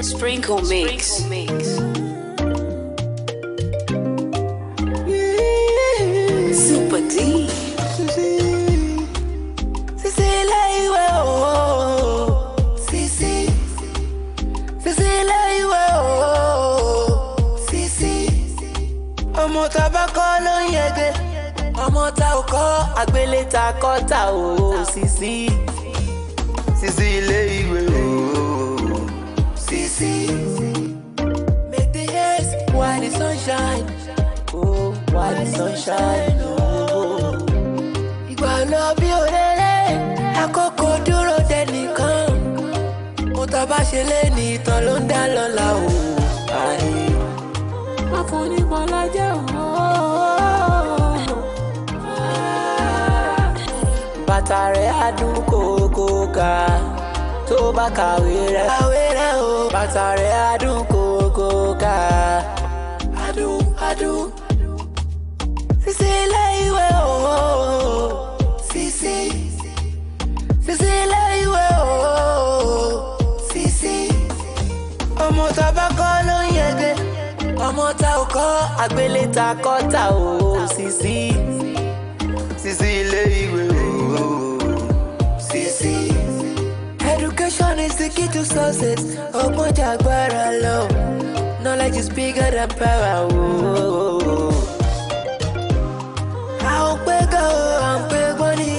Sprinkle mix. Sprinkle mix. Super D. ọmọ tá a bá kọ́ ló ń yege ọmọ tá ò kọ́ àgbélé Sisi Sisi ilé ìwé o. see. Make the hairs while the sunshine. Oh, while the sunshine. Oh, ìgbàna bí òrèrè àkókò dúró dẹnìkan. Mo ta bá ṣe lé ló ń dá lọ́la o. Àyè. Má fún Bàtà rẹ̀ á dún kókó ká tó bá kàwé rẹ̀. kàwé rẹ̀ o. bàtà rẹ̀ adùn kòókò ká. adùn adùn. sisi ilé ìwé o. sisi. sisi ilé ìwé o. sisi. ọmọ tá a bá kọ́ ló ń yege. ọmọ tá ò kọ́ àgbéléta kọ́ ta o. sisi. sisi ilé ìwé o. sisi. Ambition is the key to success. Ọgbọ́n jàgbára lọ. Knowledge is bigger than power. A ò pé gan o, à ń pé gbọ́n ni.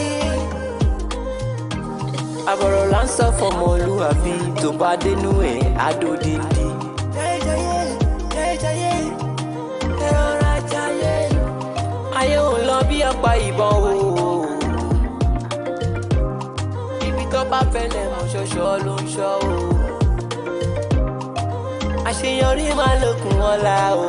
Àbọ̀rọ̀ là ń sọ fọmọ olúwàbí tó bá dénú ẹ̀ adódindi. Ayé òun lọ bí ọ̀pá ìbọn o. bá fẹlẹ̀ mọ̀ ṣọ̀ṣọ̀ ló ń ṣọ́ o àṣeyọrí máa lókun ọ̀la o.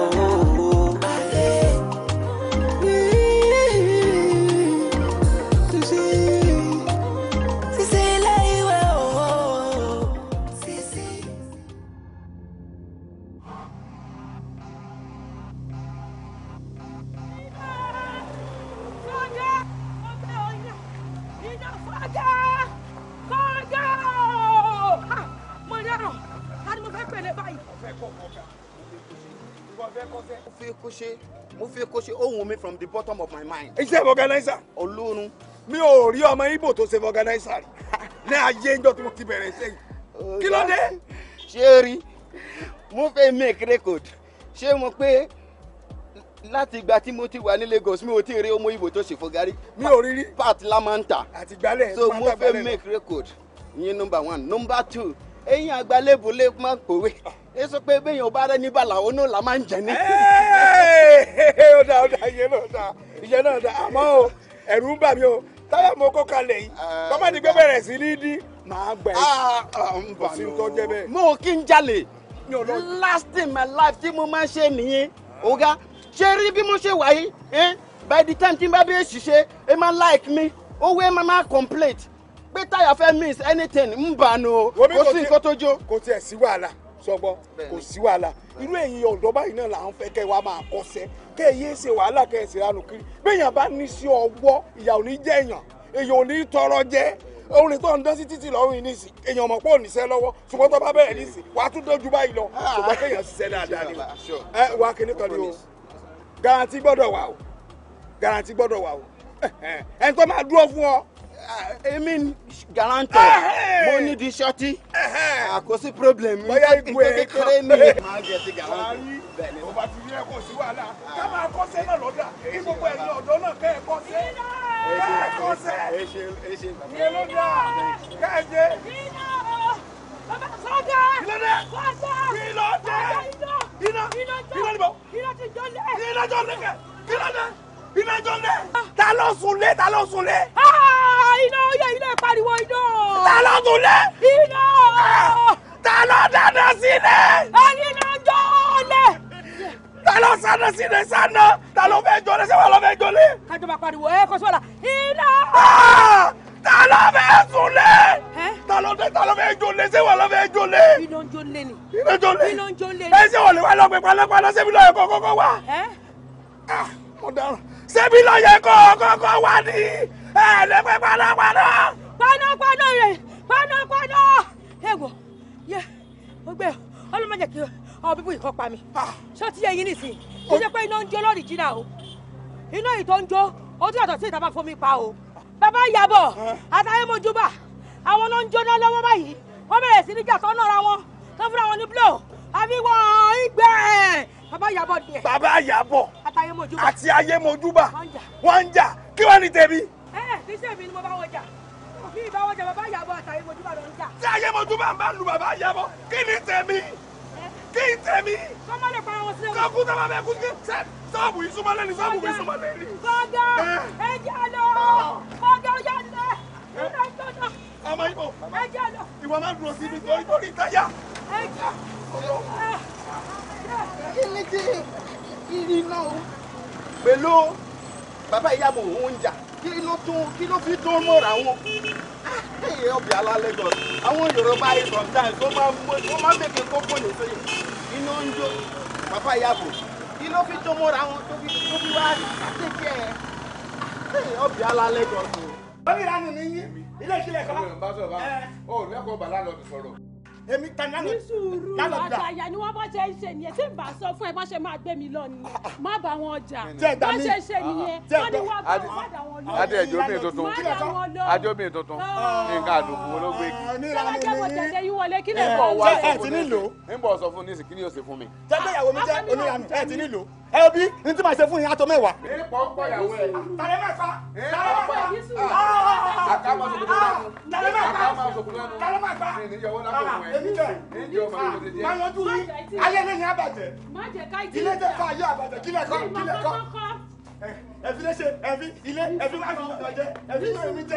ṣe mo fẹ́ kó ṣe ohun mi from the bottom of my mind. iṣẹ́ organizer. olórun. mi ò rí ọmọ ibo tó ṣe organizer rí ní ayé ńjọ tí mo ti bẹ̀rẹ̀ sẹ́yìn kí ló dé. ṣé rí mo fẹ́ make record ṣé mo pé láti ìgbà tí mo ti wà ní Lagos mi ò tí ì rí ọmọ ibo tó ṣe fọgárí. mi ò rí rí. pat lamanta. àtìgbálẹ̀ so mo fẹ́ make record yín number one number two eyín àgbálẹ́bù lè má pòwe ẹ sọ pé bẹ́yìn ọba rẹ la máa ń jẹ ní. ó ó ìyẹn náà ìyẹn náà àmọ́ o ẹ̀rù ń bà o táyà mo kó kalẹ̀ yìí eh. bàbá ni gbẹ́bẹ̀rẹ̀ sí ní dí ah, ah, last in my life tí mo máa ń ṣe oga ṣe rí bí mo ṣe eh, by the time tí n bá like me owó ẹ máa máa complete pé táyà fẹ́ miss anything ń bà nù o kò sí nǹkan tó jó. kò tiẹ̀ sí wàhálà sọgbọ́n kò sí wàhálà irú èyí ọ̀dọ́ báyìí náà là ń fẹ́ kẹ́ wa máa kọ́sẹ́ kẹ́ ẹ yéé ṣe wàhálà kẹ́ ẹ sì ranù kiri béèyàn bá ní sí ọwọ́ ìyà ò ní jẹ́ èèyàn èèyàn ò ní tọrọ jẹ́ orin tó ń dán sí títì lọ́rùn yìí nísì èèyàn mọ̀ pé ò ní sẹ́ lọ́wọ́ ṣùgbọ́n tó bá bẹ̀rẹ̀ nísì wàá tún dójú báyìí lọ ah. ṣùgbọ́n kéèyàn ṣiṣẹ́ dáadáa ni ẹ wàá kíní kan ni o garanti gbọ́dọ̀ wà o garanti gbọ́dọ̀ wà o ẹ̀ ẹ̀ ń tọ́ máa dúró fún ọ Eh, eh, èmi garanto eh, mo ní di ṣọtí ah, àkóso problem bóyá ikú ẹ kékeré ni. máa jẹ ti garanto ọba ti yẹ kó sí wàhálà ah. ká máa kọ́sẹ́ náà lọ́dà kí gbogbo ẹ̀yin ọ̀dọ́ náà kẹ́ ẹ kọ́sẹ́ kẹ́ ẹ kọ́sẹ́ yẹ ló dà kẹ́ ẹ jẹ. Bàbá sọ́jà! Kílódé! Kílódé! Iná! Iná! Iná jọ lẹ̀! Iná jọ lẹ̀ iná jó lé ta ló sùn lé ta ló sùn lé. Ah, iná yẹ iná pariwo iná. ta ló sùn lé. iná. Ah, ta ló dáná sílẹ̀. iná jó lé. ta ló sáná sílẹ̀ sáná ta ló fẹ́ jọlé sẹ́wọ́n ló fẹ́ jọlé. kájọba pariwo ẹ kọ́ sọ́la iná. Ah, ta ló fẹ́ sùn lé. ta ló dé ta ló fẹ́ jọlé sẹ́wọ́n ló fẹ́ jọlé. iná jó lé ni. iná jó lé. iná jó lé ni. ẹ sẹ́wọ̀n lè wá lọ pé panápaná sẹ́mi lọ́yẹ̀ kọ́kọ́kọ́ wá. ọ̀daràn ṣebí ló yẹ kó kókó wá ní ẹ lè pẹ́ panápaná. panápaná rẹ̀ panápaná. ẹ wò yẹ mo gbé ọlọ́mọdé kí ọ bíbú ìkọ́ pa mi. Ah. ṣé o ti yẹ yín nísìnyí kí ṣe pé iná ń jó lórí jìnnà o iná yìí tó ń jó o tún yàtọ̀ sí ìta bá fún mi pa o. bàbá ìyàbọ̀ eh. àtàyè mojúbà àwọn ló ń jóná lọ́wọ́ báyìí wọ́n bẹ̀rẹ̀ sí ní jà tó ń nọ̀ra wọn tó fúnra wọn ní blow àfi wọ́n ń gbẹ̀ẹ́ bàbá yàbọ̀ dìẹ̀. bàbá yàbọ̀ àti ayémojúbà wọ́n ń jà kí wọ́n ní tèmi. ẹ ẹ kí sèmi ni mo bá wọ jà mi ì bá wọ jà bàbá yàbọ̀ àti ayémojúbà ló ń jà. tí ayémojúbà ń bá lu bàbá yàbọ̀ kí ni tèmi kí ni tèmi. sọmọ lè para wọn sílẹ̀. sọkú sábà bẹ kú sí sọ́ọ̀bù yìí súnmọ́ lẹ́ni sọ́ọ̀bù yìí súnmọ́ lẹ́ni. kọ́gá ẹ jẹ́ lọ kọ́gá ó yà lẹ́ ẹ náà tó náà ọmọ ibo ìwọ máa ń dúró síbi torí torí táyà kíníkì ìrìnà o pẹ̀lú bàbá ìyàbò òun jà tún kí fi tún mọ̀ra wọn ẹ̀yẹ ọbẹ̀ alálẹ́gọ̀ àwọn Yorùbá yìí sometimes wọ́n máa wọ́n máa bẹ̀kẹ̀ kókó ní sóyè iná ń bàbá ìyàbò kí fi tún mọ̀ra wọn tó fi wá àtẹ̀kẹ́ ẹ̀yẹ ọbẹ̀ alálẹ́gọ̀. bọ́mìlá nù ní yín ilé ìṣẹ̀lẹ̀ kan. ọ̀ lẹ́kọ̀ọ́ bàlá lọ́ọ́ ti sọ̀rọ̀ èmi ta lálọ́ ní sùúrù àjàyà ni wọ́n bọ́ ṣe ṣe nìyẹn tí bá sọ fún ẹ bọ́ ṣe máa gbé mi lọ nìyẹn ah. má bá wọn jà bọ́ ṣe ṣe ah, nìyẹn wọ́n ní wọ́n bá wọn dà wọn lóhùn adé ẹjọ́ ah. mi tuntun adé mi tuntun nǹkan àdùnkù olóògbé kì í. sọlá mo tẹ̀lé yín wọlé kí lè ẹ ti nílò. ń bọ̀ sọ fún nísìnyí kí ni yóò ṣe fún mi. jẹ́ ẹ bí ní tí màá ṣe fún yín atọ mẹ́wàá. èèpọ̀ ń pọ̀ ẹ̀. tàlẹ́ mẹ́fà tàlẹ́ mẹ́fà ah, ah, ah, àkàmọ́ sọ̀kòtò lánàá. tàlẹ́ mẹ́fà àkàmọ́ sọ̀kòtò lánàá. tàlẹ́ mẹ́fà ìníyàwó lápò wọn. èmi bẹ̀ máa yanjú yín ayé lẹ́yìn àbàjẹ́ ilé tẹ fà ayé àbàjẹ́ kílẹ̀ kọ́ kílẹ̀ kọ́ ẹ̀fí lẹ́sẹ̀ ẹ̀fí ilé ẹ̀fí wà ní ìjọ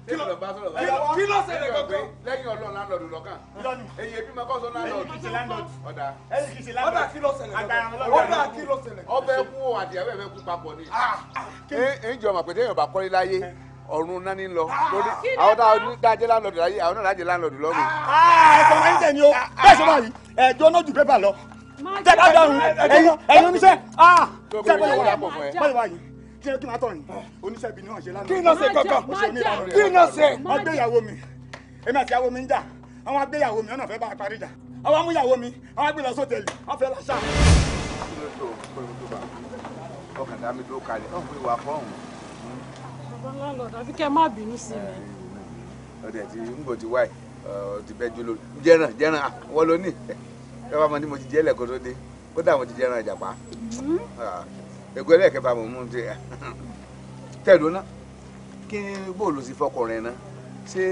kí ló kí ló ṣẹlẹ̀ kankan. lẹ́yìn ọlọ́run landlord lọ́kàn èyí ebi ma kọ́ sọ landlord ọ̀dà ọ̀dà kí ló ṣẹlẹ̀ kankan ọ̀dà kí ló ṣẹlẹ̀ kankan. ọbẹ̀ kú àdìyàwó ẹ̀ fẹ́ kú papọ̀ ni. Ah, ah, ẹ ń jọ mà pé téèyàn bá kọ́lé láyé eh. ọ̀run náà ní lọ ah, lórí àwọn dájẹ́ landlord láyé àwọn náà dájẹ́ landlord lọ́rùn. ẹ̀sọ́ ẹ̀ ń tẹ̀ ni o bẹ́ẹ̀ sọ báyìí ẹ̀jọ́ náà ju pépà lọ Ah. bá dọ̀rùn ẹ̀yin oníṣẹ́ jẹ́ kí n máa tọ̀ yín oníṣẹ́ ibi ni wọ́n ṣe lánàá. kí n lọ ṣe kankan kí n lọ ṣe. wọ́n gbé ìyàwó mi èmi àti ìyàwó mi ń jà àwọn agbé ìyàwó mi ọ̀nà fẹ́ bá a parí jà àwọn amú ìyàwó mi àwọn agbé lọ sọ́tẹ̀lì wọ́n fẹ́ lọ́ṣà. ọkàn dá mi dúró kalẹ̀ ọ̀pọ̀ ìwà fọ́ọ̀hún. bàbá ńlá tàbí kẹ́ má bínú sí mi. ọ̀dẹ̀ tí ń bọ̀ ti wáì ti bẹ́ jóló jẹ́ràn jẹ́ràn ah, wọ́n lóní ẹ bá mọ ní mo ti jẹ́ lẹ́kọ̀ọ́ tó dé kódà mo ti jẹ́ràn ìjàpá. Mm-hmm. Ah ẹgbẹ́ lẹ́ẹ̀kẹfà mọ̀ mú un jẹ tẹ̀lú ná kí bóòlù sì fọkùnrin ná ṣé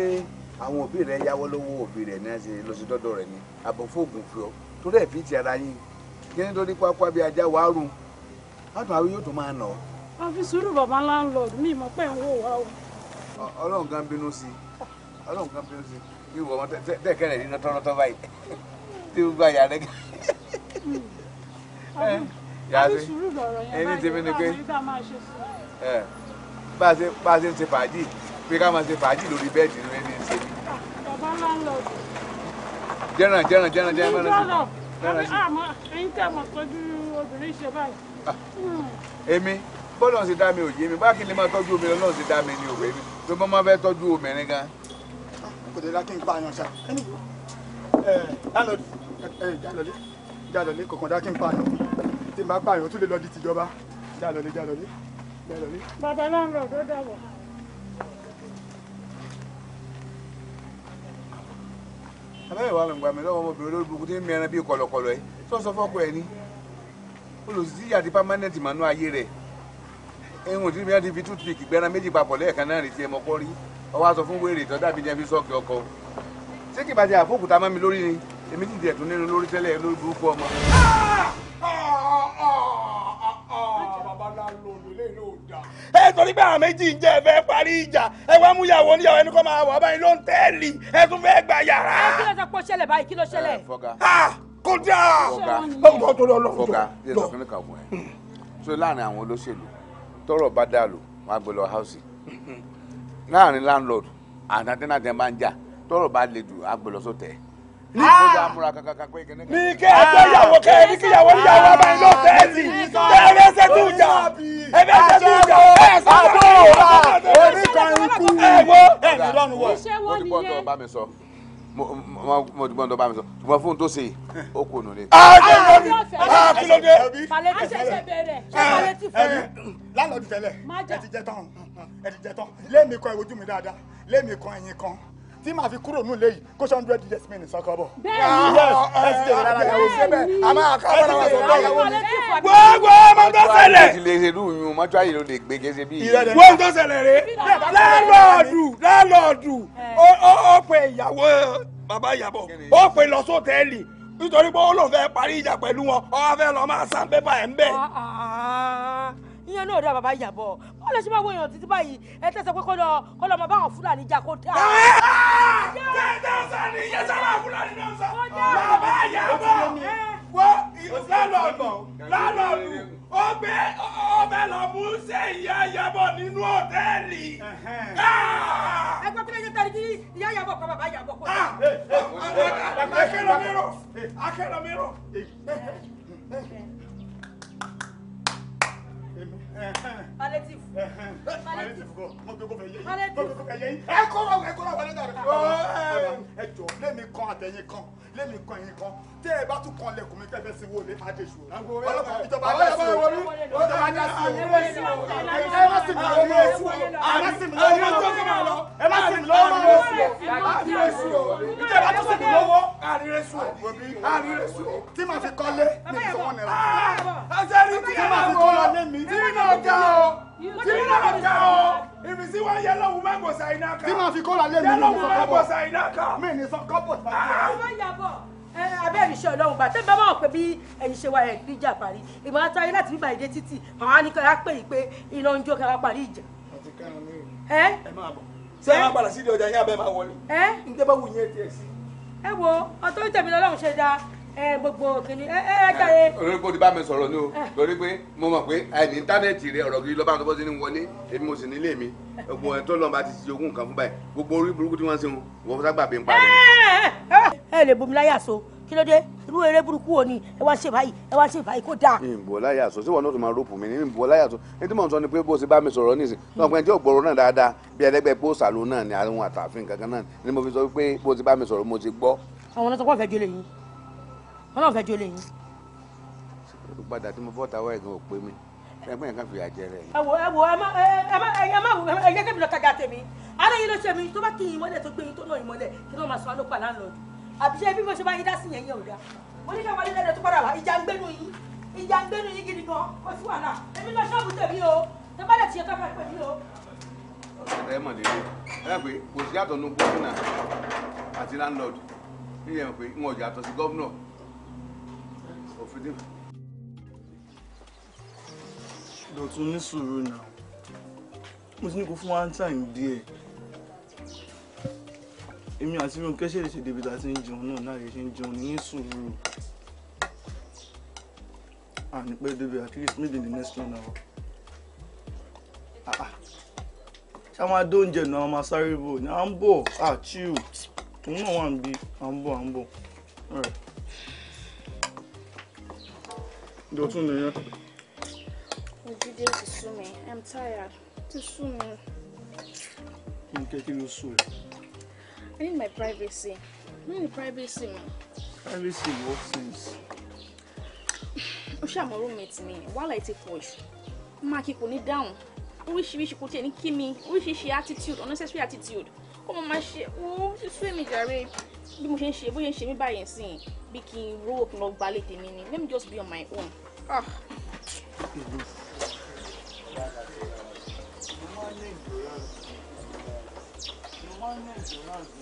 àwọn òbí rẹ yáwọ́ lọ́wọ́ òbí rẹ ní ṣe lọ sí dọ́dọ̀ rẹ ni àbọ̀ fóògùn fi ọ torí ẹ̀ fi ti ara yín kí ni torí pápá bíi ajá wàá rù látọ̀ àwọn yóò tún máa nà ọ́. a fi sùúrù bàbá láńlọ́ọ̀dù mi mọ̀ pé ń wò wá o. ọlọ́run kan bínú sí ọlọ́run kan bínú sí bí wọ́n tẹ̀kẹ́rẹ̀ nínú tọ́rọ́tọ́ báyìí tí ó gbà yàrá gẹ́gẹ́ yàtí ẹni tèmi ni pé bá a ṣe ń ṣe fàájì pé ká máa ṣe fàájì lórí bẹ́ẹ̀dì ni ẹni ń ṣe mí. Ah, bàbá ńlá ń lọ. jẹ́ràn jẹ́ràn jẹ́ràn jẹ́ràn mẹ́rin sí. jẹ́ràn sí. àmọ́ ẹ̀yin tí a mọ̀ tọ́jú obìnrin ṣe báyìí. Ah. Hmm. èmi bọ́lọ̀ ṣe dá mi ò yé mi bá kí n lè máa tọ́jú obìnrin ọlọ́run ṣe dá mi ni òwe mi tó bọ́ máa fẹ́ tọ́jú obìnrin gan. Ah, kò dé lákì ń pa àyàn ṣá ẹni lálọ́dí jálọ́dí jálọ́dí kò kàn dá kí n pa àyàn tí màá pààyàn ó tún lè lọ di tìjọba já lọ ní já lọ ní já lọ ní. bàbá láńlọ ló dàbọ̀. abẹ́rẹ́ wa gbà mí lọ́wọ́ ọmọbìnrin olórí burúkú tí ń mẹ́rin bíi kọ̀lọ̀kọ̀lọ̀ yìí tí wọ́n sọ fọ́kọ ẹ̀ ni olùsí àti pámánẹ́ǹtì mànú ayé rẹ̀ ẹ̀hún tí mìíràn ti fi toothpick gbẹ́ran méjì papọ̀ lẹ́ẹ̀kan náà rètí ẹ̀mọ́ kọ́rí ọwọ́ aṣọ fún wèrè tó dàbí jẹ́ fi sọ́ọ̀kì ọkọ ṣé kìbàjẹ́ àfọ́kùtà mọ́ mi lórí ni èmi ti dẹ̀ tún nínú lórí tẹ́lẹ̀ lórí burúkú ọmọ. ẹ torí pé àwọn méjì ń jẹ ẹ fẹ́ parí ìjà ẹ wá mú ìyàwó níyàwó ẹni kọ́ máa wà báyìí ló ń tẹ́ẹ̀lì ẹ tún fẹ́ gba yàrá. kí ló sọ pé ó ṣẹlẹ̀ báyìí kí ló ṣẹlẹ̀. Eh, fọgá kódà ọgbọ́n tó lọ fún mi kàwọ ẹ so láàrin àwọn olóṣèlú tọ́rọ̀ bá dà lò wọn á gbé lọ house láàrin landlord àtàtẹ́nàtẹ́ máa ń jà tọ́rọ̀ bá le jù á gbé lọ sọ́tẹ̀ẹ́ Ah. ní kí ẹ fẹ́ kẹ́ ẹ ní kí yàwó ní yàwó abáyé ló fẹ́ ah. ẹ sì ṣe tó jà ah. ẹ ṣe tó jà ẹ sọ pé ó oníkan ikú ẹ wo lọ́nu wọ. mo ti gbọ́dọ̀ bá mi sọ mo ti gbọ́dọ̀ tó ṣe ó kò nù lé. a ṣe ìlú mi a ṣe ṣe bẹ̀rẹ̀ mm, lálọ́ọ̀dù tẹ́lẹ̀ ẹ ti jẹ tán mm, mm, ẹ ti jẹ tán lémi tí màá fi kúrò nù léyìí kó ṣe hundred years mi nìsan kọ́ bọ̀. bẹ́ẹ̀ni ah, ah, ah, ẹ ti tẹ̀lé lára yàwó síbẹ̀ a máa kọ́ ọ́ lọ́wọ́ sọ̀tọ̀ yìí. gbogbo ọmọ tó ṣẹlẹ̀. wọ́n ti lè ṣe mọ́tò àyè lè gbé gẹ́gẹ́ bí. wọ́n tó ṣẹlẹ̀ rẹ̀ lálọ́ọ̀dù lálọ́ọ̀dù ó pe ìyàwó eh, bàbá ìyàbọ̀ ó pe lọ sóòtẹ́ẹ̀lì nítorí pé ó lò fẹ́ parí ìjà pẹ̀lú wọn ọ ìyẹn náà dá bàbá Ìyábọ̀ wọn lè ṣe máa wo èèyàn títí báyìí ẹ tẹsán pé kọlọ kọlọ ọmọ báwọn fúlàní jà kó dá. tẹ́tẹ́ sani iye sábà fúlàní náà sọ bàbá Ìyábọ̀ wo lálọ́ọ̀dù lálọ́ọ̀dù ó gbé ọbẹ̀ lọ mú ṣe ìyá Ìyábọ̀ nínú òtẹ́ẹ̀lì. ẹgbẹ́ kúlẹ̀ yẹn tẹ̀lé kí ìyá Ìyábọ̀ kọ́ bàbá Ìyábọ̀ kọ́. akérò mìíràn palliative palliative kọ ẹ kọ́ wa ẹ kọ́ wa wọlé dàrú ẹ jọ lẹ́mi kan àtẹ̀yìn kan lẹ́mi kan yìí kan tẹ́ ẹ bá tún kan lẹ́kùn mi tẹ́ fẹ́ sí wọlé adéṣù ọlọ́pàá ìjọba adéṣù ìjọba adéṣù ẹ má sì mí lọ ní oṣù ẹ má sì àríre sùn àríre sùn tí màá fi kọ́lé ní ìfọwọ́ nira. àṣẹrí tí màá fi kọ́lé mi tí náà ga o tí náà ga o ìfisí wa yẹ lọ́wọ́ má gbòòsà iná ká. tí màá fi kọ́lé mi ní ìfọwọ́ má gbòòsà iná ká. mi ní sọ kọ́pọ̀ tó bá yẹ abẹ́ ìrìnsẹ̀ ọlọ́run gbà tẹ́ bá wà pé bí ẹ̀yin ṣe wa ẹ̀gbìn ìjà parí ìmọ̀ àtàrí láti bíbá ìdè títì àwọn anìkọ́ra pè yí pé iná ń jó kára parí ìjà. ẹ máa bọ̀ ṣé ẹ máa padà sí ilé ọjà yín abẹ́ máa wọlé. ẹ wù yín ẹ tiẹ̀ sí ẹ wo ọtọ́ tẹ̀mí lọ́lọ́run ṣe dáa gbogbo kìnìún ẹ ẹ jáde. olórí bá mi sọ̀rọ̀ ni o torí pé mo mọ̀ pé àìní íńtánẹ́ẹ̀tì rẹ ọ̀rọ̀ gidi lọ́ba àtọ́bọ́ sí ní wọlé èmi mo sì nílé mi gbogbo ẹ̀ tó lọ́n bá ti ṣe ogún kan fún báyìí gbogbo orí burúkú tí wọ́n ń ṣe wọn wọ́n fọ́sá gbà bí n parí. ẹ ẹ lè bomi láyà so kí ló dé irú eré burúkú wo ni ẹ wá ṣe báyìí ẹ wá ṣe báyìí kó dáa. ìbò láyà sọ sí wọn náà tó máa rọ́pù mí ní ìbò láyà sọ ní tí mò ń sọ ni pé bó ṣe bá mi sọ̀rọ̀ nísìn náà pé ẹjọ́ gbọ́rọ̀ náà dáadáa bí ẹlẹ́gbẹ́ pé ó sàlù náà ni àwọn àtàfin kankan náà ni mo fi sọ pé bó ṣe bá mi sọ̀rọ̀ mo ti gbọ́. àwọn ọ̀nà fẹ́ jọlẹ̀ yín wọn náà fẹ́ jọlẹ̀ yín. padà tí mo bọ́ tàwa ẹ̀gàn ò pé mi ẹgbẹ́ yẹn kan fìyà jẹ rẹ̀. ẹ wo ẹ wo ẹ má ẹ má ẹ yẹ kébìlọ̀ tajà tèmi ara yín ló ṣe mi tó bá kí yín mọ́lẹ̀ tó gbé yín tó náà yín mọ́lẹ̀ kí ló máa sọ alópa láńlọ́ọ̀dù àbíṣe bí mo ṣe bá yín dá sí yẹn yẹn ò dáa mo ní ká wọlé lẹ́dọ̀ tó padà wá ìjà ń gbénu yín ìjà ń gbénu yín gidi gan kò sí wàhálà èmi lọ ṣọ́ọ̀bù tèmi o tó bá lè tiẹ̀ ká máa o. ọ̀sẹ̀ ẹ mọ̀ lè rí ẹ pé kò sí àtọ̀nù gómìnà àti landlord níyẹn pé ń ọjà àtọ̀ sí gómìnà òfin dì. dọ̀tún ní sùúrù náà mo ti ní kó fún one time díẹ̀ èmi àti Rónkẹ́ ṣe lè ṣe débi tá a ti ń jẹun náà láì ṣe ń jẹun ní sùúrù àní pé débi at least maybe the next one hour ah, ah. ṣé àwọn adó oúnjẹ náà máa sáré bò ní à ń bọ̀ àchiw òun náà wà ń bí à ń bọ̀ à ń bọ̀ dọ̀tún nìyẹn. Ojúde ti sú mi, I'm tired, ti sú mi. Kí ni kẹ́kí ló sùn? I need my privacy. I need privacy, man. Privacy what sense? Usha, my roommate, me. While I take voice, ma keep on it down. Oríṣiríṣi kò tiẹ̀ ní kí mi, oríṣiríṣi attitude, unnecessary attitude. Kó mo máa ṣe, ó ṣe sú èmi jàre. Bí mo ṣe ń ṣe, bó ṣe ń ṣe mí báyìí sí, bí kí n rówó kí n lọ gbalẹ̀ tèmi ni. Let me just be on my own. Ah. Mo máa ń ní ìgbòrán. Mo máa ń ní ìgbòrán.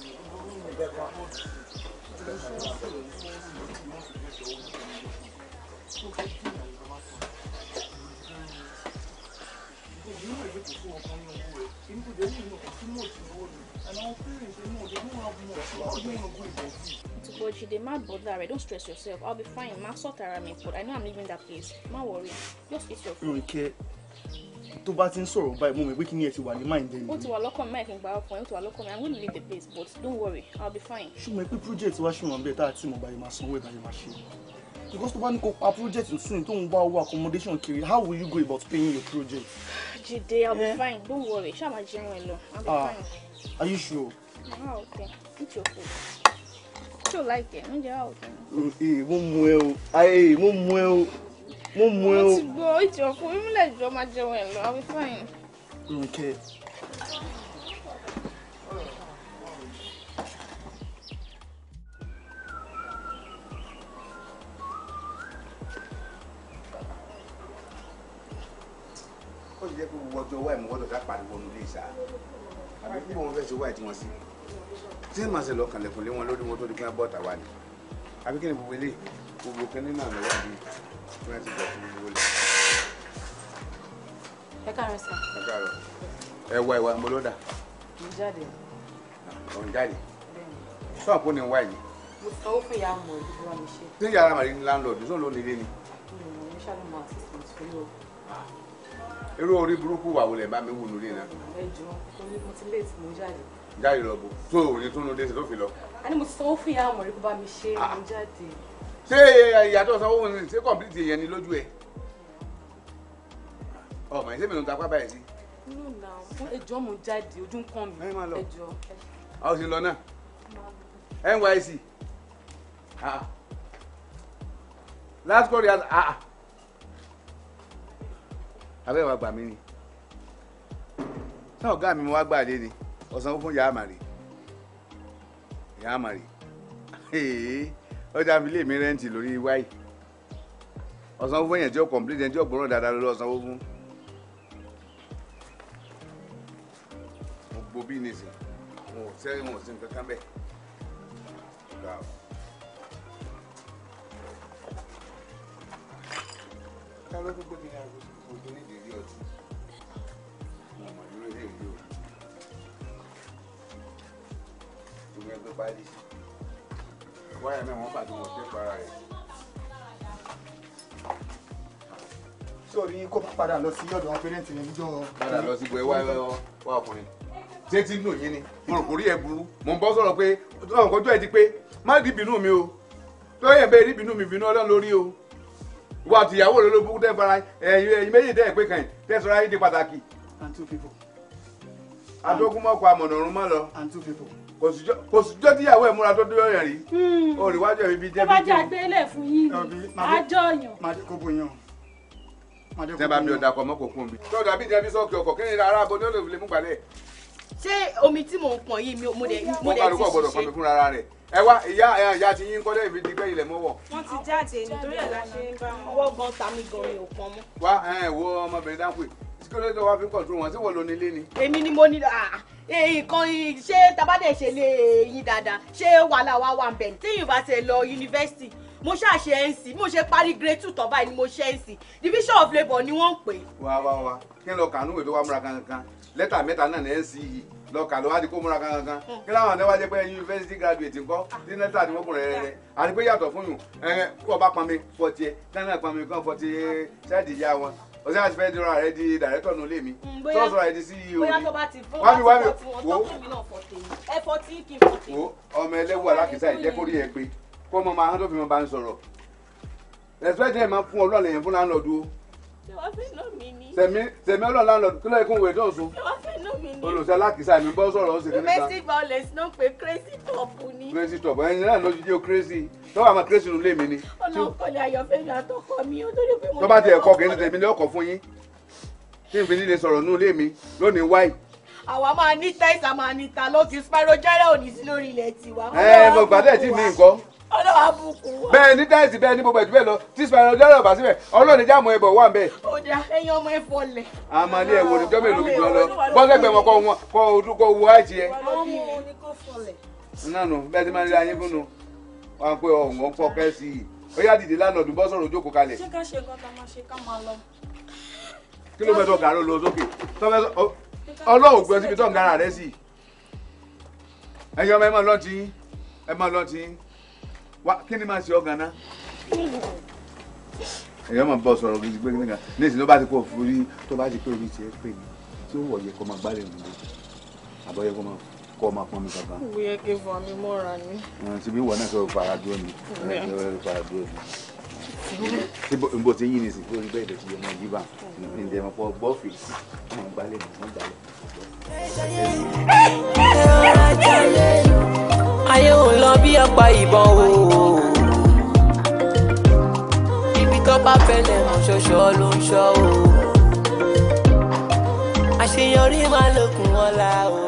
They might bother. Don't stress yourself. I'll be fine. Ma sort I know I'm leaving that place. Ma worry. Just eat your food. Okay tó bá ti ń sọ̀rọ̀ báyìí mo mọ̀ pé kí ni ẹ ti wà ní mind ẹ nìyí. ó ti wà lọ́kàn mi àìkín gbàrọ̀ fún ẹ ó ti wà lọ́kàn mi i'm gonna leave the place but don't worry i'll be fine. ṣùgbọ́n pé project wa ṣùgbọ́n bẹ́ẹ̀ tá a ti mọ̀ báyìí máa sanwó ìbáyìí máa ṣe because tó bá ní kó pa project nsúnyìn tó ń wá owó accommodation kiri how will you go about paying your project. Jide i'll be eh? fine don't worry ṣáà máa jẹun ẹ lọ i'll be ah, fine. are you sure. ah okay eat your food ṣé o like it oúnjẹ wà òkè. ee eh, eh, mo mú ẹ o ah, ee mo mú ẹ o mo mú ẹ o. mo ti gbọ́ ìjọ fún mi múlẹ̀ máa jẹun ẹ̀ lọ àwọn ifá ó ti jẹ́ pé gbogbo ọjọ́ wáyé mo gbọ́dọ̀ ká pariwo nílé ìsà àbí bí wọ́n fẹ́ ṣe wáyé tí wọ́n sí tí ẹ máa ṣe lọ́ọ́ kànlẹ̀kùn lé wọn lórí wọn tó di pé wọ́n bọ́ tàwa ni àbí kí ni gbogbo eléyìí gbogbo kẹ́ni náà lọ́wọ́ mi twenty dọ̀tí ní wọlé. ẹ káàárọ̀ sá. ẹ káàárọ̀ ẹ wá ìwà mo ló dà. mo jáde. ọ̀ ń jáde. sọ àpò ni wáyé. mo sanwó fún ìyá àmọ̀ ìdúró wa mi ṣe. ṣé yàrá màrí ní landlord sóun ló nílé ni. mi ò mọ̀ assistant fún mi o. irú orí burúkú wà wọlé bá mi wù nílé náà. ẹ jọ mo ti late mo jáde jáde lọ bò tó òní tó nu dé sí tó fi lọ. a ní mo ti sanwó fún ìyá àmọ̀ rí kó bá mi ṣe é mo jáde ṣé eh, ìyàtọ̀ sanwó ní ṣé kọ̀m̀pìlìtì yẹn ni lójú ẹ̀ ọmọ ìṣẹ́mi ló ń tapá báyìí sí. inú na fún ẹjọ́ mo jáde ojú ń kàn mí ẹjọ́. a ó sì lọ náà NYSC last call yàtọ̀ abẹ́wà gbà mí ni sáà ọ̀gá mi wá gbà dé ni ọ̀sán fún yàrá màrí yàrá màrí ó dá mi lé mi rẹ́ǹtì lórí wáì ọ̀sán fún èèyàn tí ó kọ̀m̀plíìtì ẹni tí ó gbọ́ràn dáadáa lórí ọ̀sán fún. mo gbó bí ní mo ò sẹ́yìn mo ò sí nǹkan kan bẹ́ẹ̀. ká ló wáyà náà wọ́n bàjẹ́ wọ́n tẹ́ para rẹ̀. sórí kó padà lọ sí ọ̀dọ̀ àwọn pẹ́rẹ́ǹtì rẹ̀ níjọ́. padà lọ sí ibò ẹ wá wá ọkùnrin ṣé tí ń dùn yín ni mo rò kó rí ẹ burú mo ń bọ́ sọ̀rọ̀ pé ọ̀hún kọjú ẹ ti pé má di bínú mi o lọ́yẹ̀ bẹ́ẹ̀ rí bínú mi bínú ọlọ́run lórí o ìwà àtìyàwó ló ló bú tẹ́ fara ẹ̀yin méjì tẹ́ ẹ̀ pé kàn tẹ́ sọ̀rọ̀ ayé di pàtàkì. and two people. adógúnmọ́kọ amọ̀nàrún má lọ. and two people kò sùjọ́ tíyàwó ẹ̀ múra tó dúró rẹ̀ rí òrìwájú ẹ̀ bíi jẹ́bí jẹ́ bájà gbélé fún yín àjọyàn. màdé kò bóyan. tẹ́ bá mi ò dàpọ̀ mọ́ kò kún mi. tó dàbí jẹ́bí sọ́ọ̀kì ọkọ̀ kí ni ara abo ni ó lè mú gbalẹ̀. ṣé omi tí mò ń pọn yìí mo dẹ̀ ti ṣiṣẹ́. mo kàlùkò gbọdọ̀ pọn mi fúnra ara rẹ̀ ẹ wá ìyá ìyá ti yín kọ́lé ìbí digbẹ́ ilẹ̀ mọ́wọ́. wọ́n ti jáde nítorí ẹ̀ la ṣe ń bá wọn. ọwọ́ gan tami gan mi ò pọn mọ́. wá ẹ wo ọmọbìnrin dáńpẹ́ kí ló dé wá fi kọ̀ọ̀tún wọn tí wọ́n lò nílé ni. èmi ni mo ní nǹkan ṣé tabadẹ ṣe lè yín dáadáa ṣé wàhálà wa wà ń bẹ̀ tí yìí bá ṣe lọ yunifásitì mo ṣàṣe nc mo ṣe parí grade two tán báyìí ni mo ṣe nc division of labour ni wọ́n ń pè. wá wá wá kí n lọ kàánú ìwé tó wá múra kankan lẹ́tà mẹ́ta náà ní nc yìí lọ́ọ̀kà ló wá di kó múra kankan hmm. kí láwọn àná wá jẹ́ pé university graduate nǹkan ah. ní lẹ́tà tí wọ́n kùn rẹ̀ rẹ̀ àti pé yàtọ̀ fún yùn ẹ̀ẹ́n kó ọba pọnmi fọ́ọ̀tì ẹ̀ kí wọ́n náà pọnmi kán fọ́ọ̀tì ṣáàdì ìyá wọn o ṣe àti fẹ́ di ọ̀rọ̀ rẹ di director nù lé mi mm, tó sọ̀rọ̀ rẹ di CEO mi wámi wámi wo wo ọmọ ẹlẹ́wọ̀ alákìsà ìjẹ́ kórìí ẹ pé kó ọmọ máa hán tó fi mọ́ bá ń sọ̀rọ̀ respect ẹ̀ máa fún ọlọ́ọ̀lẹ́yìn fún láńlọ́ọ̀dù o sẹmi sẹmi ọlọ́run landlord kílẹ̀ kún wẹ̀ dọ̀sùn olùsẹ́ alákìsà mi bọ́ sọ̀rọ̀ ó sì kí níta. domestic violence náà pé crazy top ni. crazy top ẹyin náà ló jíjẹ́ crazy tọ́wọ́ àmọ́ crazy nulẹ̀ mi ni. ọlọ́kọ̀lẹ̀ ayọ̀fẹ́mi àtọkọ mi ó lórí pé mo. tọ́ba tiẹ̀ kọ́ kẹ́sì tẹ̀mí lọ́kọ̀ fún yín tí n fi nílé sọ̀rọ̀ nulẹ̀ mi lónìí wáyì àwa máa ní tẹ́sà máa ní ta ló ti spiral jẹ́rẹ́ sí lórí ilẹ̀ tiwa. ẹ mo gbàdẹ́ tí mi nǹkan ọlọ́wọ́ abúkù. bẹ́ẹ̀ ní táìsì bẹ́ẹ̀ ní gbogbo ẹ̀jú bẹ́ẹ̀ lọ tí ìsìnkú ọjọ́ ọ̀rọ̀ bá síbẹ̀ ọlọ́ọ̀ni já mọ ẹbọ wà ń bẹ̀. ọjà ẹyin ọmọ ẹ fọlẹ̀. àmọ́ ní ẹ̀wọ̀n ìjọ mélòó mi jọ lọ bọ́sẹ̀gbẹ̀ mọ́ kọ́ wọn kọ́ ojú kọ́ owó àìsí ẹ. nánú bẹ́ẹ̀ ti máa ń rí ayé fún nu wọn pé ọ̀hún pọ̀ kẹ́ sí i ó yá dìde lánàá ọdún bọ́sọ̀rọ̀ ojókòó kalẹ̀. ṣé ká ṣe nǹkan tá a máa ṣe ká máa lọ. kí ló mẹ́tọ̀ gàrọ́ lọ sókè ọlọ́wọ́ gbọ́ síbi tó ń gara rẹ̀ sí i ẹ̀yin ọmọ ẹ máa lọ́ọ́ tí ẹ máa lọ́ọ́ tí wa kí ni máa ṣe ọ ganan èyàn máa bọ sọ̀rọ̀ gidi pé nìkan nísìnyí ló bá ti kó forí tó bá ti pé orí tiẹ̀ pé ni tí ó wọ̀ yẹ kó máa gbálẹ̀ nù lójú àbọ̀ yẹ kó máa kọ́ máa pọn mi kankan. mo yẹ kí fún mi mọ́ra ni. síbi ìwọ náà sọ̀rọ̀ fara dúró ni sọ̀rọ̀ fara dúró ni n bò tí yín ní sìnkú orí bẹ́ẹ̀ lọ́sí ọmọ yìí bá ní ìdè ọmọ fún ọgbọ́n fèsì wọn gbalẹ̀ wọn gbalẹ̀ ayé ò ń lọ bí ọ̀pá ìbọn o. ibi tó bá fẹlẹ̀ hàn ṣoṣo ló ń ṣọ́ o. àṣeyọrí máa lókun ọ̀la o.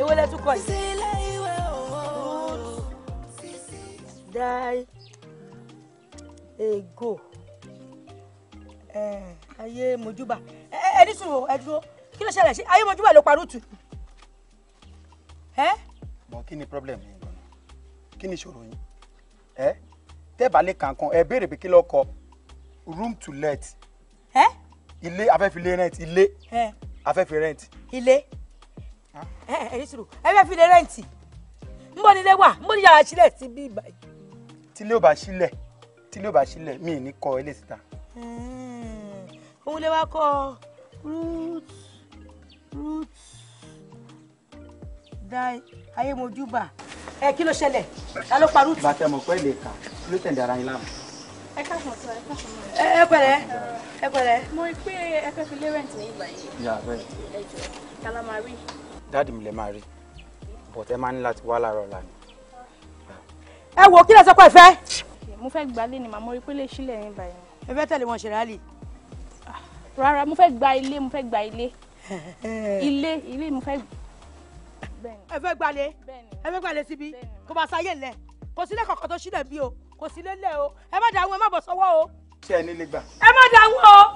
ewé lẹ́tún kọ́ yìí. die ayé mojúbà ẹni sùn ẹ dúró kí ló ṣẹlẹ̀ ṣe ayé mojúbà ló parú tù ẹ. bọ kí ni problem yìí lọ́nà kí ni ìṣòro yín ẹ tẹ́ bá ẹ béèrè pé kí ló kọ room to let ẹ ilé afẹ́filé rent ilé afẹ́fi rent. ilé ẹ ẹni sùn afẹ́filé rent n bọ́ nílé wà n bọ́ ní yàrá sílẹ̀ sí bí ìbàdí. tílé ò bá sílẹ̀ tílé ò bá sílẹ̀ mi ì ní kọ ilé síta. Mm òun lè wá kọ root root dai ayémojúbà ẹ kí ló ṣẹlẹ̀ ta ló pa root. bàtẹ mọ pé lè kà ló tẹ̀lé ara yín láàmú. ẹ káàsán sọ ẹ káàsán mọ. ẹ pẹ̀lẹ́ ẹ pẹ̀lẹ́. mo rí i pé ẹ fẹ́ fi lé rẹ̀ǹtì ní ìgbà yìí. yà bẹ́ẹ̀. ẹ jọ kálá máa rí. dáàdì mi lè máa rí bọ̀tẹ́ máa ní láti wá láàárọ̀ lánàá. wo kí lẹ sọ pé ẹ fẹ́. mo fẹ́ gbalé ni màmá rí pé lè sílẹ̀ ní ìbàyẹn. ẹ fẹ́ tẹ̀lé wọn ṣe rálì. Rara, mo fẹ́ gba ilé mo fẹ́ gba ilé ilé ilé mo fẹ́ ẹ fẹ́ gbalẹ̀ ẹ fẹ́ gbalẹ̀ síbi kò bá sáyé lẹ̀ kò sílẹ̀ kọ̀ọ̀kan tó sílẹ̀ bí o kò sílẹ̀ lẹ̀ o ẹ má dààmú ẹ má bọ̀ sọ́wọ́ o. ṣé ẹ nílé gbà. ẹ má dààmú o oh.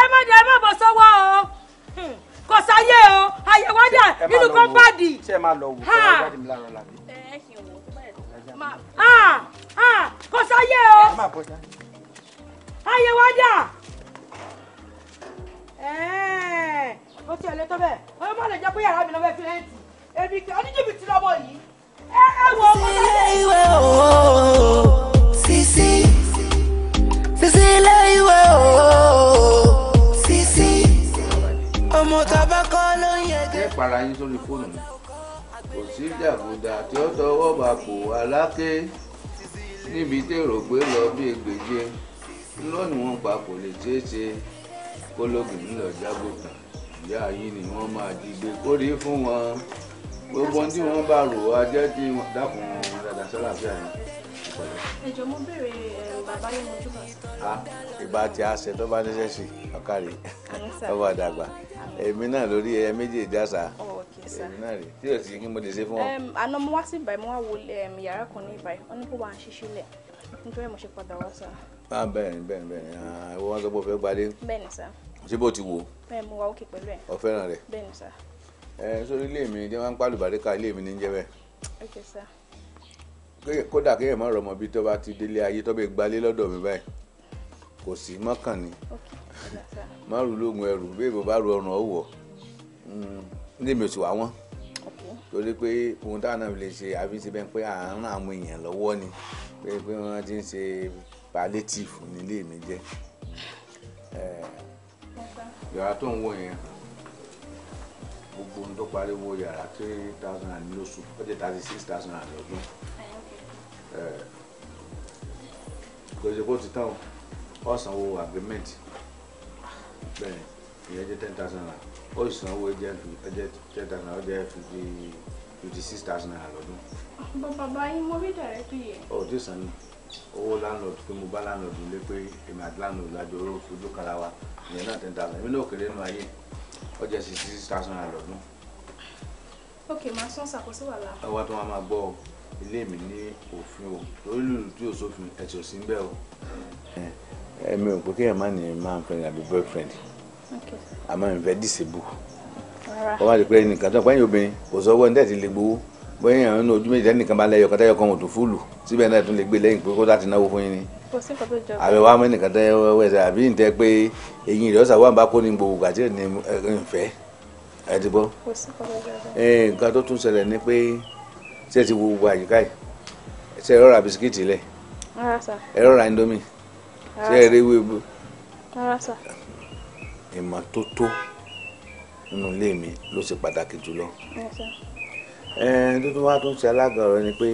ẹ má dààmú ẹ má bọ̀ sọ́wọ́ o hmm. kò sáyé o ayé wọn dà nínú kọ́ńpáàdì. ṣé ẹ máa lọ wò ó jáde mi lára làbí. kò sáyé o ayé wọn ó ti ẹ̀lẹ́ tó bẹ́ẹ̀ ó má lè jẹ́ pé yàrá mi lọ́wọ́ fi rẹ́ǹtì èmi kì oníjìbìtì lọ́mọ yìí ẹ ẹ wo ọmọ ilé ìwé o Sisi Sisi ilé ìwé o Sisi ọmọ tabakọ ló ń yẹ. ẹ para yín sórí fóònù mi kò sí jàgùdà tí ó tọwọ́ bá kò aláké níbi tí èrò gbé lọ bí egbèje lónìí wọn pa kò lè ṣeé ṣe kólógùn nílò jágòkùn ìyá yìí ni wọ́n máa jí gbé kórìí fún wọn gbogbo tí wọ́n bá rò á jẹ́ tí wọ́n dákun dada sọ́lá fẹ́ ẹ̀ ẹjọ mo bèrè eh, bàbá yẹn mojú bá. ìbá tí a ṣe tó bá ṣẹṣẹ sí ọkàrí ọba àdàgbà èmi náà lórí ẹyẹ méjì ìdásà èmi náà rè tí o sì kí mo lè ṣe fún ọ. àná mo wá sí ìbàyí mo wá wo yàrá kan ní ìbàyí wọn ní kó wá ṣíṣí lẹ nítorí mo ṣe padà wá sá. Ah, bẹ́ẹ̀ ni bẹ́ẹ̀ ni ah, wọn sọ pé o fẹ́ gbadé. bẹ́ẹ̀ sá ṣé bó ti wo. bẹ́ẹ̀ mo wà òkè pẹ̀lú ẹ. o fẹ́ràn rẹ̀. bẹ́ẹ̀ ni sà. ẹ sórí ilé mi jẹ́ máa ń pàlù bàríkà ilé mi ní jẹ́ bẹ́ẹ̀. ok sà. kódà kéèyàn má rọmọ bí tó bá ti délé ayé tó bẹ gbalé lọ́dọ̀ mi báyìí kò sí mọ́kàn ni márùn lóògùn ẹrù bí èèyàn bá ru ọrùn ọwọ́ ní èmi ò sì wá wọn torí pé ohun táwọn náà lè ṣe àfi ṣe bẹ́ẹ̀ pé à ń ràn àwọn èèyàn lọ́wọ́ ni pé wọ́n ti ń ṣe palliative nílé mi jẹ́ yàrá tó ń wò yẹn gbogbo ohun tó pariwo yàrá three thousand and lóṣù ó jẹ́ thirty six thousand and lọ́dún eh, kò kó ti tán ó sanwó agreement bẹ́ẹ̀ ìyẹn jẹ́ ten thousand naira sanwó jẹ́ ten thousand naira jẹ́ fifty fifty six thousand lọ́dún. bàbá yín mo rí dàrẹ́ tó yẹ. ti sàn ní owó landlord pé mo bá landlord nílé pé èmi àti landlord lájọ ojú kan láwa ìyẹn náà ten thousand èmi náà kéré nínú ayé ọjà sì six thousand naira lọ́dún. ok màá sọ ṣàkóso wàhálà. ẹ tó wọn máa gbọ́ ilé mi ní òfin o torí lùlù tí òsófin ẹ̀sìn òsín bẹ́ẹ̀ o. ẹ̀mi ò pé kéèyàn má ní máa ń fẹ́ àbí boyfriend àmọ́ ìfẹ́ dìsebù wọ́n wá pé ẹnìkan tó ń pẹ́yìn obìnrin kò sọ owó ẹni tẹ́tí lè gbowó bóyá èèyàn nínú ojú méjì ẹnìkan bá lẹ́yọ̀ kọ́tẹ́yọ̀ kan òtún fúlù síbẹ̀ náà tún lè gbé lẹ́yìn pé kó láti náwó fún yín ni. kò sí nǹkan tó jọ. àbẹ̀ wa mẹ́rin kan tẹ́ wẹ̀sẹ̀ àbí ń tẹ́ pé eyín rẹ̀ ọ̀sà wà ń bá kó ní gbogbo gàtí ẹ̀ ní ìfẹ́ ẹ̀ ti bọ́. kò sí nǹkan tó jọ. nǹkan tó tún ṣẹlẹ̀ ni pé ṣé ti wo gbogbo àyíká yìí ṣé ẹ rọra bisikíìtì lẹ̀ ẹ rọra indomie ṣé ẹ rí wíwú. ìmọ́tótó nínú ilé mi ló ṣe pàtàkì jùlọ tó tún wá tún ṣe alága ọ̀rọ̀ ni pé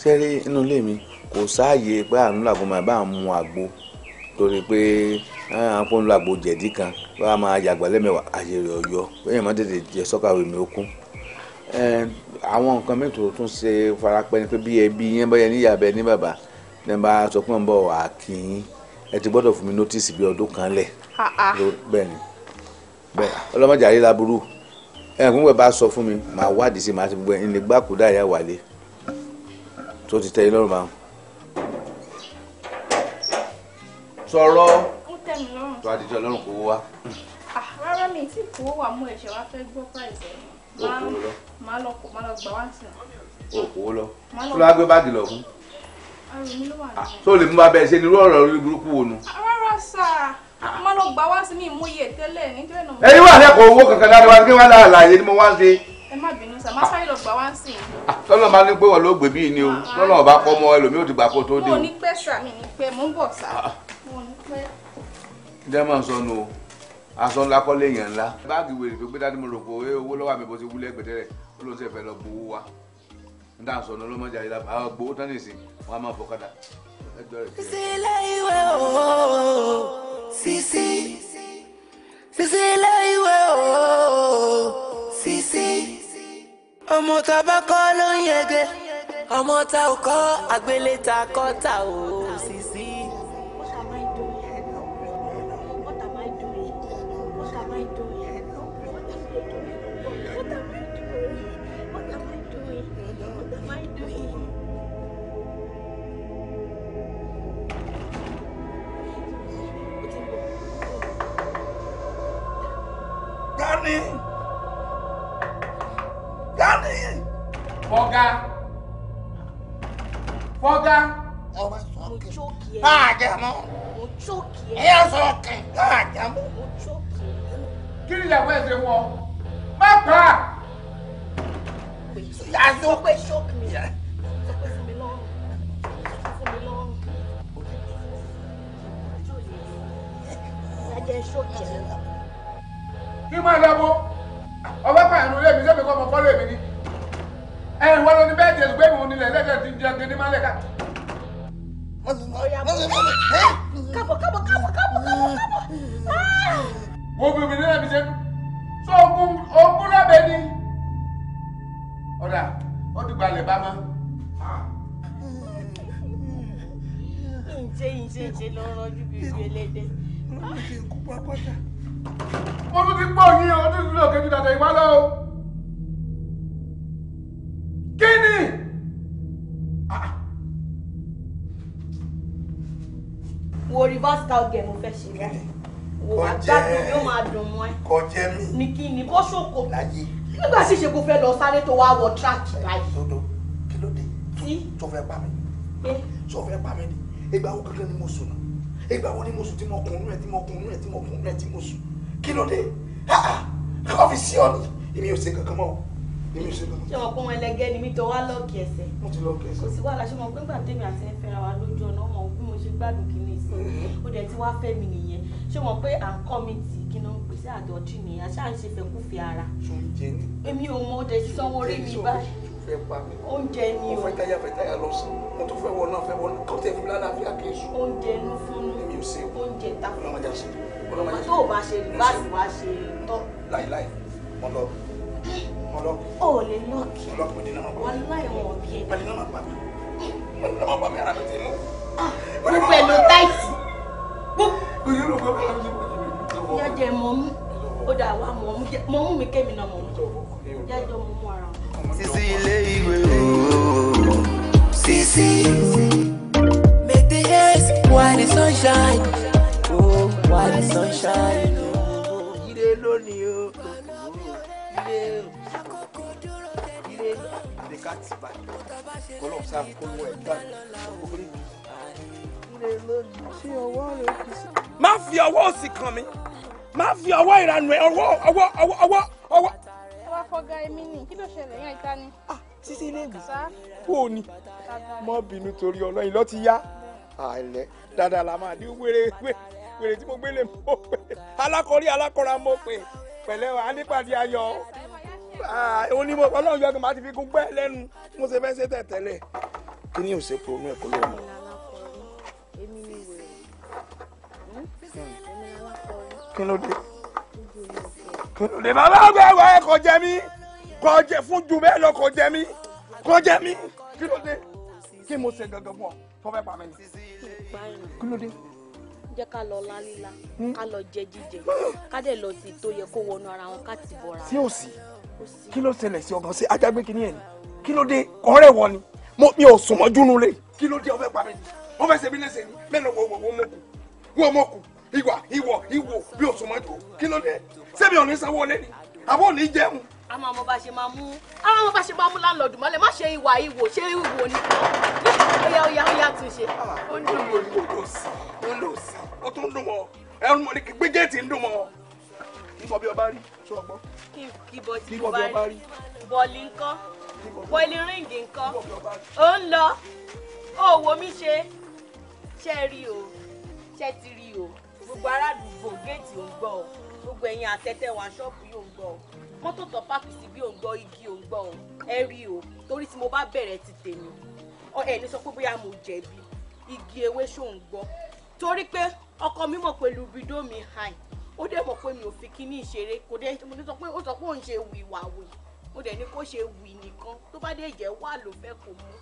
sẹ́rí inú ilé mi kò sáàyè pé àánú làgbo máa bá àwọn mu àgbo torí pé àwọn fóònù làgbo jẹ̀dí kan wọ́n á máa yàgbà lẹ́mẹ̀wá àyèrè ọ̀yọ́ bẹ́ẹ̀ máa tètè jẹ sọ́kàwé mi ó kún. àwọn nǹkan mẹ́tò tún ṣe farapẹ́ ni pé bí ẹbí yẹn bọ́yẹ níyàbẹ ní bàbá ní bá sọ pé ń bọ̀ wá kí yín ẹ ti gbọ́dọ̀ fún mi nótìsì bí ọdún kan lẹ̀ bẹ́ẹ̀ ni bẹ́ẹ̀ ọlọ́mọdé àríláburú ẹ̀gbọ́n bẹ́ẹ̀ bá sọ fún mi màá wádìí sí màá ti gbọ́ ẹni lè gbàkúdà ìyá wálé tó ti tẹ́ ẹ lọ́rùn báwọn. sọ̀rọ̀ tó adijọ́ ọlọ́run kò wá. Ah, rárá mi tí kò wà mú ẹ̀ṣẹ̀ wá fẹ́ gbọ́ price máa lọ gbà wá sí i. òkú lọ tó lágbé báàgì lọ fún. Ah, tó lè mú abẹ́ ṣe ni irú ọ̀rọ̀ orí burúkú wo nu. Ah, rárá sáà má lọ gbà wá sí mi mú iye tẹ́lẹ̀ nítorí náà. ẹyin wà lẹ́kọ̀ọ́ owó kankan láti wá ní kí wọ́n lára àlàyé ni mo wá ń ṣe. ẹ má bínú sà má sáré lọ gbà wá sí i. Ah, tọ́lọ̀ máa ní pé wọ́n ló gbé bíi ni o ah, tọ́lọ̀ ọba kọ́ mọ ẹlòmíì ò ti gbà kó tó dé o. mo ní pẹ́ sà mi ní pẹ́ mo ń bọ̀ sà ah, mo ní pẹ́. jẹ́ máa sọnù o aṣọ ńlá kọ́ léèyàn ńlá. báàgì wèrè tó gbé dání mo rò pé owó lọ́wọ́ mi bó ti wúlẹ̀ gbẹ̀tẹ̀rẹ̀ ó ló ń sílẹ̀ ìwé òwò. Sisi Sisi ilé ìwé ooo Sisi ọmọ tá a bá kọ́ ló ń yege ọmọ tá a kọ́ àgbélé tá a kọ́ tà ooo Sisi. Gani. Gani. Fọ́gá. Fọ́gá. Ọ̀rọ̀ sọ̀rọ̀ kẹ̀. Bá a jẹ mọ́. Mo chókì ẹ. Ẹ sọ̀rọ̀ kẹ̀. Bá a jẹ mọ́. Mo chókì ẹ. Kí ni ìyàwó ẹ̀ kí máa lọ bó ọba pààyàn lórí èmi sẹ́mi kọ́ ọmọ kọ́ lèmi ni ẹ̀rìn wọn ló ní bẹ́ẹ̀ jẹ́ gbẹ́mìí òní lẹ̀ lẹ́jọ́ ti jẹ́ gidi máa lẹ́ka. kábọ̀ kábọ̀ kábọ̀ kábọ̀ kábọ̀. wo bí obìnrin mi ṣe tó ogun ogun lábẹ́ ni ọ̀dà ó ti gbalẹ̀ bá mọ́. ǹjẹ́ ǹjẹ́ ǹjẹ́ lọ́ọ́ rọ́jú bíbí ẹlẹ́dẹ̀. lọ́ọ́ mi kì í kú ti pọ̀ yín o ti lọ kejì dàtẹ̀ ìwá lọ o. kí ni. wo reverse cow game mo fẹ́ ṣe rẹ wo àgbàdo yóò máa dùn mọ́ ẹ. kọjẹ mi ní kí ni kó ṣòkò nígbà tí ṣe kò fẹ́ lọ sáré tó wá wọ tíráàkì báyìí. dodo kí ló dé tó fẹ́ pa mí tó fẹ́ pa mí ni ìgbà wo kankan ni mo sùn náà ìgbà wo ni mo sùn tí mo kùn ún rẹ̀ tí mo kùn ún rẹ̀ tí mo kùn ún rẹ̀ tí mo sùn kí ló dé ọ́fíìsì ọ̀nì èmi ò ṣe kankan mọ́ èmi ò ṣe kankan. ṣé wọn pọ́n wọn ẹlẹgẹ́ ni mi tó wá lọ́ọ̀kì ẹsẹ̀. mo ti lọ́ọ̀kì ẹsẹ̀. kò sí wàhálà ṣé mo pé gbà tèmi àti ẹ fẹ́ra wa lójú ọ̀nà ọmọ bí mo ṣe gbádùn kìíní sí mm-hmm. ó dẹ̀ ti wá fẹ́ mi nìyẹn ṣé mo pé à ń kọ́ mi tì kí ló ń pè sí àdọ́jú ni àṣà ń ṣe fẹ́kúfẹ́ ara. èmi ò mọ ọdẹ sanwó orí mi báyìí. oúnjẹ ni o. mo fẹ́ táyà fẹ́ táyà lọ tó o bá ṣe rìvásì wá ṣe tọ́. láìláì mo lọ mo lọ. o ò lè lọ́ọ̀kì wọn láì wọn bí ẹ. pẹ̀lú náà pa mí pẹ̀lú náà pa mí ara mi ti mú. mo pẹ̀lú táìsì. yájẹ mọ ó dà wá mọ mú mi kémi náà mọ yájọ mọ ara wọn. sisi ilé ìwé ooo sisi. Make the haze while the sun shine why the sunshine o ire lónìí o ire o ire àdéká ti bá kọlọ sá kọlọ ẹ gbà orí mi ire lónìí ṣé ọwọ́ rẹ kì í sá. má fi ọwọ́ òsì kàn mí má fi ọwọ́ ìranù ẹ ọwọ́ ọwọ́ ọwọ́ ọwọ́. ẹ wá fọgá èmi nì kí ló ṣẹlẹ̀ yẹn ìta ni ah, títí lébi kú òní mọ́ bínú torí ọlọ́yin lọ́ ti yá àlẹ́ dáadáa la máa ní wéré wéré wèrè tí mo gbélé mo pè alákọ̀rí alákọ̀ra mo pè pẹ̀lẹ́ wa nípàdé ayọ̀ ah, òun ni mo ọlọ́run yọ̀gàn máa ti fi gún lẹ́nu mo ṣe fẹ́ ṣe tẹ̀tẹ̀lẹ̀ kí ni òṣè pọ̀ ní ẹ̀kọ́ lónìí. Hmm? kí ló dé kí ló dé bàbá àgbẹ̀ ẹ̀wọ̀ ẹ̀ kò jẹ mí kò jẹ fún ju bẹ́ẹ̀ lọ kò jẹ mí kò jẹ mí kí ló dé kí mo ṣe gangan fún ọ fọwọ́ pa mí ni kí ló dé jẹ́ ká lọ lálílá hmm? ká lọ jẹ jíjẹ ká dẹ̀ lọ sí tó yẹ kó wọnú ara wọn ká ti bọ̀ra. sí òsì kí ló ṣẹlẹ̀ sí ọgàn sí ajágbé kínní ẹ̀ ni kí ló dé ọ̀rẹ́ wọ ni mi ò sùn mọ́jú nu lé kí ló dé ọbẹ̀ pa mi fẹ́ ṣe mí léṣe ni mẹ́lẹ̀ wo wo mọ̀ kù wo ìwà ìwọ̀ ìwò bí ò sùn mọ́jú kí ló dé ṣé ò ní sanwó lé ni àbọ̀ ò ní jẹun a máa mọ bá ṣe máa mú a máa mọ bá ṣe máa mú láńlọ́ọ̀dù mọ́lẹ̀ má ṣe ìwà ìwò ṣe ìwò ni ọ̀yá ọ̀yá ọ̀yá tún ṣe. ó ń dùn mí ó lò sí ó lò sí ó tún dùn mọ́ ẹrù mọ́ ni gbé géètì ń dùn mọ́ nígbà bí ọba rí ṣọ ọgbọ́. kí kí bọ́ ti ọba rí bọ́ọ̀lì ńkọ́ bọ́ọ̀lì ríǹgì ńkọ́ ó ń lọ òwò mi ṣe ṣe rí o ṣe ti rí o gbogbo ará àdúgbò géètì ò gbọ́ gbogbo ẹ̀yin àtẹ́tẹ́ wa ṣọ́ọ̀bù yóò gbọ́ mọ́tò tó páàkì sí bí òǹgbọ́ igi òǹgbọ́ o ẹ rí o torí tí mo bá bẹ̀rẹ̀ ti tèmi ẹ ní sọ pé bóyá mo jẹ̀bi igi ewé ṣòǹgbọ́ torí pé ọkọ mi mọ̀ pé lubido mi hàn ó dẹ̀ mọ̀ pé mi ò fi kíní ìṣeré kò dé mo sọ pé ó sọ pé òun ṣe wìwàwì mo dẹ̀ ní kó ṣe wì nìkan tó bá dé ìjẹ́ wà ló fẹ́ kó mú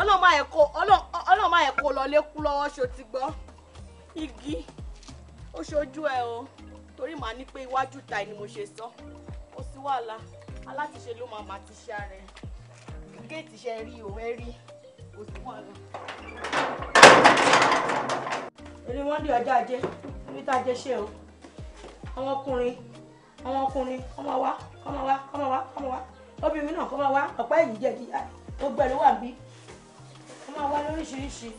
ọlọ́mọ ẹ̀ kó lọlé kú lọ́wọ́ ṣo ti gbọ́ igi ó ṣojú ẹ o torí màá ní pé iwájú ta ni mo ṣe sọ. So wàhálà alátiṣe ló máa máa ti ṣe ara ẹ̀ géètì ṣe rí o ẹ rí o sì wà lọ. èmi wọ́n dé ọjà ajé níbi tá a jẹ ṣe o àwọn ọkùnrin àwọn ọkùnrin ọmọ wa ọmọ wa ọmọ wa ọmọ wa obìnrin náà ọmọ wa ọ̀pá ẹ̀yìn jẹ̀ di gbogbo ẹ̀ ló wà bí ọmọ wa lóríṣiríṣi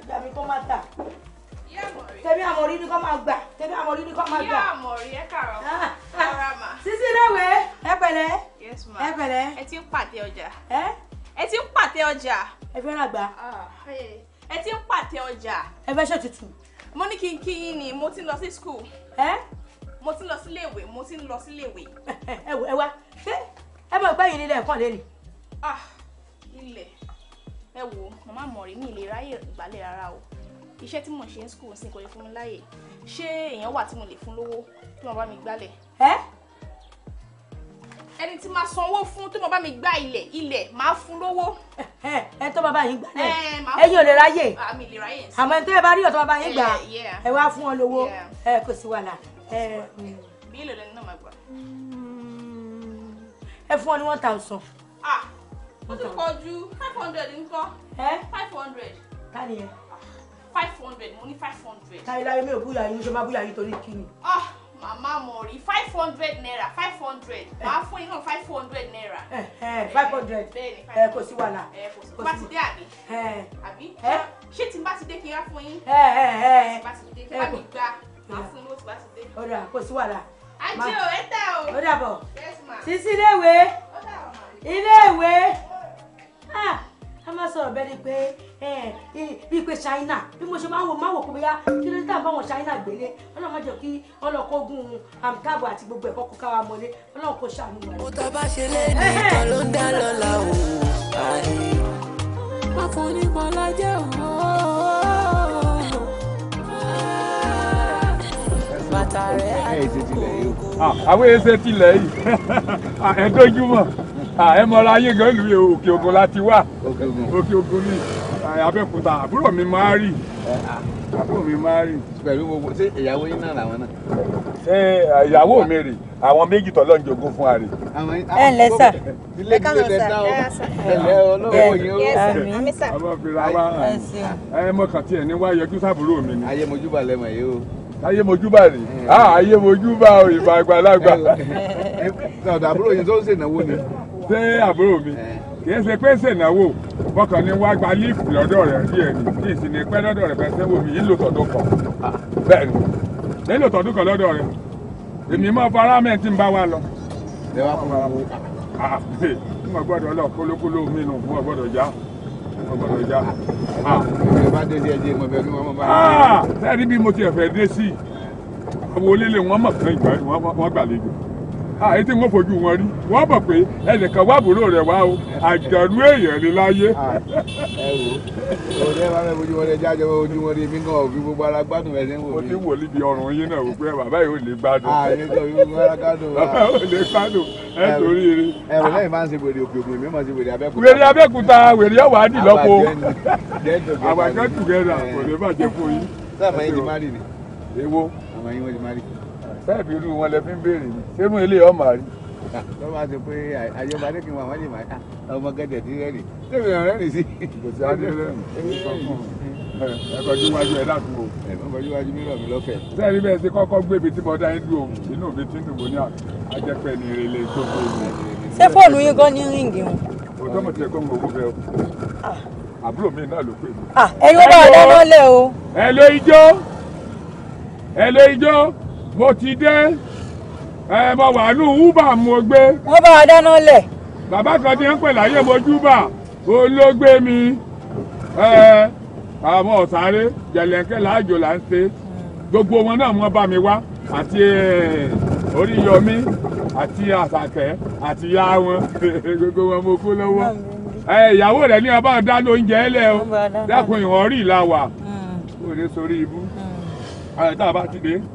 ìgbà mi kọ́ má tà tẹ̀mí àmọ̀rí ni kò máa gbà tẹ̀mí àmọ̀rí ni kò máa gbà. yíyá àmọ̀rí ẹ kàrọ̀ rárá ah, ah. mà. sísí léwe ẹ pẹ̀lẹ́ ẹ pẹ̀lẹ́. ẹ ti ń pàtẹ ọjà. ẹ ẹ ti ń pàtẹ ọjà. ẹ fẹ́ ràgbà. Ah, ẹ ti ń pàtẹ ọjà. ẹ fẹ́ ṣètùtù. mo ní kí n kí yín ni mo ti lọ sí school. ẹ mo ti lọ sílé ìwé mo ti lọ sílé ìwé. ẹ wò ẹ wá ṣé ẹ mọ̀ pé yìí nílẹ̀ kàn lé ni. ilẹ̀ ẹ wo màmá mọ̀rí mi ìlera ìgbàlẹ̀ rárá o iṣẹ́ tí mò ń ṣe ní school sin kò lè fún mi láàyè ṣé èèyàn wà tí mo lè fún lówó tó máa bá mi gbálẹ̀. ẹ. ẹni tí máa sanwó fún tó máa bá mi gbá ilẹ̀ ilẹ̀ máa fún lówó. ẹ ẹ tó máa bá yín gbálẹ̀ ẹ̀yin ò lè ráyè ah, àmọ́ ẹni tó yẹ bá rí ọ̀tọ́ bá yín gbà ẹ wá fún ọ lówó ẹ kò sí wàhálà. Mm. bí èlò lẹni náà máa gbà. ẹ fún ọ ní one thousand. ah ó ti pọ̀ ju five hundred nǹkan. ẹ five hundred. ká nìyẹn five hundred mo ní five hundred. láyéláyé mi ò búyà yín ṣe máa búyà yín torí kíni. ah màmá mo rí five hundred naira five hundred eh. màá fún yín náà five hundred naira. Eh, eh, five hundred bẹ́ẹ̀ni kò sí wàhálà. kò sí bá ti dé àbí. àbí ṣé tí n bá ti dé kí n yá fún yín. tí n bá ti dé kí n bá mi gbà màá fún yín ló ti bá ti kò sí wàhálà. ajé o ẹ tẹ o. ó dàbọ̀ sísí iléèwé iléèwé. Ah ká má sọ̀rọ̀ bẹ́ẹ̀ ni pé bíi pé China bí mo ṣe máa ń wò máa wò bóyá kí ló dé tàn báwọn China gbélé ọlọ́run má jẹ́ kí ọlọ́kọ́gùn àmkáàbò um, àti gbogbo ẹ̀kọ́ kó káwa mọ́lé ọlọ́run kò ṣàánú wa. mo tọ́ bá ṣe lé ní ló ń dá lọ́la o má fún ní bọ́lá jẹ́ bàtà rẹ̀ àdúgbò. àwọn èsè tilẹ̀ yìí ah, ẹ̀ẹ́dójúmọ̀. ẹ mọra ayé gan ìlú yẹn òkè ògùn la ti wá òkè ògùn ni abẹ́òkúta àbúrò mi máa rì àbúrò mi máa rì. pẹ̀lú gbogbo ṣé ìyàwó yín náà làwọn náà. ṣé ìyàwó mi rè àwọn méjì tọ́lọ́ ń jogún fún ààrẹ. ẹ ǹlẹ́ sà ilé ìgbé lẹ dá ọ ẹ lẹ ọlọ́wọ́ yìí ó ọmọ fìlà wa ẹ mọ̀kàn tiẹ̀ ní wá yọjú sábúrò mi ni. ayé mojúbà lẹ́mọ̀ yìí o ayé mojúbà rè ayé mojúbà ìbàgbàlagbà. ọ̀dà àbúrò yẹn tó ń ṣèǹnáwó ni ṣé àbúrò mi eh. kì í ṣe pé ṣènáwó bọ́kàn ni wá gba líìfù lọ́dọ̀ rẹ̀ bí ẹni kí ìsìn ní pẹ́ lọ́dọ̀ rẹ̀ fẹ́ sẹ́wó mi yìí lò tọ̀dún kan ah. bẹ́ẹ̀ ni yìí lò tọ̀dún kan lọ́dọ̀ rẹ̀ èmi mọ́ faramen tí ń bá wa lọ. ẹ wá fún wa mo ah. ah, gbọ́dọ̀ lọ kólókóló mi nù mo gbọ́dọ̀ já mo gbọ́dọ̀ já. bá délé ẹjẹ mo bẹ ní wọn bá. sẹ́ẹ̀rí bí mo ti ẹ̀fẹ̀ dé sí i àwọn olélè wọn mọ̀ fún ìgbà wọn gbàlejò àyè tí mo fojú wọn rí wọ́n bọ̀ pé ẹnìkan wà búrò rẹ̀ wá o àjàrú èèyàn rí láyé. ẹ wò ó ọ̀rẹ́ wa rẹ̀ fojú wọn rẹ̀ jájọ́ ojú wọn rí mi náà fi gbogbo ara gbádùn ẹ̀ níwò mi. mo ti wò níbi ọrùn yín náà wípé bàbá yìí ò lè gbádùn. àyè tó fi gbogbo ara gbádùn wa. bàbá ò lè gbádùn ẹ torí rí. ẹ wò lẹ́yìn máa ń ṣe wèrè òkè òkè mi máa ń ṣe wèrè abẹ́kúta. wèrè abẹ́kúta wèrè ọ̀wà á dì lọ́pọ̀ àwàkẹ́ tùgẹ́dà kò lè bàjẹ́ fún yín. sáà máa yín ti má rì ni sẹ́ẹ̀bì irú wọn lẹ fi ń béèrè ni sẹ́nu ilé ọmọ rí. lọ́wọ́ máa ti pé àyẹ̀bá ní kí n wà wọ́n lè máa ah, ọmọ gẹ́gẹ́ tí rẹ́ẹ̀nì tẹ̀wé ọ̀rẹ́ rẹ̀ sí. kò sí adé rẹ́ẹ̀nì ẹ̀kọ́jú wájú ẹ̀ dàkú o. ẹ̀kọ́jú wájú mi rọ̀ mí lọ́fẹ̀ẹ́. sẹ́ẹ̀rí bẹ́ẹ̀ sí kọ́kọ́ gbé ibi tí mo dá inú òun inú mi tí nùgbò ní àjẹpẹ́ ní o. ṣé fóònù yín gan ní ríǹgì wọn. òótọ́ mo ti ẹ̀kọ́ mi ò gbọ́ bẹ́ẹ̀ o ah. àbúrò mi náà ló pè mí. Ah, ẹ̀yin ó bá ọ̀dọ́ náà lẹ̀ o. ẹ lo ijó ẹ lo ijó. mo ti dé ẹ wà ní uber mo gbé. wọ́n bá wa dáná lẹ̀. bàbá kan ti ń pè láyé olóògbé mi àwọn ọ̀sáré jẹ̀lẹ̀kẹ́ láàjò là gbogbo wọn náà wọ́n bá mi wá àti oríyọmí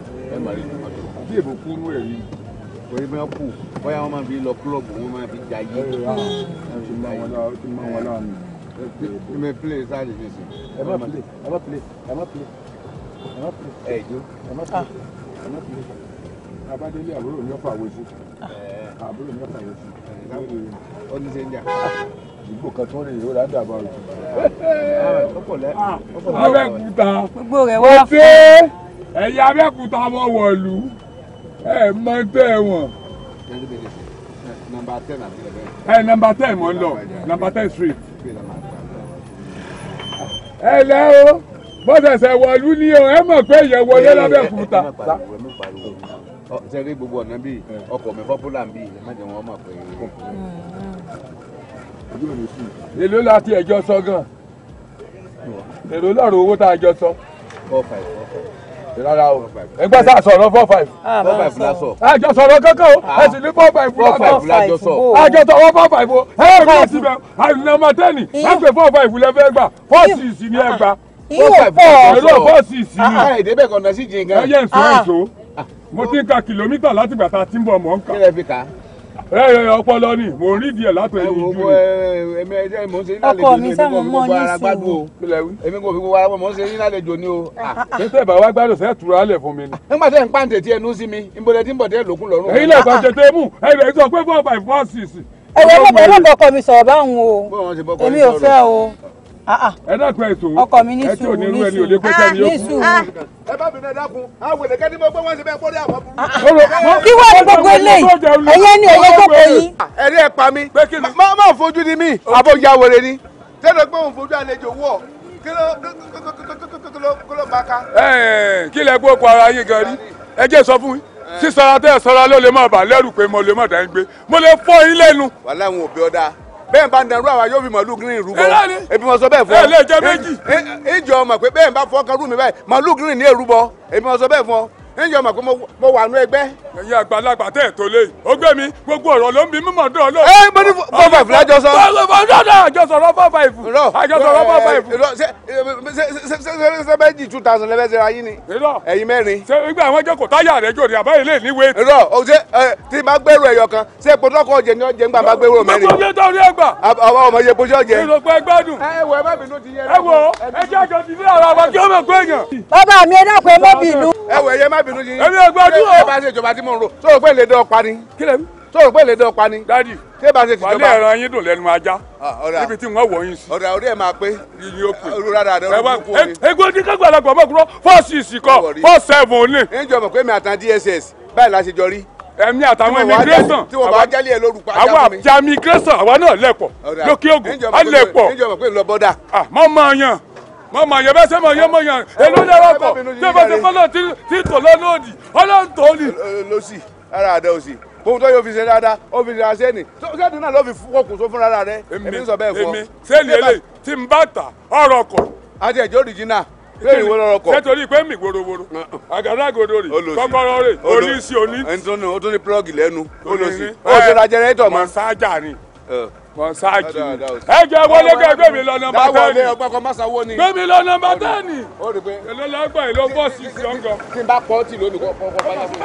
ẹ máa rí tomato bí èbó kúrú ẹ̀ rí orí bí wọ́n kù bóyá wọ́n máa fi lọ kúlọ̀bù wọ́n máa fi ja yé ẹ mẹ pílẹ̀ sáàdì ní sè. ẹ má pílẹ̀ ẹ má pílẹ̀ ẹ má pílẹ̀ ẹ má pílẹ̀ ẹ jó ẹ má pílẹ̀ ẹ má pílẹ̀ abadélé àbúrò mi ọ̀fà wẹ̀sù àbúrò mi ọ̀fà wẹ̀sù ó ní sẹ́ńdà ìgbò kan tó rè é ó dáadáa bá rè é. ọ̀pọ̀lẹ́ ọ̀pọ̀lẹ́ ọ̀pọ̀lẹ́ gbogbo rẹ̀ wá fún ẹ̀yin abẹ́kúta ọmọ wọ̀lú ẹ̀ mọ tẹ́ wọn. ẹ nọmba ten mọ̀ ń lọ nọmba ten street. ẹ lẹ́ o bọ́sẹ̀sẹ̀ wọ̀lú ni o ẹ mọ̀ pé ìyẹn wọlé lábẹ́kúta. ṣe rí gbogbo ọ̀nà bíi ọkọ̀ mi fọ́pùlà bíi ẹ má jẹ́ wọn mọ̀ pé. èló la ti ẹjọ́ sọ gan-an èrò lọ́rọ̀ owó tá a jọ sọ rárá o ẹgbẹ́ sá sọ̀rọ̀ four five ah, four five la sọ. àjọ sọ̀rọ̀ kankan o ah. ẹ sì ní four five la sọ. four five la jọ sọ. àjọ sọ̀rọ̀ four five o ẹ ẹ bí síbẹ̀ àìlùnà mọ́tẹ́nì wọ́n pè four five lẹ́fẹ̀ẹ́ gbà four six ni ẹ gbà. yóò pọ̀ ẹ̀rọ four six ni. ara ìdẹ́bẹ̀ kan náà sì jìn gan. ẹ yẹ nsọ nsọ ah. mo ti ń ka kìlómítà látìgbà tá a ti ń bọ̀ mọ́ ń kà. ọpọlọ ni mo rí díẹ̀ látẹnu ojú mi. ọkọ mi sáwọn mọ ní ha èmi kò fi gbogbo ara mọ ṣe ha lálejò ni o. ha ha gbádùn ha tura ha fún mi ni. nígbà ha ha pa ha ẹnu sí mi ha tí ha ha ha lọ́rùn. èyí lè ha ha mú ha sọ pé four ha four six. ẹ̀rọ ha ha mi sọ̀rọ̀ báwọn o èmi ò fẹ́ o. Ah, ah. ẹ dákun ẹ sòwò ọkọ mi ní sùúrù ní sùúrù ah, ní sùúrù. ẹ bá mi náà dákun àwọn èdè kẹ́ni mo gbé wọ́n ṣe bẹ́ẹ̀ bóde àwọn burúkú. kí wàá ní gbogbo eléyìí ẹ̀yẹ́ ni ẹ̀yẹ́ tó kọ yín. ẹ̀rí ẹ̀ pa mi má má fojú ni mí àbò ya wèrè ni tẹ́lẹ̀ pé òun fojú àlejò wọ̀ kí ló bá ká. kí lẹ gbókò ara yín gan rí ẹ jẹ́ sọ fún yín eh. sísọra tẹ́ sọra ló lè má bà lẹ́rù pé mo lè má dá yín gbé mo lè fọ́ yín lẹ́nu. wàhálà àwọn òbí ọ̀dà bẹ́ẹ̀ bá nàró àwa yóò fi màálù green rúbọ ebi mo sọ bẹ́ẹ̀ fún ọ. ẹ lè jẹ méjì. ìjọ pé bẹ́ẹ̀ bá green ní èrúbọ ebi sọ ń yọ mọ̀ pé mo wà nú ẹgbẹ́. ẹ̀yin àgbàlagbà tẹ́ tó lé o gbé mi gbogbo ọ̀rọ̀ ló ń bi mímọ̀ dán lọ. ẹ mo ní four five lájọ sọ. bàbá mi ẹ dákun ẹ mọ́ bínú. ẹ wọ ẹ yẹ má má bínú èmi ò gbọ́dún o. ṣé ìjọba tí mò ń ro tó o pé lè dán ọpa ni. kí lẹ́mí. tó o pé lè dán ọpa ni. dádì ṣé bá ṣe ìjọba. wàlẹ́ ẹ̀rọ yín dùn lẹ́nu ajá. Ah, níbi tí wọ́n wọ̀ yín sí. ọ̀rẹ́ orí ẹ̀ máa pé. yìnyín ó pè. olùrádà rẹ̀ ó kú omi. egbò ní kágbàlagbà ọmọkùnrin four six kọ four seven olè. ẹ ń jọ mọ̀ pé mi àtàn DSS báyìí la ṣe jọ rí ẹ̀mí àtàwọn immigration tí wọ́n bá jálẹ̀ lórúkọ ajá mi. àwọn àjà immigration àwa náà lẹ̀pọ̀ lókè ògùn á lẹ̀pọ̀. ẹ ń jọ mọ̀ pé lọ bọ́dà. àmọ́ máa yan mọ mọ yẹ bẹ sẹ mọ yẹ mọ yàn èló lẹwọ kọ tí o bá ti fọlọ tí tò lọlọdì Ọlọ́run tó ni. lọsì ara àdá òsì bóun tó yóò fi ṣe dáadáa ó fi ṣe àṣẹ́ni sẹ́ẹ̀dì náà ló fi kókùn tó fúnra rẹ èmi sọ bẹ́ẹ̀ fọ. sẹ́ẹ̀lì èlé tí n bá ta ọ̀rọ̀ kọ̀. àti ẹ̀jẹ̀ òrìjìnà lórí ìwé lọ́rọ̀ kọ̀. sẹ́tọ̀rí pé mi wòrowòro àgàdàgodo rè kọ́kọ́rọ́ rè oríṣi oní. ẹni tó ní plọ́ọ̀gì lẹ́nu ó lọ sí. ó ṣe ra jẹrẹ́tọ̀ mọ́. mọ̀ sáájà ni wọn ṣáàjì ẹ jẹ wọlé kẹ gbé mi lọ nọ́mbà tẹni gbé mi lọ nọ́mbà tẹni èlò lọgbà èlò bọ sísì ọgàn. tí n bá pọ́ tì lómi kọ́ kọ́ padà sí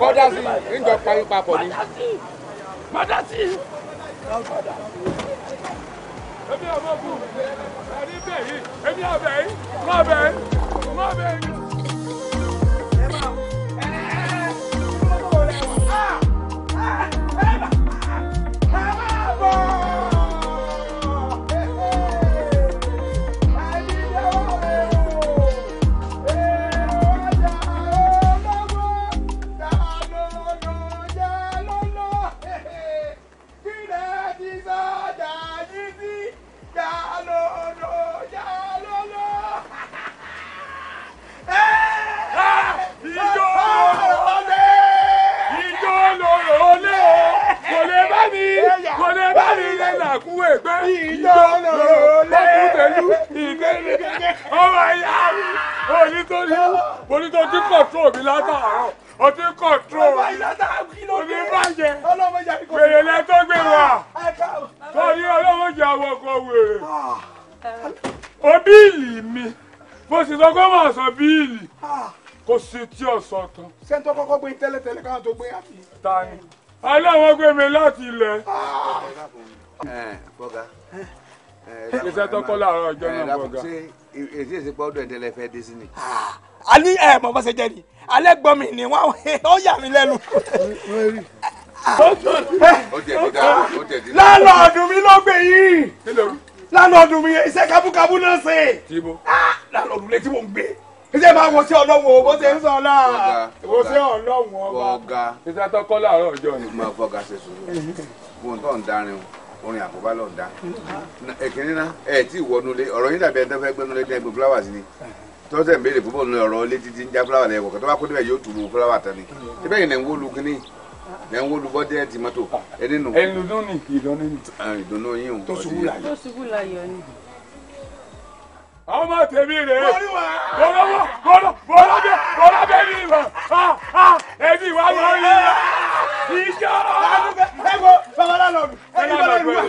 kọ́dà sí níjọ parí papọ̀ ni. padà sí èmi ọmọ bù ẹni bẹ́ẹ̀ yìí èmi ọbẹ̀ yìí mọ̀ bẹ́ẹ̀ mọ̀ bẹ́ẹ̀ yìí. gbé ìjọ lòlẹ́ pẹ̀lú ìgbẹ́lẹ́gẹ́ ọmọ ìyá mi òní tó ní òní tó ti kọ̀tró mi látàárọ̀ òní kọ̀tró òní bàjẹ́ wèrè lẹ tó gbé wa torí ọlọ́mọdé àwọn ọkọ̀ wèrè o bíìlì mi bó sì sọ pé mà sọ bíìlì kò sí tí ò sọ tán. sẹ́ńtọ́ kọ́kọ́ gbé tẹ́lẹ̀tẹ́lẹ̀ káwọn tó gbé àfi. ta ni aláwọ̀ gbé mi láti ilẹ̀ bọ́gà. iṣẹ́ tọ́kọ́ làárọ̀ ọjọ́ náà bọ́gà. ṣé èsì èsì pọ́ọ́dọ̀ ìdẹ́lẹ̀ fẹ́ dé sí ni. a ní ẹ mọ bá ṣe jẹ ni alẹ́ gbọ́ mi ni wọ́n ó yà mí lẹ́nu. lánàá ọdún mi ló gbé yìí lánàá ọdún mi iṣẹ́ kábúkábú náà ṣe lánàá ọdún létí mo ń gbé iṣẹ́ máa wọ sí ọlọ́wọ́ bó ṣe ń sọ náà wọ sí ọlọ́wọ́ ọba. iṣẹ́ tọ́kọ́ làárọ̀ ọjọ́ ni. máa fọgà ṣe sùúrù bóun tó ń darin o orin àkóbá lọ ń dá ẹkìnrin náà ẹ tí ìwọnulé ọ̀rọ̀ yín dàbí ẹni tó fẹ́ gbẹnulé ní ẹgbẹ fúláwà sí ni tọ́sẹ̀ ń béèrè púpọ̀ nínú ọ̀rọ̀ ilé títí ń já fúláwà lẹ́wọ̀ kí tó bá kó débẹ̀ yóò tùrù fúláwà tán ni tí bẹ́ẹ̀ yìí lẹ́ ń wó lu kínní lẹ́ ń wó lu bọ́dẹ́ ti mọ́tò ẹni ni ìdùnnú àwọn ọmọ tèmi rè é bọ́lá bọ́lá bọ́lá bẹ bọ́lá bẹ ní ìwà ẹni ìwà lọ rí i ìjọ. ẹgbẹ́ babalá lọ ẹni bọ́lá ìlú wa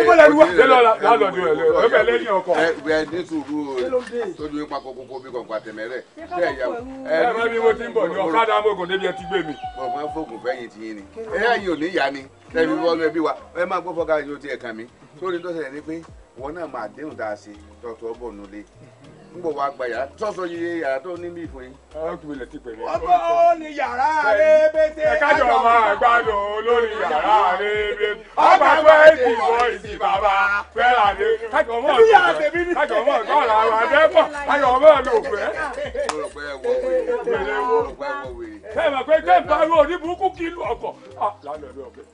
ìbọ̀lá ìlú wa. ṣé lọ́la lálọ́dún ẹ̀ lọ ẹ bẹ̀ lẹ́yìn ọkọ̀. ẹ ẹ ní sùúrù o tójú ipa kókókó bí kọ̀ǹkọ̀ àtẹ̀mẹ́rẹ̀ ṣé ẹ yà ẹ ẹ mẹ́bí mo ti ń bọ̀ ní ọ̀kadà mọ́gàn débi ẹ ti gbé mi. bọ̀ọ̀mọ́ fóògùn fẹ́yìn ti yín ni ẹ yà yín ò ní yá ni ẹ bí wọ́n lọ ẹbí wa ẹ máa gbọ́ fọ́ka yóò ti ẹ̀ kàn mí sórí tó ṣẹlẹ̀ ni pé wọn náà máa déhùn dáa sí tọ́tọ́ bọ̀ nulẹ̀ n bò wá gba yàrá sọ́sọ́ yìí yàrá tó ní bíi fún yín. ọ̀rọ̀ tún ilẹ̀ ti pè mí. ọmọ ó ní yàrá rébété. ẹ kájọ máa gbádùn olórí yàrá rébété. ọgbà pẹ́ẹ́sì bọ́ ìsì bàbá fẹ́ràn ní. kájọ mọ́ ọ̀dọ́ kájọ mọ́ ọ̀dọ́ ọ̀la wa dẹ́pọ̀ kájọ mọ́ ọ̀dọ́ òfẹ́. bẹ́ẹ̀ mọ̀ pé kẹ́ ń pariwo oníburúkú kí ìlú ọkọ̀. lálẹ́ ọ̀dọ́ ọ̀kẹ́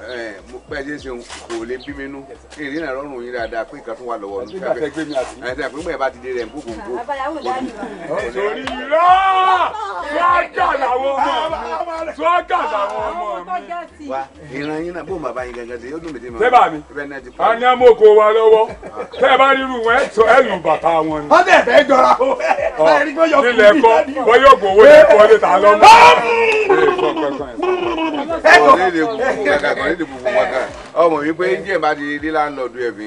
Eh, mo pẹ́ ṣe ṣe kò lè bí mi nú ìrìn náà rọrùn yín dáadáa pé nǹkan tún wà lọ́wọ́ nù. nígbà tẹ gbé mi àti. ẹ bá ti dé rẹ̀ ń gbogbo nǹkó. sórí sọ́jà làwọn ọmọ sọ́jà làwọn ọmọ mi. ìran yín náà bó bàbá yín gangan ṣe yóò dùn mí tí mo. sẹ́bà mi a amóko wa lọ́wọ́ tẹ́ ẹ bá rírú wọn ẹ lù bàtà wọn ni. wọ́n tẹ̀ jọra o. nílẹ̀ ní ti gbogbo wọn kan ọmọ yìí pé jẹ́ bá ti rí láńlọ́ọ̀dù ẹ̀bí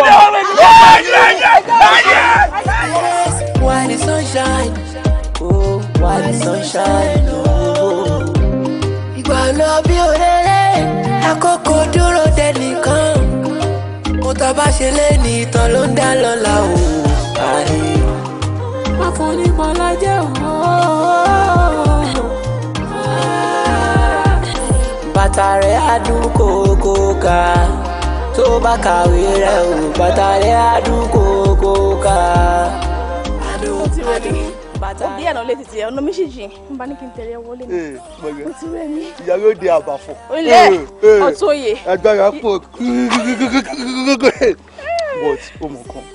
Why, the sunshine? Oh, why the sunshine? Oh, ìgbà lọ bí òrèrè àkókò dúró dẹnìkan kó tá a bá ṣe o. má fún ní bọ́lá bàtà rẹ̀ á dún kókó ká tó bá kàwé rẹ̀ ò bàtà rẹ̀ á dún kókó ká. òbí ẹ̀ náà lè tètè ọ̀nà méjèèjì ń bá ní kí n tẹ̀lé ẹ wọlé mi eh, mo ti rẹ̀ mí. ìyá yóò di àbàfọ̀. olè eh, eh. ọ̀tún òye. agbára pọ̀ kúrúkúrúkúrúkúrú but ó mọ̀ kan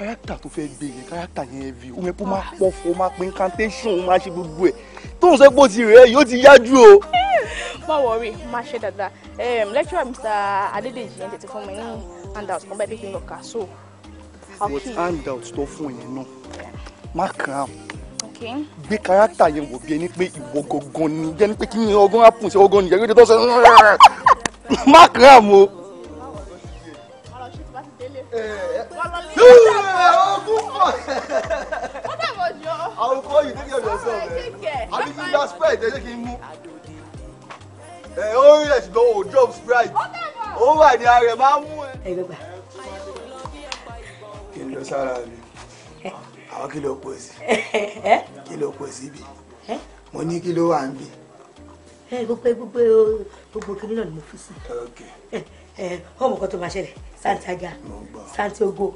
kárátà tó fẹ́ gbé yẹn kárátà yẹn vi o yẹ kó máa ah. pọ̀fọ̀ máa pe incantation máa ṣe gbogbo ẹ̀ tó ń sẹ́pọ̀ ti rẹ̀ yóò ti yájú o. má wọrí má ṣe dáadáa lecturer Mr. Adédèjì yẹn tètè fún mi ní handout kan bẹ́ẹ̀ bí kí n lọ kà so. but handout tó fún yẹn náà má kàn án gbé kárátà yẹn wò bí ẹni pé ìwọ gangan ni jẹ́ni pé kí ni ọgọ́n á pùn sí ọgọ́n nìyẹn yóò ti tọ́ sẹ́yìn má kàn án o ogun pọ̀. What about you? your? I will call you, take care of yourself. Take eh. care. Àbí kí n gba sprite ẹ jẹ́ kí n mú. Eh, ó rí ẹ̀ ṣùgbọ́n ò drop sprite. Ó wà ní ara ẹ̀ máa ń mú eh. ẹ. Ẹ gbẹ́gbà. Kí n lọ sára mi? Àwọn kí ló pọ̀ sí? Kí ló pọ̀ sí ibi? Mo ní kí ló wà ń bì? Gbogbo gbogbo gbogbo kìnìún náà ni mo fi sí. Ọmọ kan tó máa ṣẹlẹ̀ santiago santiogo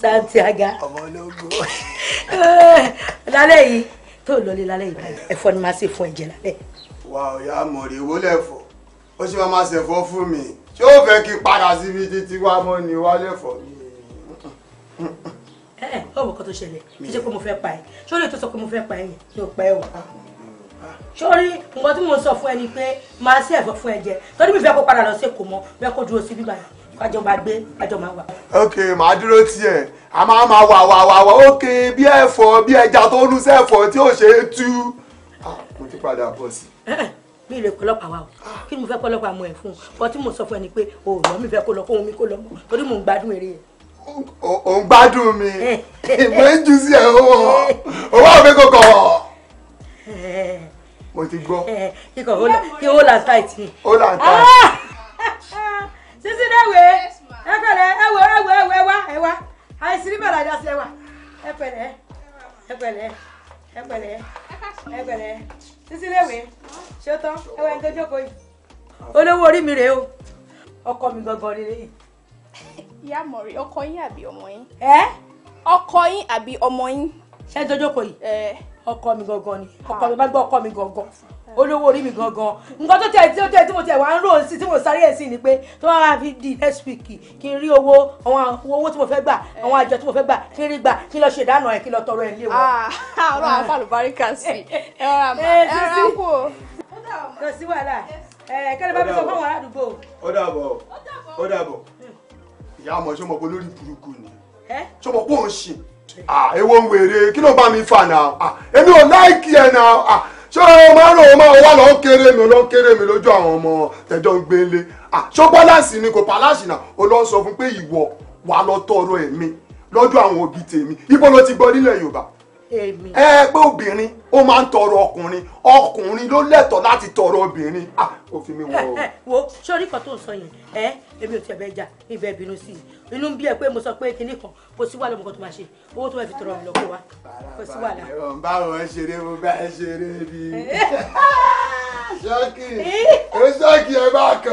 santiaga eh, lálẹ́ yìí tó lọlé lálẹ́ yìí báyìí ẹ̀fọ́ ni màá ṣe fún ẹ̀jẹ̀ lálẹ́. wà á yà mọ̀rẹ̀ ìwó lẹ́fọ̀ ó ṣe máa máa ṣẹ̀fọ́ fún mi ṣé ó fẹ́ kí n padà síbi títí wá mọ́ ni wá lẹ́fọ̀ mi. ẹ eh, ẹ ọmọ kan tó ṣẹlẹ̀ kí ṣe pé mo fẹ́ pa ẹ ṣé ó lè tó sọ pé mo fẹ́ pa ẹ yẹn yóò pẹ́ o sórí ah, ah. nǹkan tí mo sọ fún ẹ ni pé màá ṣe ẹ̀fọ́ fún ẹ jẹ torí kájọ máa gbé kájọ máa wà. ok màá dúró tiẹ̀ a máa máa wà wà wà wà ok bí ẹ̀fọ́ bí ẹja tó ń sẹ́ ẹ̀fọ́ tí ò ṣe é tú. mo ti padà bọ̀ sí. mi ìrè kọlọ́pàá wa o ah. kí ni mo fẹ́ kọlọ́pàá mọ ẹ̀ fún un kọ́ tí mo sọ fún ẹ ni pé òòrùn mi fẹ́ kó lọ kó omi kó lọ mọ́ torí mò ń gbádùn eré yẹn ò ń gbádùn mi ìwé jù sí ẹ owó owó mi kò kọ̀ mo ti gbọ́. kíkọ̀ ó là ń tà sisi dẹ wẹ ẹ pẹ̀lẹ́ ẹ wẹ ẹ wẹ ẹ wẹ wa ẹ wa àìsírí bẹ̀rẹ̀ ajá sí ẹ wa ẹ pẹ̀lẹ́ ẹ pẹ̀lẹ́ ẹ pẹ̀lẹ́ ẹ pẹ̀lẹ́ sisi dẹ wẹ ṣé o tán ẹ wẹ ẹni tó jókòó yìí olówó orí mi rèé o ọkọ mi gangan rèé yìí. ìyá mọ̀rí ọkọ yín àbí ọmọ yín. ẹ ọkọ yín àbí ọmọ yín. ṣé ẹ jọjọ́ kò yìí. ọkọ mi gangan ni ọkọ ah. mi bá gbọ́ ọkọ mi gangan olówó orí mi gangan nǹkan tó tẹ tí ó tẹ tí mo tẹ wá ń rò sí tí mo sáré ẹ̀ sí ni pé tó bá fi di next week kí n rí owó àwọn owó tí mo fẹ́ gbà àwọn àjọ tí mo fẹ́ gbà kí n rí gbà kí n lọ ṣe ìdáná ẹ̀ kí n lọ tọrọ ẹ̀ lé wọn. Ah, ọlọ́run àfàlùbáríkà sí ẹ rà má eh, ẹ rà kú. kò sí wàhálà eh, kẹ́lẹ́ bá mi sọ fún àwọn aládùúgbò. ó dàbọ̀ ó dàbọ̀ ìyá àmọ́ ṣé mo bọ́ lórí burúkú ni eh? ṣé mo pọ̀ ń ṣe èwo ń wèrè kí ló bá mi fà náà ah, èmi ṣé o máa ń rò ó máa wá lọ ń kéré mi lọ ń kéré mi lójú àwọn ọmọ tẹjọ ń gbé lé ṣó bọ́láǹsì ni kò pàláṣì náà o lọ sọ fún pé ìwọ wà lọ tọrọ ẹ̀mí lọ́dọ̀ àwọn òbí tèmi ibo ló ti gbọ́ nílẹ̀ Yorùbá ẹ pé obìnrin ó máa ń tọrọ ọkùnrin ọkùnrin ló lẹ́tọ̀ọ́ láti tọrọ obìnrin ah ó fi mi wọ. ẹ wo sórí kan tó ń sọ yẹn ẹ èmi ò tiẹ̀ bẹ́ẹ̀ jà ibẹ̀ bínú sí i inú ń bí ẹ pé mo sọ pé kinní kan kò sí wàhálà ọmọ kan tó máa ṣe owó tó máa fi tọrọ ọ̀rọ̀ lọ́kọ̀ wa kò sí wàhálà. báwo ẹ ṣeré mo bá ẹ ṣeré bí ṣọ́ọ̀kì eh? ẹ ṣọ́ọ̀kì ẹ bá kàn.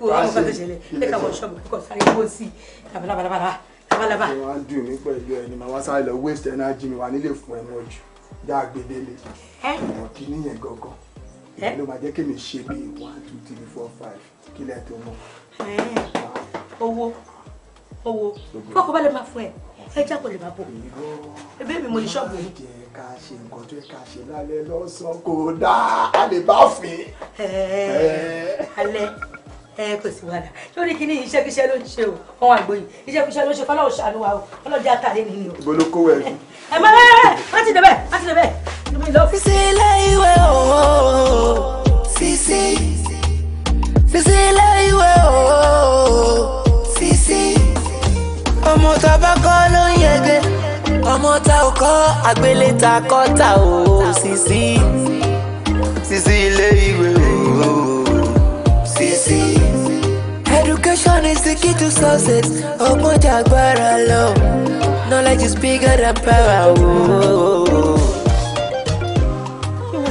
wo ọmọ kan tó ṣẹlẹ̀ ẹ kà wọ ṣọ́ọ̀bù kíkọ sáré kó sí i labalábá. wọ́n á dùn mí pẹ̀lú ẹni màá wá sáré lọ waste energy mi wà nílé fún ẹ mọ́jú dá gbélé lè ọ̀nà kìíní yẹn gangan ló máa jẹ́ kí mi ṣe bíi one two three four five kí lẹ́ tó mọ̀. owó owó kókó bá lè máa fún ẹ ẹ jákò lè máa bò ebe mi mo ní ṣọ́ọ̀bù mi. jẹ́ ká ṣe nǹkan tó ká ṣe lálẹ́ lọ́sàn-án kò dáa a lè bá fín. alẹ́ ẹ kò sí wàhálà sórí kí ni iṣẹ́kíṣẹ́ ló ń ṣe o ọmọ àgbo yìí iṣẹ́kíṣẹ́ ló ń ṣe fọlọ́ọ̀ ṣàánú wa o fọlọ́ọ̀ jẹ́ àtàlẹ́ nìyí o. ibo ló kó wẹ̀ ẹ́. ẹ má ẹ ẹ má ti débẹ̀ má lómi lọ. sísílé ìwé ooo sísí sísílé ìwé ooo sísí ọmọ tá a bá kọ́ ló ń yege ọmọ tá a kọ́ àgbéléta kọ́ ta ooo sísí sísí ilé ìwé ooo sísí. Education is the key to success. Ọgbọ́n jà agbára alone. Knowledge is bigger than power.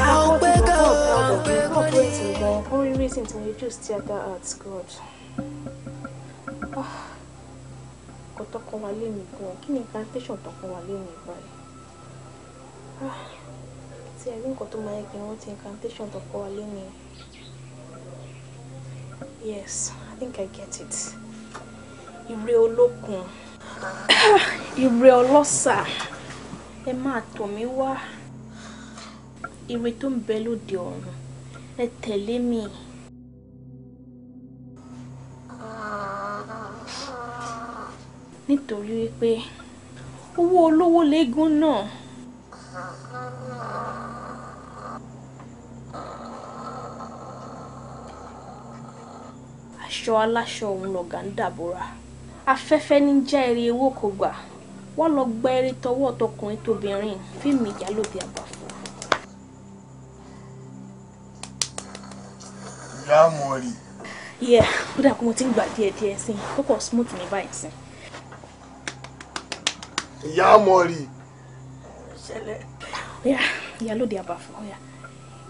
Àwọn pé ká o. Only reason to reduce theatre arts God. Ah, kò tọkàn wá lémi gan. Kí ni plantation tọkàn wá lémi báyìí? Ah, tí ẹ̀rí nǹkan tó máa yẹ kí wọ́n ti incantation tọkàn wá lémi. Yes think I get it. Ire olókun. Ire ọlọ́sà. Ẹ máa tọ̀ mí wá. Ire tó ń bẹ lóde ọ̀run. Ẹ tẹ̀lé mi. Nítorí wípé owó olówó léegún náà. aṣọ aláṣọ òun lọ̀gá ń dàbòrà afẹ́fẹ́ ní já eré ewó kò gbà wọ́n lọ gba eré tọwọ́ tọkùnrin tóbìnrin fíìmù ìyálòdì àgbàfọ́. ìyá àmọ́ rí. yẹ ó dà kó mo ti ń gbà díẹ̀díẹ̀ sí i kókò smooth ní báyìí sí. ìyá àmọ́ rí. ṣẹlẹ̀. ọ̀yà ìyálòdì àgbàfọ́ ọ̀yà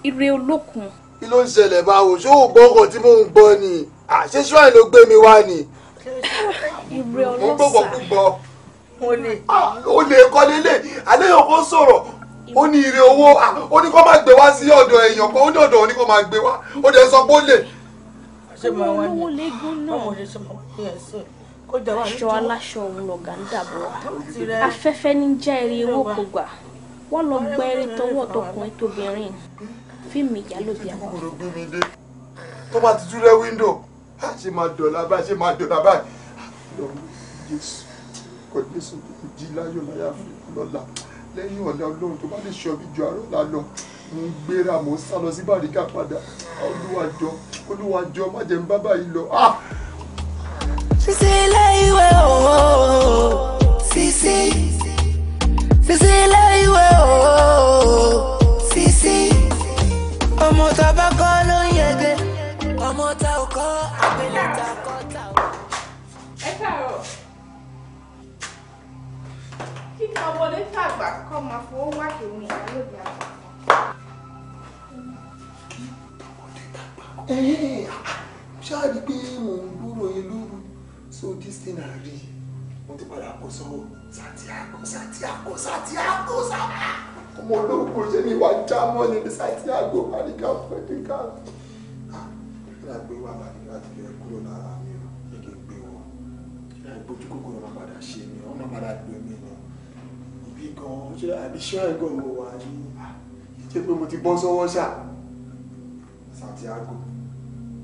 ire olókun. kí ló ń ṣẹlẹ̀ báwo ṣé o gbọ́ ọkọ̀ tí mò ń gbọ́ ni àṣé shrine ló gbé mi wá ni mo ń gbọ́gbọ́ gbúgbọ́ ó lè kọ́ lélẹ̀ alẹ́ yóò kó sọ̀rọ̀ ó ní ire owó ó ní kó máa gbé wá sí ọ̀dọ̀ èèyàn kan ó ní ọ̀dọ̀ ó ní kó máa gbé wá ó dẹ̀ sọ pé ó lè. olówó léegun náà aṣọ aláṣọ òun lọ̀gá ń dàbọ̀ afẹ́fẹ́ ní já eré owó kò gbà wọ́n lọ gba eré tọwọ́ tọkùnrin tóbìnrin fíìmù ìyálòbí àwọn. tó bá ti dúró wíńdò Ah, ṣe máa dọ̀la bá ṣe máa dọ̀la bá jésù kò jésù tó jí láyọ̀ láyà fi lọ́la lẹ́yìn ọ̀la ọlọ́run tó bá lè ṣọ́ bí ju àárọ̀ la mo ń gbéra mo ń sá lọ sí bàríkà padà olúwàjọ olúwàjọ má jẹ́ ń bá lọ. Sisi ah! ilé ìwé ooo Sisi Sisi ilé ìwé ooo Sisi ọmọ tàbá kọ́ lóyún mọ ta ò kọ́ abẹ́lẹ̀ ta kọ́ ta ò. ẹ káàárọ̀ kí ni ọmọdé tàgbà kọ́ máa fowó wá kèmí ìyálòdì àgbà. ṣáàrí pé mò ń gbúrò yín lóru so this thing I rí mo ti padà kó sọ́wọ́ Santiago Santiago Santiago Santiago ọmọ olóògùn ṣe ni wàá já mọ́ ní Santiago àríkà fún ẹ̀dínkà gbàgbé wà láti láti yọ kúrò lára mi o èké gbé o ojú kòkòrò máa padà ṣe mi wọn máa padà gbé mi lọ ibi gan ṣe àbíṣẹ́ ẹ̀gàn mo wà ní ṣé pé mo ti bọ́ sọ́wọ́ ṣá Santiago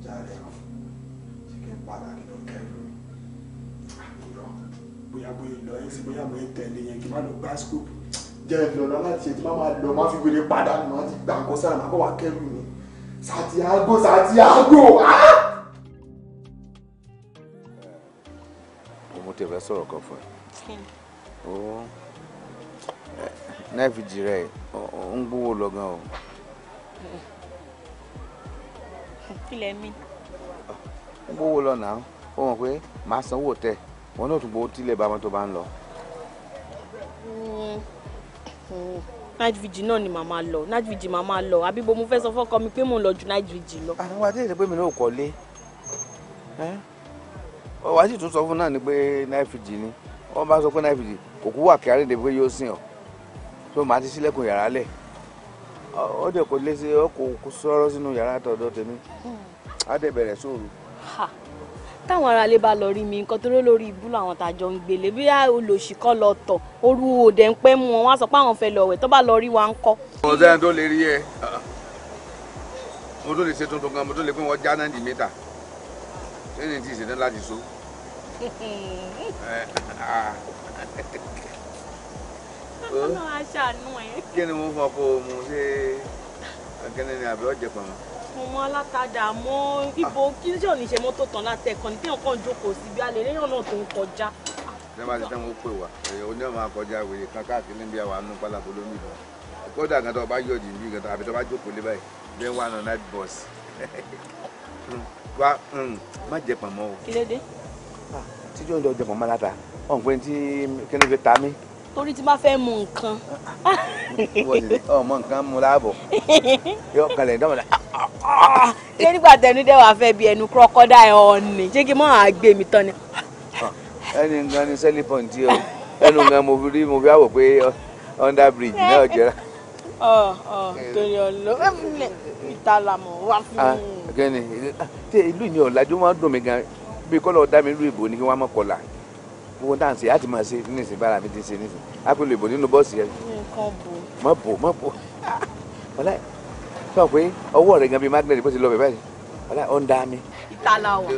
jáde àfọ̀ ṣe kí n padà kí lọ kẹ́rù mi àkùrọ̀ bóyá bóyá ìlọ ẹ̀ sí bóyá mo ń tẹ̀lé yẹn kí n má lọ gbá scoop jẹ́ ìlọ́lọ́ láti ṣe tí má máa lọ má fi gbére padà ni má ti gbà sára má kọ́ wá kẹ́rù mi. Santiago Santiago ah. mo tẹ fẹ́ sọ̀rọ̀ kan fún ẹ náà fi O rẹ ń gbówó gan o. kílẹ̀ mi. ń gbówó lọ náà ó mọ̀ pé màá sanwó tẹ wọn náà tún gbowó tílẹ̀ bá wọn tó bá ń lọ. night vigil náà ni màmá lọ night vigil màmá lọ àbí bo mo fẹ́ sọ fọ́kọ mi lọ ju night vigil lọ. àwọn àti mi náà kọ́lé ọwọ́ àti ìtúnṣọ fún náà ni pé night vigil ni wọ́n bá sọ pé night vigil wà pé yóò sìn ọ́ tó ti sílẹ̀kùn yàrá lẹ̀ dẹ̀ kò lé sí sínú yàrá tọ̀dọ̀ hmm. táwọn aráalé bá lọ rí mi nǹkan tó rọ lórí ibú làwọn tàjọ ń gbélé bí olóṣì kọ́ lọ tọ̀ oru òdẹ̀ ń pẹ́ mu wọn wá sọ pé àwọn fẹ́ lọ wẹ̀ tó bá lọ rí wa ń kọ́. mo sẹ́yìn tó lè rí ẹ mo tó lè ṣe tuntun gan mo tó lè pé wọ́n já náà mítà sẹ́yìn tí ì láti so. kí ni mo fọ kó o mu ṣe àbí ọ̀jẹ̀ pọ̀ mọ́ kan mọ́ alákadà mọ́ ibo ah. kí ní òní ṣe mọ́tò tán látẹ̀kọ́ ní téèyàn kàn jókòó sí bí alẹ́ léèyàn náà tó ń kọjá. ṣé máa ti sẹ́wọ̀n ó pè wá ẹ̀yọ́ oní ọ̀ma kọjá wèrè kan káàkiri níbi àwọn àánú pálapọ̀ lómi lọ kódà kan tó bá yọ̀ jì níbi kan àbí tó bá jókòó lé báyìí then one on night bus wa hmm, má jẹ pàmò o. kí ló dé. Ah, tíjọ́ ń jọ jẹ pàmò aláta ọ̀npẹ́ tí kí ló fi torí tí máa fẹ́ mu nǹkan. ọmọ nǹkan mu láàbọ̀ yóò kalẹ̀ dọ́mọdé. ṣé nígbà tẹnu dẹ́ wàá fẹ́ bí ẹnu kúrọ́kọ́dá ẹ̀ ọ́ ni ṣé kí n máa gbé mi tán ni. ẹni nǹkan ni selling point o ẹnu nǹkan mo fi rí mo fi àwọ̀ pé under bridge náà jẹ́ra. ọ ọ torí ọlọ́ọ̀lẹ̀ ìtàlámọ̀ wá fún ah, mi. ìlú ni ọ̀làjú máa ń dùn mí gan bí kọ́lọ̀ dá mi lú ìbò ni kí wọ́n á mọ̀ kọ́là gbogbo dáǹsì láti máa ṣe nísìnyí bára mi ti ṣe nísìnyí ápèlú ìbò nínú bọ́ọ̀sì yẹn. nǹkan bò. má bò má bò wọlé sọ pé ọwọ́ rẹ̀ gan bíi magnet bó ti lọ bẹ̀ báyìí wọlé ọ̀ ń dá mi. ìtàlà wà.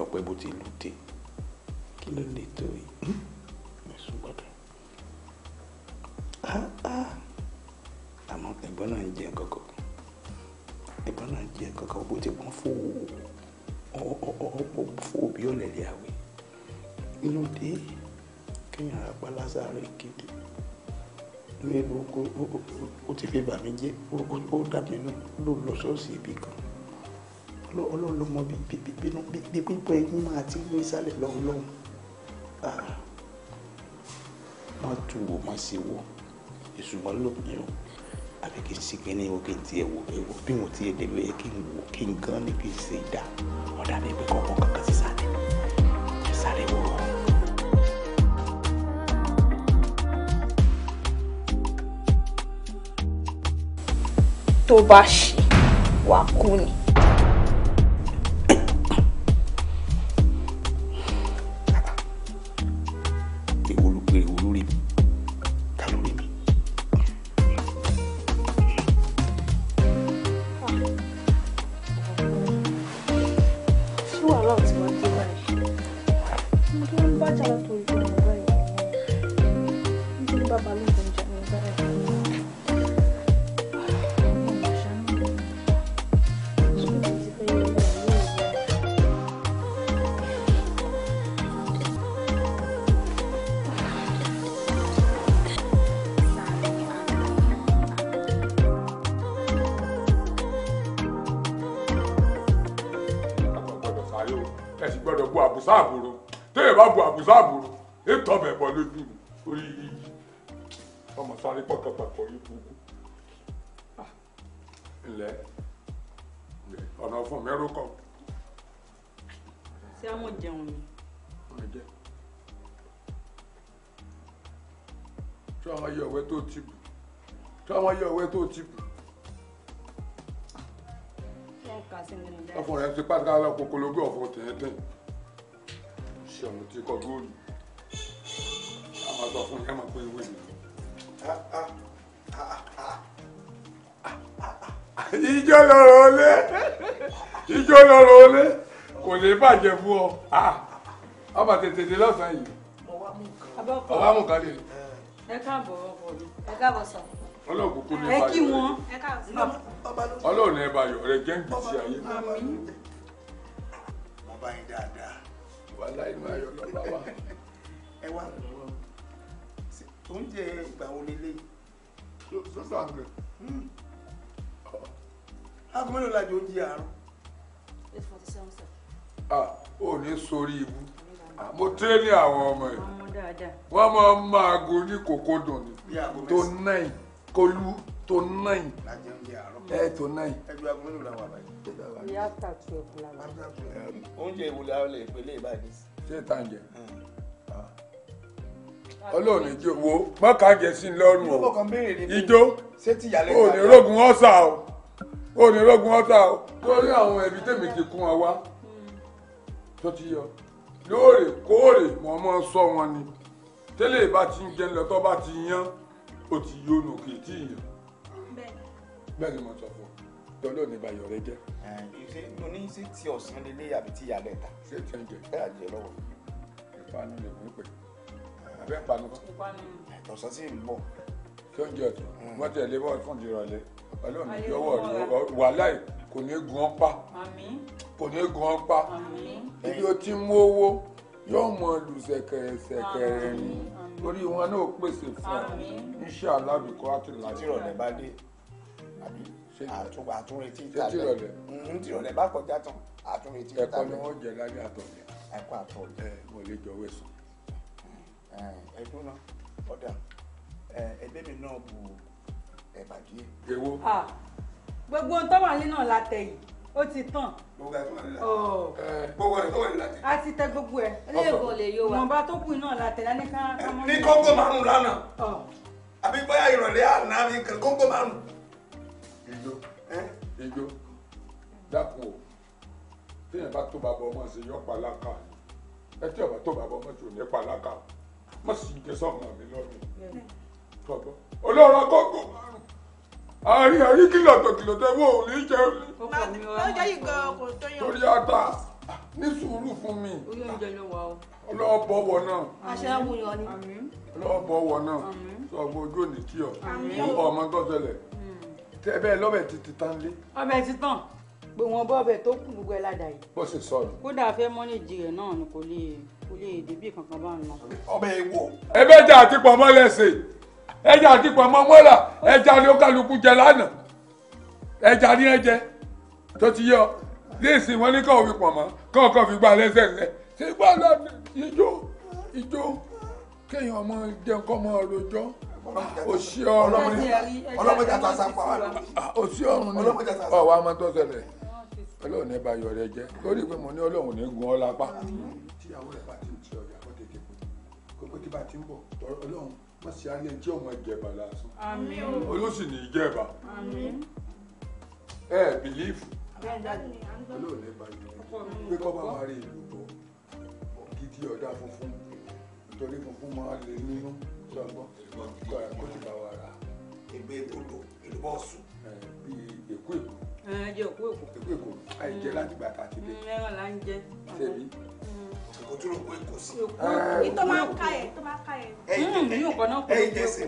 Ah, bó ti lù dé kí ló lè tó yìí. àmọ́ ẹ̀gbọ́n náà ń jẹ kankan ẹ̀gbọ́n náà ń jẹ kankan bó ti pọ́n fò ọ̀pọ̀ fò bí ọ̀lẹ̀lẹ̀ àwẹ̀ inú dé kéèyàn apá lásàárẹ̀ kéde nínú ó ti fi bà mí jẹ́ ó dà mí nù ló lọ ṣọ́ọ̀ṣì ibì kan ọlọ́run ló mọ bí pípẹ́ ẹ̀yìn máa ti ní ìsàlẹ̀ lọ́wọ́lọ́wọ́ má tu wò má ṣe wò ìṣùgbọ́n lópin o àbí kí n ṣe kí ní o kí n tiẹ̀ wò ẹ̀wò bí mo tiẹ̀ dẹ̀ lóye kí n wò kí n gan ni kí n ṣe ìdá ọ̀dà mi pé kọ́kọ́ kankan sí sáré sáré wò ó. tó bá ṣe wàá kú ni. lọ́rọ̀ olé kò lè bàjẹ́ fún ọ ọba tètè dé lọ́sàn-án yìí ọba mú kan lè. ẹ káàbọ̀ ọkọ mi ẹ káàbọ̀ sọ. ọlọ́ọ̀kú kú ní ẹ bá yọ ọlọ́ọ̀ ní ẹ bá yọ rẹ jẹ́ ń gbèsè ayé. wọ́n bá yín dáadáa. wàhálà inú oúnjẹ ìgbà wo lélẹ́yìí. lọ́sàn-án hmm. aago mélòó la oúnjẹ àárọ̀ ah ò ní sórí Ibu. Ah, mo tẹ́lẹ̀ àwọn ọmọ ẹ̀ wọ́n máa ń máa go ní kòkó dùn ni tó náì kólú tó náì ẹ tó náì. ẹgbẹ́ agunmẹ́lì ló wà báyìí. ìyá tàtú ẹ̀kú lára. oúnjẹ ìwòlẹ̀ àwọn ilẹ̀ ìpínlẹ̀ ìbàdàn. ṣé ìta ń jẹ? Ah. ọlọ́run ní jẹ́ wo mọ́kànjẹ́sí lọ́rùn o ìjó ò ní rógun ọ̀sà o onírọ́gùn ọ̀tá o torí àwọn ẹbí tèmi ti kún wa wá tó ti yọ lóòrèkóòrè mọ̀ mọ́ sọ wọn ni tẹ́lẹ̀ bá ti ń jẹun lọ tó bá ti yan ó ti yọ ònà kì í tí ì yan bẹ́ẹ̀ ni mo sọ fún ọ tọ́lọ́ ní bayọ̀ rẹ jẹ́. ṣé mo ní ṣé ti ọ̀sán lélẹ̀ àbí ti ìyàlẹ̀ ta. ṣé ti ń jẹ. ẹ àjẹ lọ́wọ́. ìpanu lè mú pè abẹ́ ìpanu kan. ìpanu. ẹ̀tọ̀sán sì ń bọ̀. kí oúnjẹ ọ̀tún wọ́n tẹ̀lé bọ́ọ̀ fún ìrọ̀lẹ́ ọlọ́run ní yọ ọwọ́ rẹ wàhálà kò ní gun ọ́pá kò ní gun ọ́pá ibi o ti mú owó yóò mọ lù sẹ̀kẹ̀rẹ̀ sẹ̀kẹ̀rẹ̀ ni torí wọn náà pèsè fún ọ iṣẹ́ alábìkọ́ àti làbẹ́. tí ìrọ̀lẹ́ bá dé àbí àtúnretí ìta bẹ́ẹ̀ tí ìrọ̀lẹ́ bá kọjá tán àtúnretí ìta bẹ́ẹ̀. ẹ̀kọ́ ni wọ́n jẹ lábẹ́ àtọ̀lẹ́. ẹ̀kọ́ àtọ̀lẹ́. ẹ mo lè jọ wẹ̀sùn. ẹ̀dùn náà ọ̀dà ẹgbẹ́ mi náà bù ú ẹ̀bà díẹ̀. èwo. gbogbo ohun tó wà nínú ọ̀la tẹ̀ yìí ó ti tàn. gbogbo ẹ̀ tó wà nílẹ̀. gbogbo ẹ̀ tó wà nílẹ̀. a ti tẹ gbogbo ẹ̀. iléèwọ̀ lè yọ wa. ìwọ̀nba tó kù iná ọ̀la tẹ̀ lánìí ká. ní kóńgò márùn-ún lánàá. àbí bóyá ìrọ̀lẹ́ àná mi kóńgò márùn-ún. ìjó ìjó dákun o téèyàn bá tó bàbá ọmọ ṣe yọ pàlákà ẹ tí ọba tó bàbá ọmọ ṣe ò ní pàlákà mọ̀ sí ìgbésọ̀ ọmọ mi lọ́rùn tọ́gbọ́ olóòrán kókó márùn àárín àárín kìlọ̀tọ̀ kìlọ̀tọ̀ ẹ̀wọ̀n ò ní jẹ́ òní. lọ́jọ́ yìí gan kò tó yàn. torí ata ní sùúrù fún mi. oyún oúnjẹ ló wà o. ọlọ́wọ́ bọ̀ wọ̀ náà. aṣọ àmúyọ ni. ọlọ́wọ́ bọ̀ wọ̀ náà. sọ ọgbọ́n ojú òní kí ọ. ọmọ ọmọ tó ṣẹlẹ̀. Hmm. tẹ bẹ́ẹ̀ lọ́bẹ̀ ti ti tán lé. ọbẹ̀ ti tán pé wọn bọ́ ọbẹ̀ tó kù gbogbo ẹ̀ ládàá yìí. bó ṣe sọ ni. kódà fẹ́ mọ́nì jìrẹ̀ náà ni kò lè kò lè débì kankan bá ń lọ. ọbẹ̀ èwo. ẹbẹ̀ ẹja àti pọ̀nmọ́ wọn rà ẹja ni ó kálukú jẹ lánàá ẹja ni ẹ jẹ tó ti yọ léèsì wọn ní káwọn fi pọ̀nmọ́ káwọn kan fi gbá lẹ́sẹ̀ lẹ̀ ṣé gbọ́dọ̀ ijó ijó kéèyàn ọmọ jẹun kọ́ ọmọ rojọ́ òsì ọrùn ni ọlọ́mọdé àtàṣà pa wà lónìí ah, òsì ọrùn ni ọwọ́ àmọ́ tó ṣẹlẹ̀ ọlọ́run ní bá yọrẹ jẹ lórí pé mo ní ọlọ́run ní gun ọ lápá. tíyàwó rẹ̀ bá ti ń ti ọjà kó tètè kó kó tí bá ti ń bọ̀ ọlọ́run má ṣe alẹ́ tí ọmọ ìjẹba lásán olóṣì ní ìjẹba ẹ bìlífù olóòní bá yọ pé kọ́ bá máa rí ìlú bọ̀ gidi ọ̀dà funfun nítorí funfun máa lè nínú sọgbọ́n kó ti bá wa rà. ìgbé ìlú bọ́ọ̀sù. bí èkó èkó. èkó. èkó èkó àìjẹ́ láti gbà ti dé. ẹ o tún rò pé kò sí. ìtọ́ máa ń ká ẹ̀ tó máa ká ẹ̀. ẹyin yóò kọ́ náà kò ní kó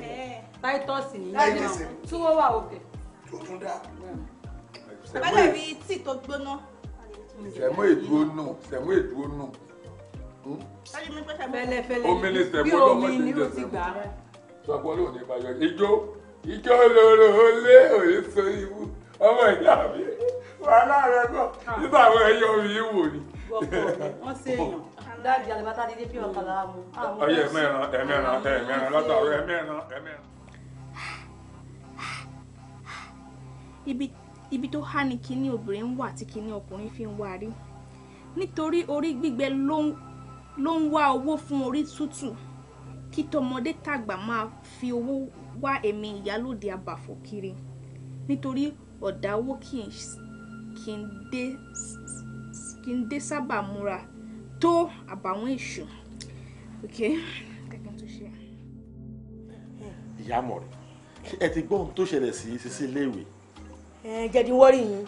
táítọ́ọ̀sì ní ìlànà tí wọ́n wà òkè. tó tún dà. bàbá mi tí tó gbóná. sẹ̀mú èdúró nù sẹ̀mú èdúró nù. Hmm? fẹlẹfẹlẹ bí omi ni ó ti gbà. sọgbọ́n ló ní ìbáyọ ijó ijó lóró lé òye sọ ibú ọmọ ìyá mi wàhálà rẹ gbọ́ nígbà wo ẹyọ mi wò ni wọ́n ṣe èèyàn dáàbì àlùbátà dídé ibi tó há ni kinní obìnrin ń wà tí kinní ọkùnrin fi ń wá rí nítorí orí gbígbẹ ló ń wá owó fún orí tútù kí tọmọdé tàgbà máa fi owó wá èmi ìyálòde àbàfò kiri nítorí ọ̀dà owó kì í dé kí n dé sábà múra tó àbàwọ́n èṣù ok kẹ̀kẹ́ tó ṣe. ìyá mọ̀ rẹ̀ ṣé ẹ ti gbọ́ ohun tó ṣẹlẹ̀ sí sísí iléèwé. jẹ̀dí wọ́rì yín.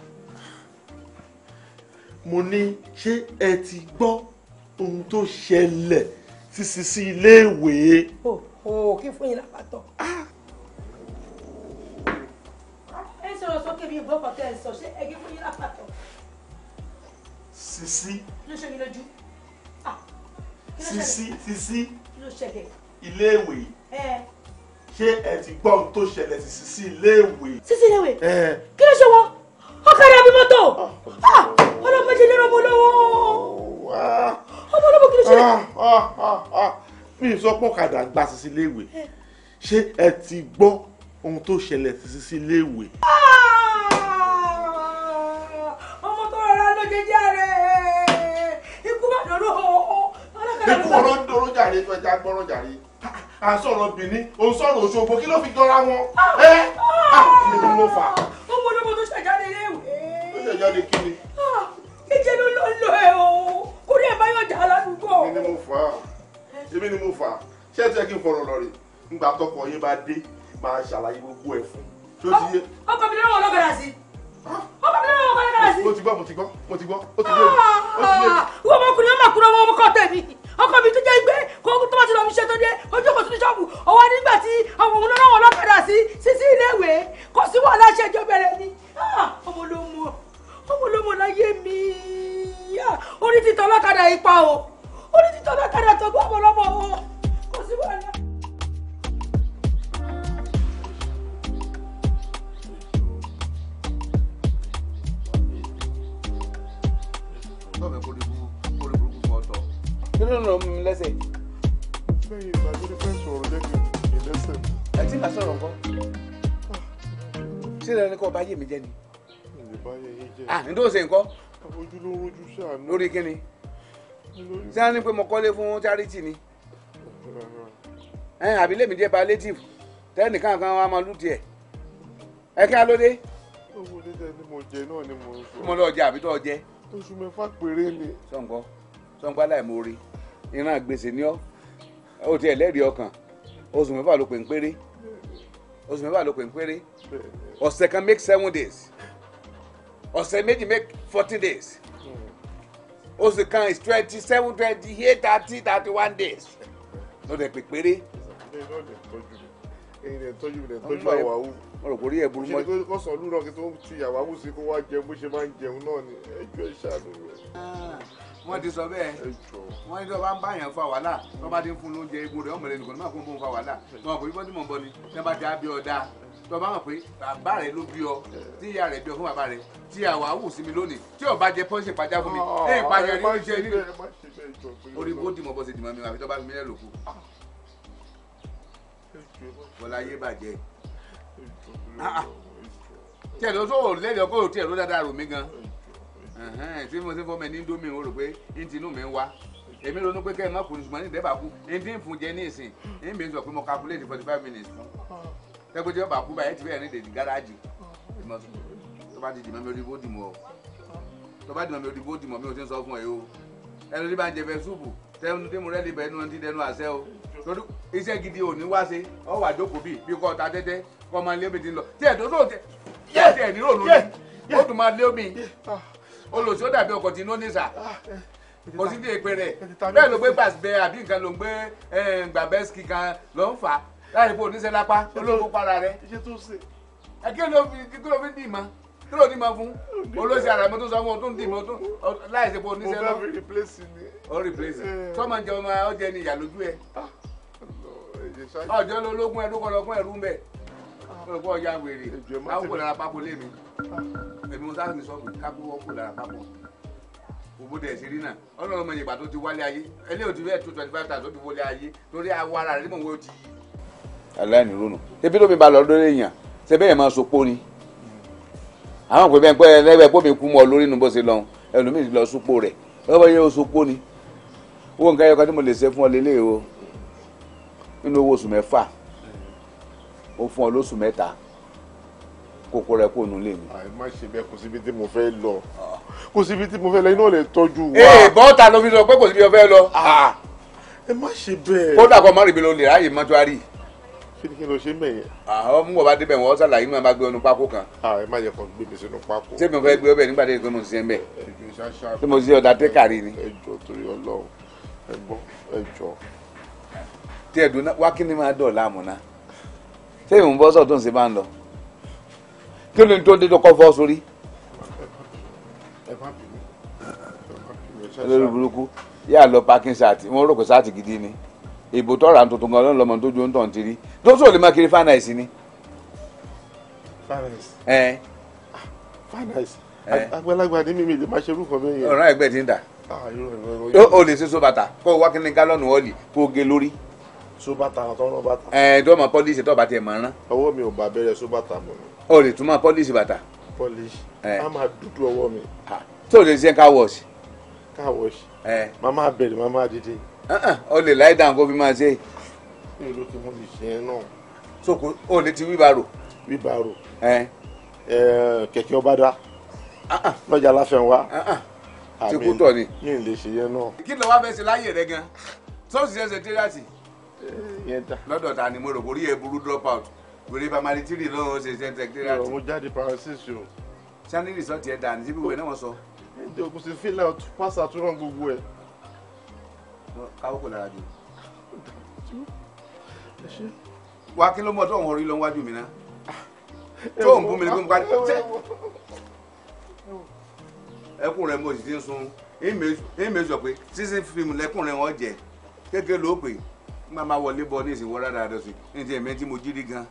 mo ní ṣé ẹ ti gbọ́ ohun tó ṣẹlẹ̀ sí sísí iléèwé. o ò kí fún yín lápàtọ̀. ẹ sọ̀rọ̀ sókè mi ìbọn kan ẹ sọ ṣé ẹ kí fún yín lápàtọ̀. Ah, sisi sisi sisi iléèwé ṣé ẹ ti gbọ́ ohun tó ṣẹlẹ̀ sí sisi iléèwé. sisi iléèwé kí ló ṣe wọ ọkàrà àbí mọ́tò ah, ah, ọlọ́mọdé lérò ọmọ olówó ọmọ olówó kí ló ṣẹlẹ̀. mi ì sọ pé ọ̀kadà gba sisi iléèwé eh. ṣé ẹ ti gbọ́ ohun tó ṣẹlẹ̀ sí sisi iléèwé. ọmọ tó rọra ló jẹjẹrẹ ikú ọ̀rọ̀ ń dọ̀rọ̀ jàre tó ẹja gbọ́rọ̀ jàre à ń sọ̀rọ̀ bìíní ò ń sọ̀rọ̀ Òṣogbo kí ló fi jọra wọn ẹ kí ni mo fà. ọmọ olóko tó ṣàjáde ilé ìwé. ó ṣàjáde kí ni. ìjẹ́ ló lọ lọ ẹ o kò rí ẹ bá yọjà aládùúgbò. kí ni mo fà èmi ni mo fà ṣé ẹ ti yẹ kí n fọ̀rọ̀ lọ rè ńgbà tọkọ yín bá dé máa ṣàlàyé gbogbo ẹ fún. ọkọ mi lọ́wọ́ ọlọ́gbẹ̀rẹ̀ sí mo ti gbọ́ mo ti gbọ́ mo ti gbọ́ ó ti gbé mi. wọ́n ọmọkùnrin ọmọ kúrò ọmọ ọmọkọ tẹ̀mí ọkọ mi tó jẹ́ gbé kó tó bá ti lọ fi ṣe tó dé ojú kò sí ṣọ́ọ̀bù ọwọ́ nígbà tí ọmọ òun lọ́wọ́ ọlọ́kadà sí sísí iléèwé kò sí wọ́n láṣẹ ìjọ bẹ̀rẹ̀ ni ah, ọmọ ló mú ọmọ ló mú láyé mi ah, orí títọ́ ọlọ́kadà ipa o orí títọ́ ọlọ́kadà tó gbọ́ ọmọ lọ́mọ o kò sí wọ́n lá. No, no, no. Let's say. I think I saw lọ mú mi lẹ́sẹ̀. lẹ́yìn ìgbà tó ní fẹ́ẹ́ sọ̀rọ̀ lẹ́kìn ìlẹ́sẹ̀. ẹ tí màá sọ̀rọ̀ nǹkan. ṣé ìrẹ́ni kọ́ báyé mi jẹ́ ni. ìbáyé yé jẹ́. à ní tó ṣe nǹkan. ojú ló rojú ṣàánú. lórí kí ni. ṣé wọ́n ní pé mo kọ́lé fún charity ni. ẹ àbí lèmi jẹ́ palliative tẹ́nìkan kan wá máa lù oṣù mẹ́fà péré ni. sọ̀ǹkọ́ sọ̀ǹkọ́ aláìmoore ìran gbèsè ni ọ́ ó ti ẹlẹ́rìí ọkàn oṣù mẹ́fà ló pè ń péré oṣù mẹ́fà ló pè ń péré ọ̀sẹ̀ kan make seven days ọ̀sẹ̀ méjì make fourteen days oṣù kan is twenty seven twenty eight thirty thirty one days ló dẹ̀ pé péré. ẹ̀yin lè tọ́jú mi lè tọ́jú àwọn àwùjọ mo rò kó rí ẹ̀bùrú mọ́. ṣe kó sọ lúrọ̀ kí tó ń ti ìyàwó àwùsí kó wá jẹun bó ṣe máa ń jẹun náà ni ẹjọ́ ìṣàlù rẹ̀. Ah, wọ́n ti sọ bẹ́ẹ̀ wọ́n ní tó bá ń bá yàn fa wàhálà tó bá ti ń fún lóúnjẹ egbò rẹ̀ ọmọ rẹ̀ nìkan náà fún bóun fa wàhálà tó wọn kò ní bọ́dí mọ̀ bọ́ ni tẹ́ bá ti á bí ọ dáa tó bá mọ̀ pé bàbá rẹ̀ ló bí ọ tí ìyá rẹ̀ bí ọ fún bàbá rẹ̀ tí àwa wù sí mi lónìí tí ò bá jẹ pọ́ńṣì pàjá mi ah, ẹ̀ ìpàjọ tí ẹ lọ sọ lẹ́yìn ọkọ tí ẹ lọ dáadáa rò mí gan tí mo ti fọ mẹ ní domi o rò pé n tinú mi ń wá èmi ronú pé kẹ́ ẹ má kú ṣùgbọ́n ní ìdẹ́bà kú n tí ń fún jẹ ní ìsìn ń bẹ sọ pé mo calculate forty five minutes fún tẹ́gbẹ́ tí ọba kú báyẹn ti bẹ̀rẹ̀ ní dèdí gáràjì tó bá ti dì mọ́ mi olùdìbò dì mọ́ tó bá dì mọ́ mi olùdìbò dì mọ́ mi ò ti ń sọ fún ẹ o ẹnu tí bá ń jẹ fẹ́ súùpù tẹnu tí mo rẹ́ libẹ̀ ẹnu ti dẹnu àṣẹ o torí iṣẹ́ gidi ò ní wá ṣe ọ wà jókòó bíi bí kò ta tẹ́tẹ́ kọ́ máa lé obìnrin lọ tí ẹ̀dọ́ tó tẹ tí ẹ̀dọ́ ẹ̀dí rò lórí ó dùn máa lé obìnrin ah, olùsí ó dàbí ọkọ̀ tí iná ní sà ah, eh, eh, eh, kò sí ní èpè rẹ̀ bẹ́ẹ̀ ló gbé gbàgbé àbí nǹkan ló ń gbé gbàbẹ́sì kan ló ń fà á láì pé oníṣẹ́ lápá olóko para rẹ̀ ẹ kí ló fi dì mọ́ kí ló ní ma fún olóṣè àràmọ tó sọ fún ọdún dì mọ ọdún láìsí pé oníṣẹ́ lọ. mo fẹ́ fi replace ni. o replace sọmọ jẹ ọmọ ọjẹ ni ìyà lójú ẹ ah, ọjọ́ lológun ẹdúkọ lọkùn ẹrú mbẹ ọgbọ ọjà wèrè káwọn lára pápọ lémi èmi wọn sáà ní sọ pé káwọn kò lára pápọ òbó dẹ̀ sí rí náà ọlọ́run ọmọ ìgbà tó ti wálé ayé ẹlẹ́yìn òtún bẹ́ẹ̀ tó twenty five thousand tó ti wọlé ayé lórí awọ ara rẹ̀ mọ̀ wọ́n ti yí. aláìní ronú ebi ló mi ba lọ́dún èèyàn ṣe bẹ́ẹ̀ máa sopó ni àwọn òpè bẹ́ẹ̀ pẹ́ ẹlẹ́gbẹ́ mi kú mọ́ lórí inú bó ṣe lọ́hùn ẹlòmíì lọ sopó rẹ̀ lọ́wọ́ yẹ sopó ni owó nǹkan ẹyọkan tí mo lè ṣe fún ọ lélẹ́yìí o nínú owó oṣù mẹ́fà o fún ọ lóṣù mẹ́ta kókó rẹ kó nu lé mi. àì má ṣe bẹ́ẹ̀ kò síbi tí mo fẹ́ lọ kò síbi tí mo fẹ́ lọ iná lè tọ́jú wa. ee bọ́ọ̀tà ló fi sọ pé kò síbi ọ̀fẹ́ lọ. Ah, ẹ má ṣe bẹ́ẹ̀. kódà kọ́ márùn-ún ibi ló lè ráàyè mọ́túárì kí ni kí ló ṣe mẹ yẹn. Ah, àwọn mú bàbá débẹ̀ wọ́n ṣàlàyé máa gbé ọnu pákó kan. Ah, ẹ má yẹ kàn gbé mi sínú pákó. ṣé mi fẹ́ gbé ọbẹ̀ nígbà tí mo ṣe ń bẹ̀. ṣé mo ṣe ọ̀dà tẹ́kàrí ni. ẹjọ́ torí Ọlọ́run ẹgbọ́n ẹjọ́. tí ẹ̀dùn wá ṣé ìwọ̀n bọ́sọ̀ tó ń ṣe bá ń lọ kí ló ń tó dé tó kọ́ fọ́ sórí. olórí burúkú yà lọ parking sáàtì wọn rò pé sáàtì gidi ni ìbò tọ́ra ń tuntun gan lọ́mọ tó ju ń tàn ti tó sọ lè má kiri finance ni. finance. ẹ. finance àgbàlagbà ni mímí lè má ṣe orúkọ mi yẹn. ọ̀ràn ẹgbẹ́ ti ń dà. o ah, lè ṣe so bàtà kó o wá kí ni gálọ́ọ̀nù ọ̀lì kó o gé lórí sóbàtà àtọ́ rán bàtà. ẹ tó mọ pọ́lísì tó bá tiẹ̀ mọ̀ rán. ọwọ́ mi ò bá bẹ̀rẹ̀ sóbàtà mọ̀ mi. o lè tún mọ pọ́lísì bàtà. pọ́lísì á máa dúdú ọwọ́ mi. tó lè ṣe car wash. car wash. máa máa bẹ̀rẹ̀ máa máa dìde. o lè láì dáhùn kó fi máa ṣe. mi ló ti mú mi ṣe é náà. so kò o lè ti wíbarò. wíbarò. kẹ̀kẹ́ ọba dá lọ́jà láfẹ́ wa ti kú tọ̀ ni. mi ò lè ṣe yẹn náà. kí ló wá fẹ́ ṣe láyè rẹ gan-an tó sì ṣe ṣe lọ́dọ̀ ta ni mo rò borí ẹ̀ burú drop out wèrè primary three lọ́wọ́ ṣe ṣe secretariat. mo jáde primary six o. sanni resort yẹn dà ní síbi ìwé náà wọ́n sọ. èdè òkú sí fílẹ̀ pass àtúrọ̀ gbogbo ẹ̀. káwọ́ kò lára jù. wa kí ló mọ̀ tó ń wọrí lọ wájú mi náà. tó ń bú mi ní kó n parí. ẹkún rẹ mo sì ti ń sun ìmẹ̀sọ̀ pé sísìn fíìmù lẹkùn rẹ wọn jẹ kékeré ló pè é máa máa wọlé bọ ní ìsìnwó rárá rẹ sí ní ti ẹ̀mí tí mo jírí gan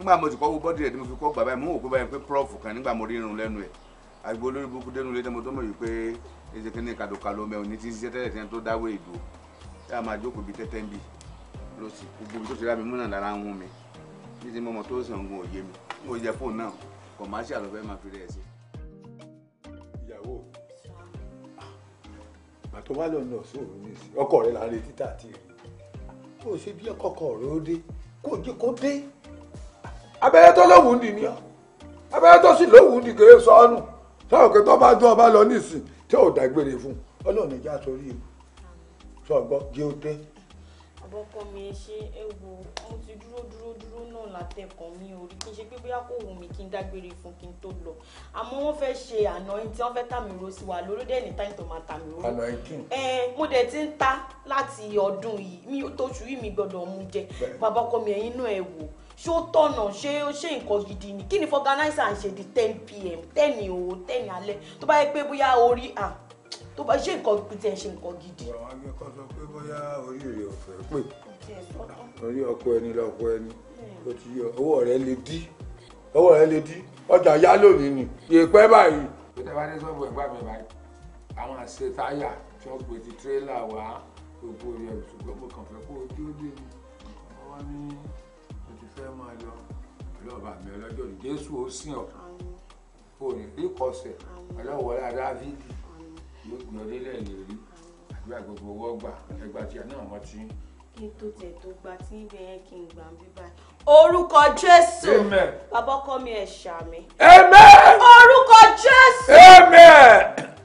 nígbà mo ti kọ́ wo bọ́dì rẹ̀ tí mo fi kọ́ gbà báyìí mo wò pé báyìí pé prof kan nígbà mo rí irun lẹ́nu ẹ̀ àgbo olórí burúkú dénú lé tẹ́mo tó mọ̀ yìí pé èsì kínní kàdókàló mẹ́rin ní ti ń ṣiṣẹ́ tẹ́lẹ̀ tí wọ́n tó dáwọ́ èdò tá a máa jókòó bíi tẹ́tẹ́ ń bì ló sì gbogbo tó ti rá mi múnà lára ń hún mi ní ti mọ́mọ́ tó sì ń gun òye mi ó yẹ fóònù náà kọ̀máṣíà ló fẹ́ máa fi rẹ̀ sí. ìyàwó bàtọ́ wálé kò ṣe bí ọkọ̀ọ̀kọ̀ rẹ̀ ó dé kò jẹ́ kó dé abẹ́rẹ́ tó lóhùn dì ní ọ́ abẹ́rẹ́ tó sì lóhùn dì kéré sọ́ọ́nù sọ́ọ̀ pé tó bá dún ọba lọ nísìn tí ò dágbére fún ọlọ́run ìjà sórí ẹ̀ sọ́ọ̀gbọ́ jẹ́ ó dé bọ́kọ mi ẹ ṣe ẹ wò mo ti dúró dúró dúró náà látẹ̀kàn mi ò kí n ṣe pé bóyá kò wù mí kí n dágbére fún kí n tó lọ àmọ́ wọ́n fẹ́ ṣe àná ẹni tí wọ́n fẹ́ tà ro sí wa lórí dẹ́ ní táyì máa tà ro. ẹ mo dẹ̀ ti ń ta láti ọdún yìí mi tóṣù yìí mi gbọ́dọ̀ mú jẹ bàbá ọkọ mi ẹ̀yin náà ẹ wò ṣó tọ̀nà ṣé ṣé nǹkan gidi ni kí ni fọganáísà ń ṣe di ten pm ten o ten alẹ́ tó bá yẹ pé bóyá orí à tó bá ṣe nǹkan pété ẹ ṣe nǹkan gidi. ọ̀rọ̀ wọn gbé kọ́ sọ pé bóyá orí rẹ̀ ò fẹ́ pè orí ọkọ ẹni lọ́kọ ẹni ó ti yọ owó rẹ̀ lè dí owó rẹ̀ lè dí ọjà yá lónìí ni ìpẹ́ báyìí. pété bá dé sọ́ọ̀bù ẹ̀gbá mi báyìí àwọn àṣẹ táyà tí wọ́n gbé ti tírélà wá gbogbo rẹ̀ ṣùgbọ́n mo kàn fẹ́ kó o dé ó dé ni wọ́n wá ní mo ti fẹ́ máa lọ ọlọ́ọ̀bà mi ọlọ́jọ́ Jésù ó sìn ọ́ òní rí kọsẹ̀ ọlọ́wọ́lá Dáfídì yóò gbé ọdẹ lẹ́ẹ̀lẹ́ rí àdúrà gbogbo owó ọgbà ẹgbà tí a náà mọ tí. kí n tó tẹ̀ tó gba tí ń bẹ yẹn kí n gbà ń bí báyìí. orúkọ jésù bàbá ọkọ mi ẹ ṣàmì. àmín. orúkọ jésù.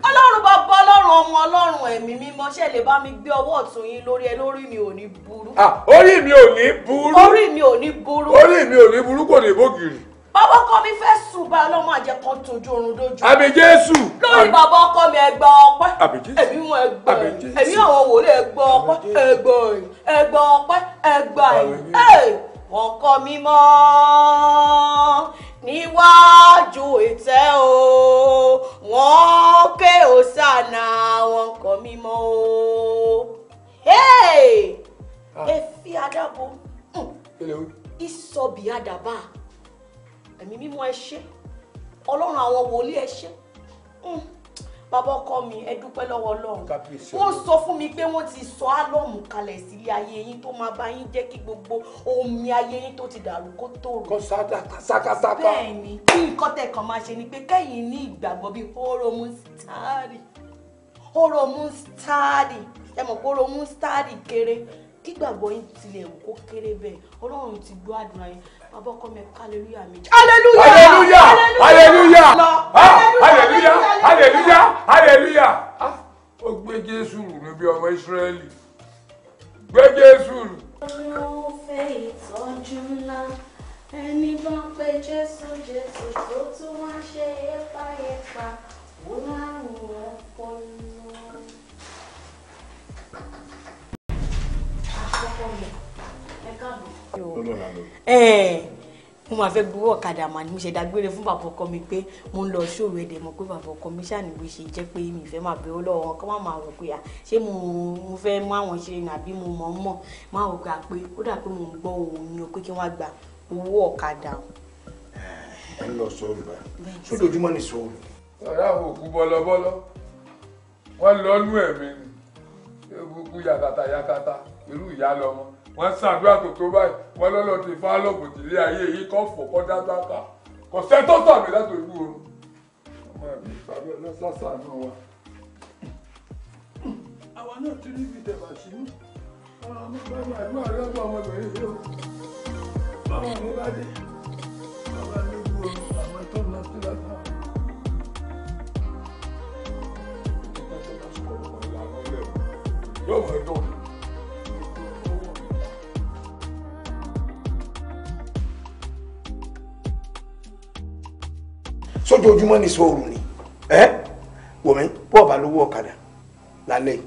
ọlọ́run bàbá ọlọ́run ọmọ ọlọ́run ẹ̀mí mímọ́ ṣe lè bá mi gbé ọwọ́ ọ̀tún yín lórí ẹ lórí mi ò ní burú. Ah, orí mi ò ní burú. orí mi ò ní burú. orí mi ò ní burú kò ní bògìrì bàbá ọkọ mi fẹ́ sùn bá ọlọ́mọ àjẹ kan tójú oorun dójú. àbí jésù. lórí bàbá ọkọ mi ẹgbẹ́ ọpẹ́. àbí jésù èmi wọn ẹgbẹ́ ẹ̀yìn èmi àwọn wòlé ẹgbẹ́ ọpẹ́ ẹgbẹ́ ẹ̀yìn ẹgbẹ́ ọpẹ́ ẹgbẹ́ ẹ̀yìn. ọkọ mi mọ́ níwájú ìtẹ́ o wọ́n ké òsànà wọn kọ́ mi mọ́ o. Ah. ẹ fi adábo hmm. ìsọ̀bì ẹ̀mí mímọ́ ẹ ṣé ọlọ́run àwọn wòlíì ẹ ṣé hmm. bàbá ọkọ mi ẹ dúpẹ́ lọ́wọ́ ọlọ́run wọ́n sọ fún mi pé wọ́n ti sọ álọ́ọ̀mù kalẹ̀ sílé ayé yín tó máa bá yín jẹ́ kí gbogbo omi ayé yín tó ti dàrú kó tòrò. kò sákàsákà. bẹ́ẹ̀ni kí nǹkan tẹ̀kàn máa ṣe ni pé kẹ́yìn ní ìgbàgbọ́ bíi hóró mustari hóró mustari ẹ mọ̀ pé hóró mustari kéré kí gbàgbọ́ yín tilẹ̀ kó kéré bẹ́ẹ̀ ọlọ́run ti gbọ́ àdúrà yín bàbá ọkọ mi hallelujah méjì. hallelujah hallelujah hallelujah hallelujah ah, hallelujah ah, ó gbé jésù rù níbi ọmọ ìsírẹ́lì ẹni bá ń pe jésù jésù tó tún wá ṣe yépayépa wọ́n á rùn ọpọlọ. Eh, mo máa fẹ́ gbowó ọ̀kadà mà ní mo ṣe dágbére fún bàbá ọkọ mi pé mo ń lọ sóòrò ẹ̀dẹ̀ mọ̀ pé bàbá ọkọ mi ṣàníwé ṣe jẹ́ pé mi fẹ́ máa bẹ ọlọ́wọ́ wọn kọ́ máa máa rò pé à ṣé mo fẹ́ mú àwọn ṣe rìn àbí mo mọ̀ ọ́n mọ̀ máa rò pé à pé ó dà pé mo ń gbọ́ òun ni o pé kí wọ́n gba owó ọ̀kadà. Eh, ẹ ń lọ sọ olùbá sódòjúmọ́ ni sọ olù. ọ̀rá òkú bọ́lọ́bọ́lọ́ wọ́n lọ́ọ́ lú ẹ̀mí ni egungun yakata yakata irú ìyá lọ́mọ wọ́n ṣàdúrà tó tó báyìí wọ́n lọ́lọ́ ti fá lọ́bù tìlé ayé yìí kọ́ fò kọ́ dáadáa kà kò sẹ́tọ́ tàbí láti ojú oorun ọmọ ẹ̀mí ìpàdé ọlọ́sàsà náà wà. àwa náà ti rí ibi tẹ̀bà sí mú ọmọ mi bá wà ní àárẹ̀ ọmọ ọmọbìnrin yìí ó báwọn mi bá dé bàbá mi bu àwọn ẹ̀tọ́ náà sí lásán. yóò fẹ́ dùn. sójoojúmọ́ ní sóòrù ni ẹ wòmí bó bá lówó ọ̀kadà lálẹ́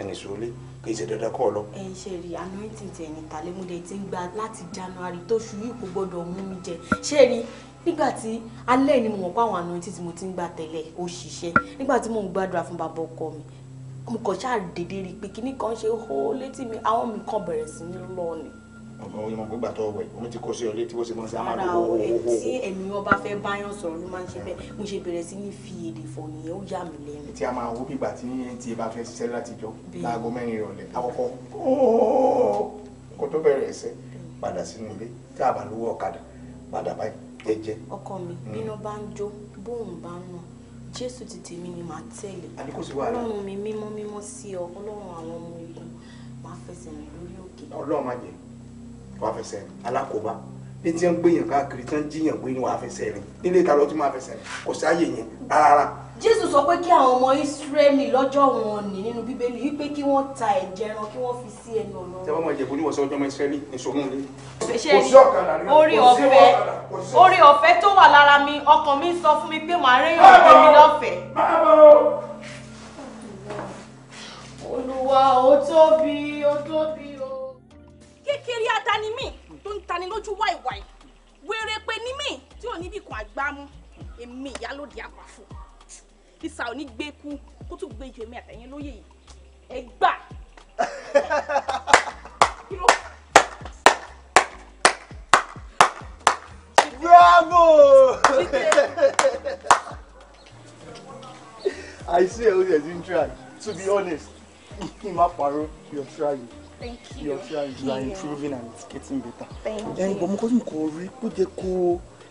ẹni sóòlé kì í ṣe dandan kọ́ ọ lọ. ẹ ń ṣe rí anointing tẹ̀ ní tàlẹ́múlẹ̀ tí ń gba láti January tó ṣu yìí kò gbọ́dọ̀ mú mi jẹ ṣé rí nígbà tí alẹ́ ni mo mọ̀ pé àwọn anointing tí mo ti ń gbà tẹ́lẹ̀ ó ṣiṣẹ́ nígbà tí mo ń gbàdúrà fún bàbá ọkọ mi mo kàn ṣáà dédé rí i pé kinní kan ṣe hó létí mi àwọn mi kàn bẹ̀rẹ̀ sí ní lọ ni ọgbọ́n oyin mọ̀gbọ́n gbà tó wẹ̀ omi ti kó sí ọ létí bó ṣe mọ̀ sí àmàlà owó owó. tí ẹ̀mí ọba fẹ́ báyàn sọ̀rọ̀ ló máa ń ṣe bẹ́ẹ̀ mo ṣe bẹ̀rẹ̀ sí ní fi èdè fọ̀ nìyẹn ó yà mí lẹ́nu. tí a máa wo bígbà tí yẹn ti bá fẹ́ ṣiṣẹ́ látijọ́ láago mẹ́rin ìrọ̀lẹ́ àkọ́kọ́ kó tó bẹ̀rẹ̀ ẹsẹ̀ padà sínú ilé tí a bá lówó ọ̀kadà padà báyìí jẹ́jẹ́. ọkọ mi bínú hmm. bá ń jó wàá fẹsẹ̀ alákòóbá ní tí wọ́n gbé yàn káàkiri tí wọ́n jí yàn gbé ni wàá fẹsẹ̀ rìn nílé ìta lọ tí máa fẹsẹ̀ rìn kò sí ààyè yẹn rárá. jésù sọ pé kí àwọn ọmọ ìsírẹ́lì lọ́jọ́ wọn ní nínú bíbélì wípé kí wọ́n ta ẹ̀jẹ̀ ẹran kí wọ́n fi sí ẹnu ọ̀nà. tẹ́ bá mọ̀ ìjẹ̀bú ní wọ̀sán ọjọ́ ọmọ ìsírẹ́lì ní sọ́gun ilé. orí ọ̀fẹ́ orí ọ̀fẹ́ tó wà lára mi ọkàn mi sọ fún mi pé màá rẹ́yìn ọ̀fẹ́ mi lọ́fẹ̀ẹ́. olúwa ó tóbi ó tóbi kékeré adani mi tó ń tani lójú wáìwáì wéré pé ní mi tí ò níbi kan àgbámú èmi ìyálòdì àpàfò ìsà ò ní gbé kú kó tún gbé ju èmi àtẹ̀yìn lóye yìí ẹ gbà. Bravo! I see how you're doing try. To be honest, Ima Paro, you're trying. Thank you. Your fear is you improving and it's getting better. Thank eh, you. Ẹyin gbọ́n mo kọ́ sí mo kọ́ rí kó jẹ́ kó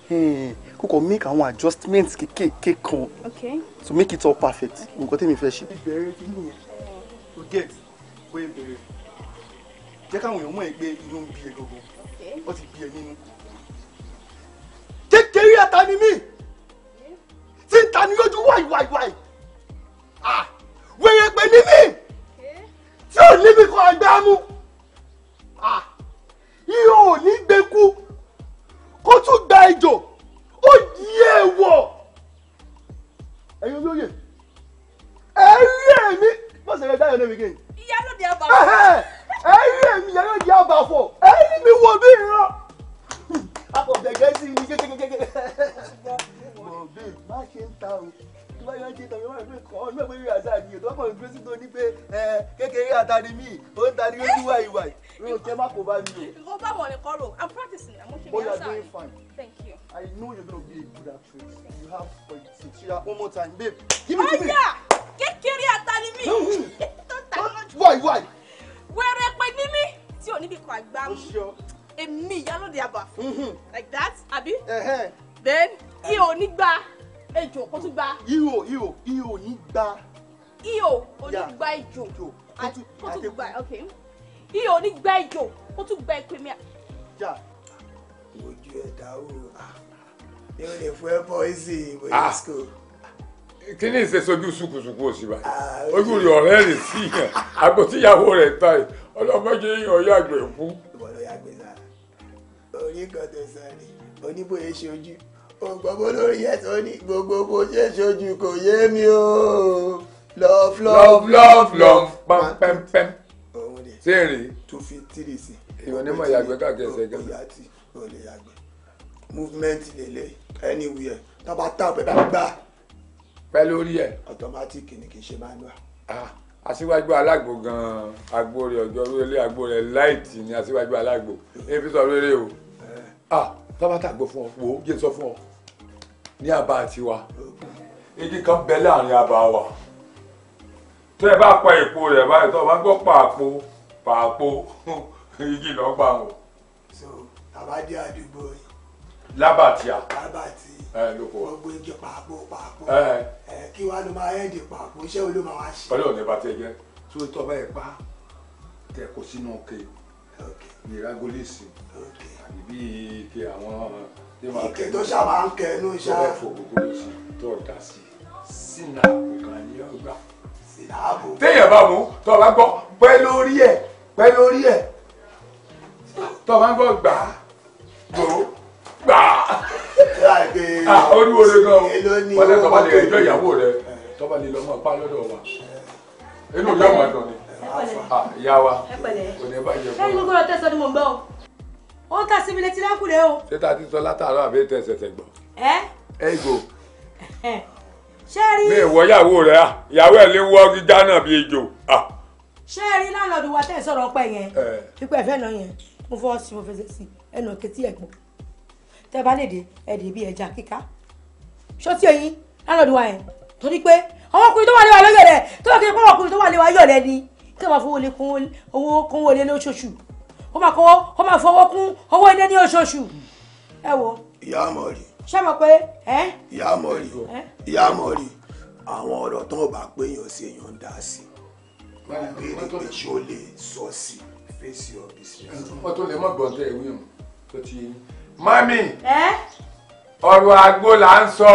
eh, kó make our adjustments kéékèèké kan. Okay. To make it all perfect. Nǹkan tẹ́mi fẹ́ ṣe. Ìbẹ̀rẹ̀ kí nìyẹn? O get kó e bẹ̀rẹ̀. Jẹ́ káwọn èèyàn mọ̀ ẹ́ Take care of bí ẹ gbogbo. Ó ti why, why, why. Kékeré ẹ̀ta ni mí. Tí ń Ah! Wèrè pè ní mí tí ò níbi kan àgbá mú ihò ò ní gbẹ́kú kó tún gba ejò ó di èèwọ̀ ẹ̀yin olóyè ẹ rí èmi bó ṣe lè dá ìyọ̀nà mi kéyìn. ìyálòdì àbàfọ̀. ẹ rí èmi ìyálòdì àbàfọ̀ ẹ rí mi wò bí ìran àpò gẹ̀gẹ́ sí i ní kékeré. bọ̀bí má ṣe ń ta o báyọ̀ ṣe tọ̀yọ̀ wà lóko ọ̀n náà pé yóò àṣà àdìyẹ tó kàn sí tó ní pé kékeré àtàrí mi ò ń tari ojú wà ìwà yìí kẹ́ má kó bá mi o. kò bá wọlé kọ́ ro i'm practicing i'm watching you outside. oh you are doing fine. thank you. i know you gonna be a good actress you have politics you are one more time babe. give it to me. ọjà kékeré àtàrí mi tó ta lójú. why why. wẹ́rẹ́ pé ní mi tí ò níbi kan àgbà mu èmi ìyálòdì àbà mm-hmm. like that àbí. then ihò nígbà ejò kó tún gba. ihò ihò ihò ní gba. ihò onígbà ejò kó tún gba ok ihò onígbà ejò kó tún gba ìpè mi. ojú ẹ̀ dá o mi ò lè fún ẹ bọ́ easy ìwé ní school kí ni ìṣe sojú sukusuku òsì wa ah, ojú rẹ ọ̀rẹ́ rẹ sí yàn àgbo tíyàwó rẹ ta yìí ọlọmọdé yìí ọyọ àgbẹ fún. ìwọ ló yàgbé sára oníkan tó sáré oníbòye ṣe ojú ògbọ́n olórí yẹn tó ní gbogbo bó ṣe ṣojú kò yé mi o love love love love pẹ́mpẹ́mpẹ́m ṣé èrè two fifty three sí. èèyàn ní mọ̀ ìyàgbẹ́ káàkiri ẹsẹ̀ gan. òyà tí o lè yàgbẹ́ movement lele anywhere tó bá tà bẹ́ẹ̀ bá gbà. pẹ́ lórí ẹ̀. automatic ni kì í ṣe manual. ah aṣíwájú alágbo gan-an agbo rẹ̀ ọjọ́ orí ilé agbo rẹ̀ láìtì ni aṣíwájú alágbo èyí sọ rere o. Eh. ah tó bá fún ọ wò ó jẹ́ sọ fún ọ ní àbá tiwa igi kan bẹ láàrin àbá wa tẹ ẹ bá pa èpo rẹ báyìí tó o bá gbọ́ pààpo pààpo igi lọ pa wọn. so labatia àdúgbò yìí. lábàtìyà. lábàtì gbogbo igi pààpo pààpo kí wàá ló máa ẹ̀ẹ́dì pààpo iṣẹ́ wo ló máa wá ṣe. ọlọ́run ní bàtẹ́ jẹ́ tó tọ́ báyìí pa tẹ̀ kó sínú ke ní ìrágólẹ́sì àbí bíi ke àwọn. Okay ìkẹ́ tó ṣàmà ń kẹ́ inú iṣẹ́. tó fò gbogbo oṣù tó dá sí sinapu kan ní ọgbà. sinapu. téèyàn bá mú tó bá gbọ́ pẹ́ lórí ẹ̀ pẹ́ lórí ẹ̀ tó bá gbọ́ gbà á gbò gbà á. olúwo lè gan wọn lè tọ́ba lè ẹjọ́ ìyàwó rẹ tọ́ba lè lọ́mọ pa lọ́dọ̀ wa inú ìyá wa ni ìyá wa kò ní bàjẹ́ fún wa. ẹ gbogbo ọ̀tẹ̀ sọ ni mò ń bọ̀ ó ń tà sí mi létí lẹ́kùnlé o. ṣé ta ti sọ látàárọ̀ àbí tẹ̀ ṣẹ̀ṣẹ̀ gbọ́. ẹ. ẹ ìgò. ṣé rí. mi ìwọ ìyàwó rẹ à ìyàwó ẹ lè wọ gíga náà bí ejò. ṣé ẹ rí láńlọ́ọ̀dù wa tẹ̀ sọ̀rọ̀ ọpẹ yẹn. pípẹ́ fẹ́ náà yẹn mo fọ́ sí mo fẹsẹ̀ sí ẹnu kẹtí ẹ̀gbọ́n tẹ bá lè dé ẹ̀dì bíi ẹja kíká ṣọ́tí ẹ̀yìn láńlọ́ọ̀dù wa yẹn torí pé ọmọkùnrin tó wà léwa lóyè rẹ tó wà kí ọmọkùnrin tó wà léwa yọ̀ ó máa kọ́wọ́ ó máa fọwọ́ kún owó iná ní oṣooṣù ẹ wo. ìyá àmọ́ rí. ṣé mo pé ẹ. ìyá àmọ́ rí ìyá àmọ́ rí àwọn ọ̀rọ̀ tán ò bá pé èèyàn sí èèyàn dá sí i béèrè pé ṣé o lè sọ sí i fèsì ọ̀bísí. wọ́n tó lè mọ̀ gbọ̀ndẹ̀ ìwé mu tó ti. mami ọ̀rọ̀ àgbo là ń sọ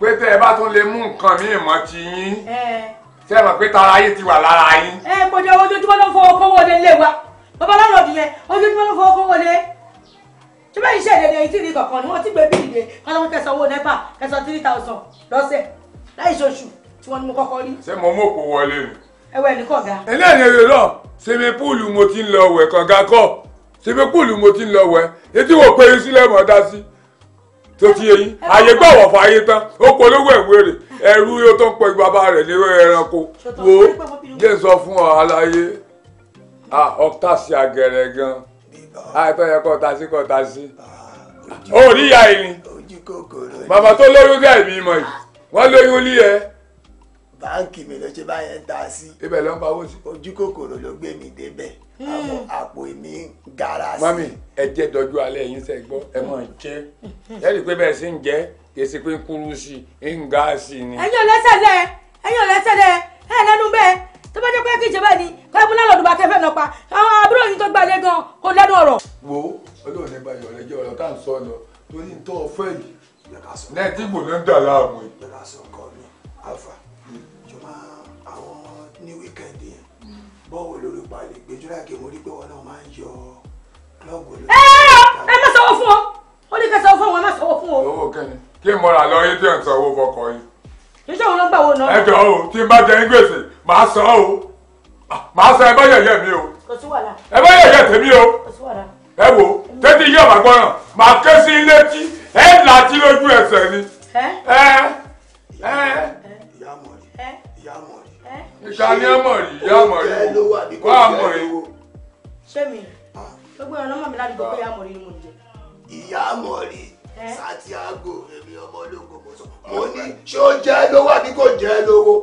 pé tẹ́ ẹ bá tún lè mú nǹkan míì mọ́ ti yín ṣé ẹ mọ̀ pé tara yín ti wà lára yín. ẹ mo jẹ́ ojoojúmọ́ ló fọwọ́ kọ́wọ́ ní ilé wa babaláwo ọdún yẹn ojoojúmọ́ ló fọwọ́ kówó lé tí bẹ́ẹ̀ iṣẹ́ ìdẹ̀dẹ̀ yìí ti rí kọ̀ọ̀kan ni wọ́n ti gbé bíi ìdè kọ́sọ́mọ́ kẹsàn owó nẹ́pà kẹsàn three thousand lọ́sẹ̀ láì ṣoṣù tí wọ́n ní mo kọ́kọ́ rí. ṣé mo mọ̀ kó wọlé ni. ẹwẹ́ ẹni kọ̀ọ̀gá. ẹlẹ́ni rẹ̀ lọ sinmi púùlù mo ti ń lọ wẹ̀ kọ̀ọ̀gá kọ̀ sinmi púùlù mo ti ń lọ wẹ̀ etí wò pé sílẹ̀ mọ̀ dá sí tó ti yẹ yín àyè gbọ̀wọ̀ fún tán ó polówó ẹ̀wérè ẹrú yóò tó ń pọ̀ bàbá rẹ̀ ní ẹranko wo jẹ́ sọ fún ọ aláyé ọ̀tá sí agẹrẹ gan àìtọ́ ah, ah, yẹ kọ́ ta sí kọ́ ta sí ah, ó rí ìyá yìí ni bàbá tó lóyún dẹ̀ bí mọ̀ yìí wọ́n lóyún lé ẹ. báńkì mi ló ṣe báyẹn ta sí. ibẹ̀ ló ń pa owó sí. ojú kòkòrò ló gbé mi débẹ̀ hmm. àmọ́ àpò mi gara sí. mami ẹ jẹ́ dọ́jú alẹ́ yín sẹ́ gbọ́ ẹ mọ̀ ń jẹ́ ẹ rí i pé bẹ́ẹ̀ sì ń jẹ́ kèsì pé kúrú sí i ń ga sí i ni. ẹ̀yin ọ̀lẹ́sẹ̀ lẹ̀ ẹ̀yin ọ̀lẹ́sẹ̀ lẹ̀ ẹ̀ lẹ́nu bẹ́ẹ̀ tó bá jẹ́ pé kí ìjọba ni kọ́lá fún lálọ́dún bá kẹfẹ́ náà pa àwọn àbúrò yìí tó gbalẹ̀ gan kò lẹ́nu ọ̀rọ̀. wo ọlọ́run nígbà yọ̀ rẹ jẹ́ ọ̀rọ̀ tá à ń sọ lọ torí ń tọ́ ọfẹ́ yìí lẹ́ẹ̀tì gbò ló ń dà láàmú yìí. yàrá sọ ọkọ mi alfa jọba àwọn ní wíkẹ́ndì yẹn hmm. bọ́ọ̀wọ̀ lórí palẹ̀ gbẹjúrà kí mo rí pé wọn náà máa ń yọ klọ́ọ̀bù lórí. ẹ ẹ má sanwó fún ọ ó ní ká sanwó fún ọ ẹ má sanwó fún ọ. owó kẹ́ni kí mo rà lọ yín tí ò ń sanwó fọkọ yín. iṣẹ́ òun ló ń gbà màá sọ ọ́ o màá sọ ẹ bá mi o ẹ bá yẹ̀yẹ́ tèmi o ẹ wò tètè yí ọ̀bà gbọ́ràn màá ké sí létí ẹ làtí lójú ẹsẹ̀ ni. ìta ni ẹ mọ̀ rí ìyá mọ̀ rí wà á mọ̀ rí. ṣé mi ah. gbogbo ìrànlọ́mọ mi láti gbọ́ pé ìyá mọ̀ rí mo jẹ. ìyá mọ̀ rí Santiago èmi ọmọ ológun mo sọ mo ní ṣé ó jẹ́ lówó àbí kò jẹ́ lówó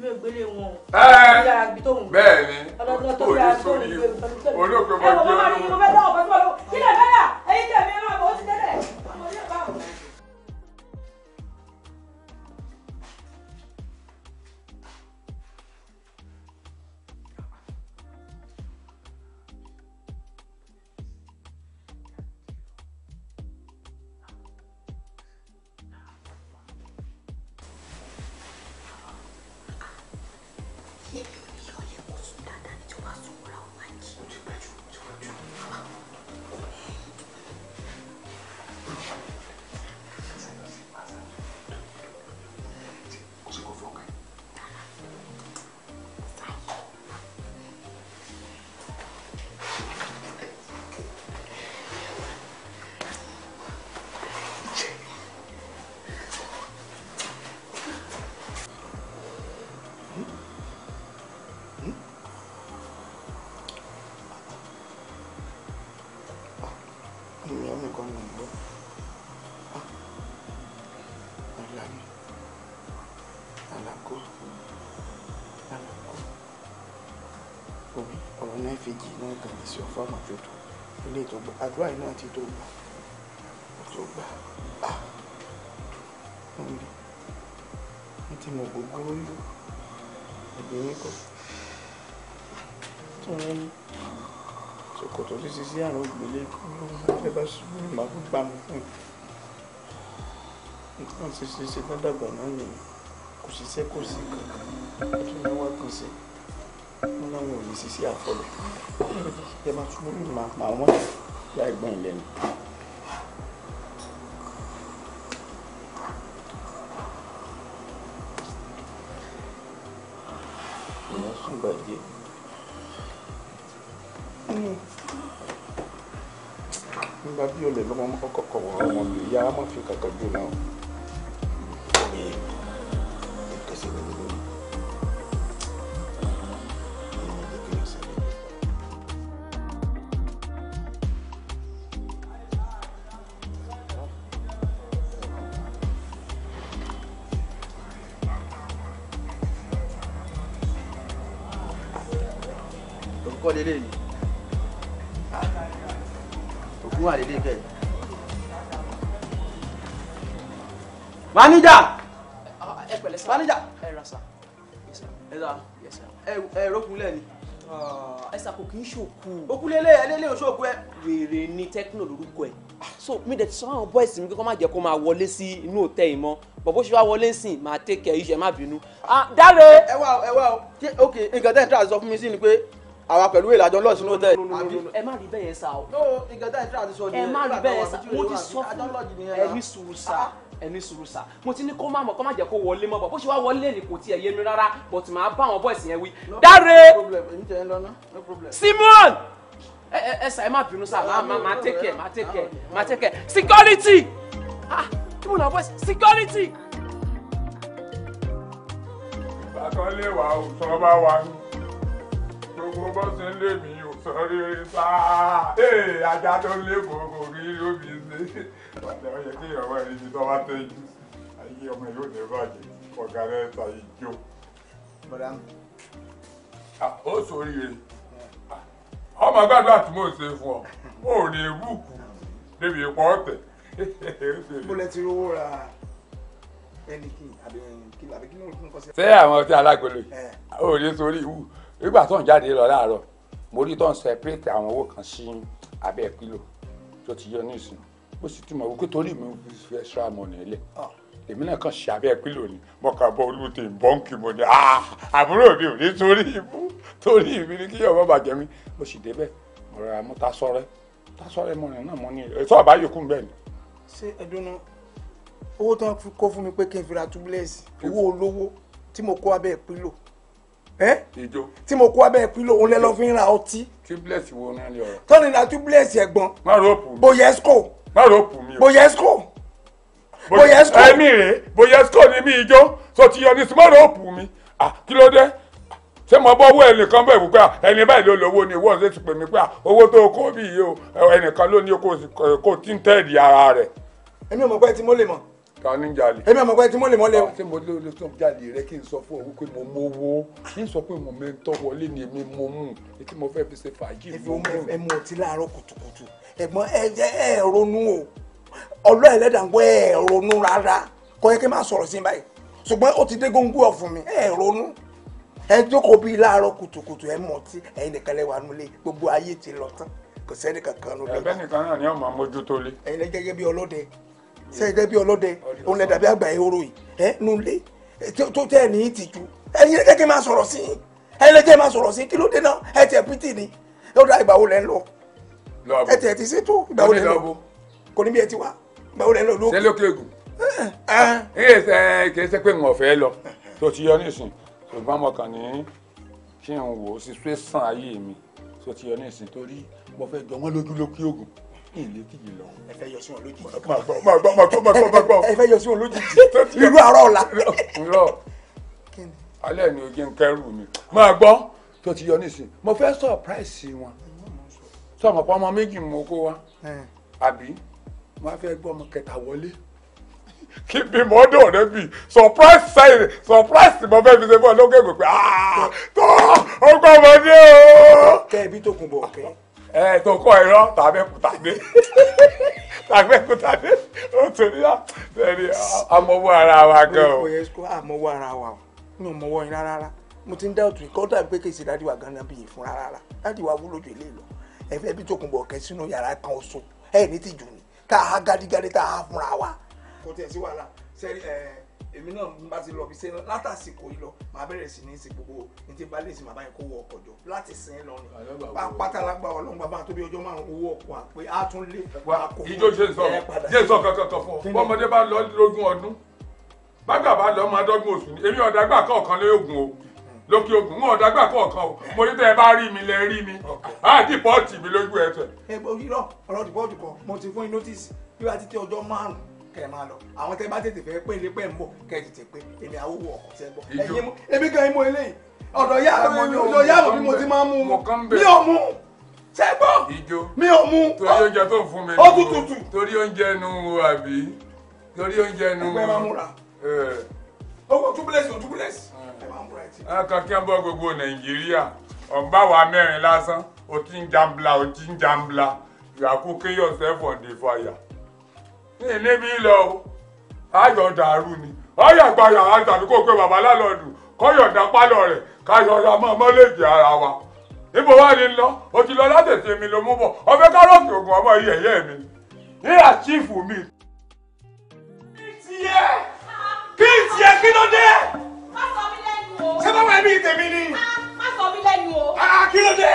mi ò gbélé wọn o. bẹ́ẹ̀ jẹ́ olóògbé. àdúrà yìí náà ti tó gbà ó tó gbà á níbi ní ti mọ̀ gbogbo ìlú obìnrin kan tó ń ṣòkòtò títí sí àrùn ògbélé ló ń bá ṣubú ní màá fún gbàmù fún nǹkan ti ṣe ṣe náà nìyẹn kò sì ṣe kò sí kankan tó ní kan sí wọn láwọn ò ní sí sí ẹ máa ṣubú ní màá pa wọn yá ẹ̀gbọ́n ìlẹ́nu. lélẹ̀ ni òkú wà lélẹ̀ kẹ́ manager manager ẹ̀rọ kúnlẹ̀ ni ah, ẹsà kò kì í ṣòkù. okúlélé ẹlẹ́lẹ́ òṣòkù ẹ. wèrè ni tẹkino lórúkọ ẹ. so mi dẹ̀ ti sọ àwọn bọ́ìsì mi kí wọ́n má jẹ́ kó máa wọlé sí inú òtẹ́ yìí mọ́ bọ̀bọ̀ ṣe wá wọlé sìn máa tẹ́kẹ̀ iṣẹ́ má bínú. Ah, dáre. ẹ wá ẹ wá o ok nǹkan tẹ́ ẹ tẹ́ àti sọ fún mi sí ni pé àwa pẹ̀lú èlà àjọ lọ́ọ̀sì lóòótẹ́. ẹ má rí bẹ́ẹ̀ sá o. tó ìgbàdá ìtura àti sọ̀rọ̀ ẹ má rí bẹ́ẹ̀ sá mo ti sọ fún ẹni sùúrù sá ah, ah. ẹni sùúrù sá mo ti ní kó má mọ̀ kó má jẹ́ kó wọlé mọ́ bọ̀ bó ṣe wá wọlé ni kò tiẹ̀ yé mi rárá but màá bá àwọn bọ́ọ̀sì yẹn wí. Dáre Simon ẹ ẹ ẹ sá ẹ má bínú sá máa take care máa take care máa take care security ah kí mo nà bọ́ọ̀sì security. àkọlé wa ò sọ bá wa ń gbogbo bó ṣe ń lé mi ò sọ rere sá ee ajá tó ń lé gbogbo kí ló fi ṣe ọ̀dẹ̀ ọ̀yẹ̀ kí ìrọ̀wọ́ ẹ̀rí mi tó bá ayé ọmọ yóò dé bàjẹ́ ọ̀gá rẹ̀ ta ìjó. bọ́dà mi. ó sórí rẹ̀ ọmọ gbàdúrà tí mò ṣe fún ọ ò lè búùkù débi ipò ọ̀tẹ̀. bólẹ̀ ti rówó ra ẹnì àbí kí ló ń kọ́ sí. ṣé àwọn ọtí alágbèlè ò ní sórí ìwú nígbà tó ń jáde lọ láàárọ̀ mo rí tó ń sẹpẹrẹtì àwọn owó kan sí abẹ́ kílò tó ti yọ ní ìsìn bó sì túmọ̀ wípé torí mi fi extra money lẹ̀ ah. èmi náà kàn ṣe abẹ́ pílò ni mo kà bọ́ olùdè bọ́ǹkì mo ní ah, àbúrò mi ò ní torí ibú torí ibi ni kí ọmọ bàjẹ́ mi mo sì débẹ̀ mo rà mú tasọ́rẹ́ tasọ́rẹ́ mo rìn náà mo ní ètò ọ̀bá yòókù bẹ́ẹ̀ ni. ṣé ẹdùnnú owó tó ń kó fún mi pé kí n fi ra túbúlẹ́ẹ̀sì owó olówó tí mo kó abẹ́ pílò ẹ eh? ìjó tí mo kó abẹ́ pílò òun lẹ́lọ́ fi ń ra ọtí. tíbílẹ̀sì wo ni ọ̀rọ̀. tọ́ni na tíbílẹ̀sì ẹ̀gbọ́n. má rọ́ọ̀pù mi. boyesco. má rọ́ọ̀pù mi o. boyesco. boyesco. ẹ̀mí rè boyesco ni mí ìjó tó ti yọ ní sí má rọ́ọ̀pù mi. kí ló dé ṣé mo bọ́ owó ẹnìkan bẹ́ẹ̀ wípé ẹni báyìí ló lówó ni ìwọ́n ṣe ti pè mí pé owó tó kó bí yìí o ẹnìkan ló ní kó tí ń tẹ́ẹ̀dì ara rẹ̀. èmi ò mọ̀ ta ni jalè. èmi àmọ́ pé tí mo lè mọ́ lé o. ṣé mo lè lè tún jalè rẹ kí n sọ fún ọ wípé mo mówó kí n sọ pé mo mẹ́ńtọ́ wọlé ni èmi mo mú un tí mo fẹ́ fi ṣe fàájì mo mú un. ẹ mú ọtí láàárọ̀ kùtùkùtù ẹ̀gbọ́n ẹ jẹ́ ẹ ronú o ọlọ́ ẹlẹ́dàgbọ́ ẹ ronú rárá kọ́ yẹ kí n máa sọ̀rọ̀ sí báyìí ṣùgbọ́n ó ti dé góńgó ọ̀ fún mi ẹ ronú ẹ jókòó bíi láàárọ̀ kùtùkùtù ẹ mú ọtí ẹ̀yin nìkan lẹ wà nulẹ̀ gbogbo ayé ti lọ tán kò sẹ́ni kankan ló dé. ẹ̀bẹ̀ nìkan náà ni ọmọ sẹ́yìn dẹ́bi ọlọ́dẹ òun lẹ dàbí àgbà ehoro yìí ẹ nulẹ̀ tó tẹ́ ẹ̀ ní ìtìjú ẹ̀yin lẹ́kẹ́ máa sọ̀rọ̀ sí i ẹ̀yin lẹ́kẹ́ máa sọ̀rọ̀ sí i kí ló dé náà ẹ̀ tẹ̀ pìtì ni ó dá ìgbà wo lẹ́ ń lọ ẹ̀ tẹ̀ ti ṣètò ìgbà wo lẹ́ ń lọ kò ní bí ẹ ti wá ìgbà wo lẹ́ ń lọ lókè. sẹ́lókè ègùn kì í ṣe pé ń ọ̀fẹ́ lọ tó ti yọ nísìn ṣùgbọ́n mo kàn ní kí n wò ó sì sún ẹ̀sán ayé mi tó ti yọ nísìn torí mo fẹ́ jọ wọ́n lójú lókè ògùn ilé kìjì lọ. ẹ fẹ́ yọ sí wọn lójijì. máa gbọ́ máa gbọ́ máa gbọ́ máa gbọ́. ẹ fẹ́ yọ sí wọn lójijì. irú àárọ̀ ọ̀la. irọ́ alẹ́ ni ojú ń kẹ́rù mi máa gbọ́ tó ti yọ nísìnyí mo fẹ́ sọ̀práìsì wọn sọ̀mọ̀ pa ọmọ méjì mo kó wa àbí mo fẹ́ gbọ́ ọmọ kẹta wọlé kí bí mo dùn rẹ bi surprise sign surprise mo fẹ́ fi ṣe fún ọ lókè gbogbo ah tó ọgbọ́n mo ní o. kẹ́ ẹ bí tó kun bọ̀ kẹ́ ẹ tó kọ irọ́ tàbẹ́kùtàbẹ́ tàbẹ́kùtàbẹ́ ó torí àtẹ̀rí amọ̀wọ́ ara wa gan o. amọ̀wọ́ ara wa o mi ò mọ̀wọ́ yín rárá mo ti ń dá òtún ikọ́ dàbí pé kèsì dáàdì wa gan-an bí yìí fún rárá dáàdì wa wúlò jù eléyìí lọ ẹ̀fẹ́ bí tòkunbọ̀ kẹ́ sínú yàrá kan oṣù ẹ̀ ní tìjú ni tá a há gádígádí tá a há fúnra wa. kò tiẹ̀ sí wàhálà sẹ́rí ẹ̀ èmi náà n bá ti lọ fi ṣe náà látàsìkò yìí lọ màá bẹ̀rẹ̀ sí ní sí gbogbo ní ti bá lè sí màbá yẹn kó wọ ọkọ̀ jọ láti sìn lọ ni pátálágbá ọlọ́run bàbá tó bí ọjọ́ márùn-ún owó ọkọ̀ àpé á tún lé àkókò ìjọ jésù jésù kankan fún ọ bọ́mọdé bá lọ lógún ọdún bàgbà bá lọ máa dọ́gbọ̀n oṣù ni èmi ọ̀dàgbà kọ̀ọ̀kan lóògùn o lókè ogun wọn ọ̀dàgbà kọ̀ọ̀kan o mo ní tẹ́ ẹ bá rí mi lẹ rí mi á dìpọ́ọ̀tì mi lójú ẹsẹ̀. ẹ gbọ́ yìí lọ ọ̀rọ̀ dìpọ́ọ̀tì kan mo ti fún yín nótìsì bí wàá ti tẹ ọjọ́ márùn-ún kẹ máa lọ àwọn tẹ bá tètè fẹ́ pé ilé pẹ kẹ tètè pé èmi àwòwò ọkọ tẹ gbọ́ ẹyin mú èmi kan mú eléyìí ọ̀dọ̀ yá ọ̀dọ̀ yá mi mo ti máa mú mi ò mú ṣe gbọ́ mi ò mú ó tutù torí oúnjẹ nu àbí torí oúnjẹ nu ẹgbẹ́ máa múra owó túbúlẹ̀sì òtúbúlẹ̀sì ẹ̀ máa múra ẹ̀ tí. ẹ kí ẹ bọ gbogbo nàìjíríà ọ̀nbáwa mẹ́rin lásán o ti ń jambla o ti ń jambla you are cooking yourself on ní níbi lọ o ayọ̀ dàrú ni ọyọ̀ gba yàrá tàbí kó pe bàbá lálọ́ọ̀dù kọ́yọ̀ dá pálọ̀ rẹ̀ káyọ̀ ra mọ́ ara wa níbo wá ni lọ o ti lọ látẹ̀sẹ̀ mi ló mú bọ̀ ọbẹ̀ kárọ̀tì ògùn ọmọ yẹ̀yẹ́ mi ní àchífù mi. kí tiẹ̀ tiẹ̀ kí ló dé. má sọ mí lẹ́nu o. ṣé báwo ẹ̀mí tèmi ni. Ah, má sọ mí lẹ́nu o. Ah, ah, kí ló dé.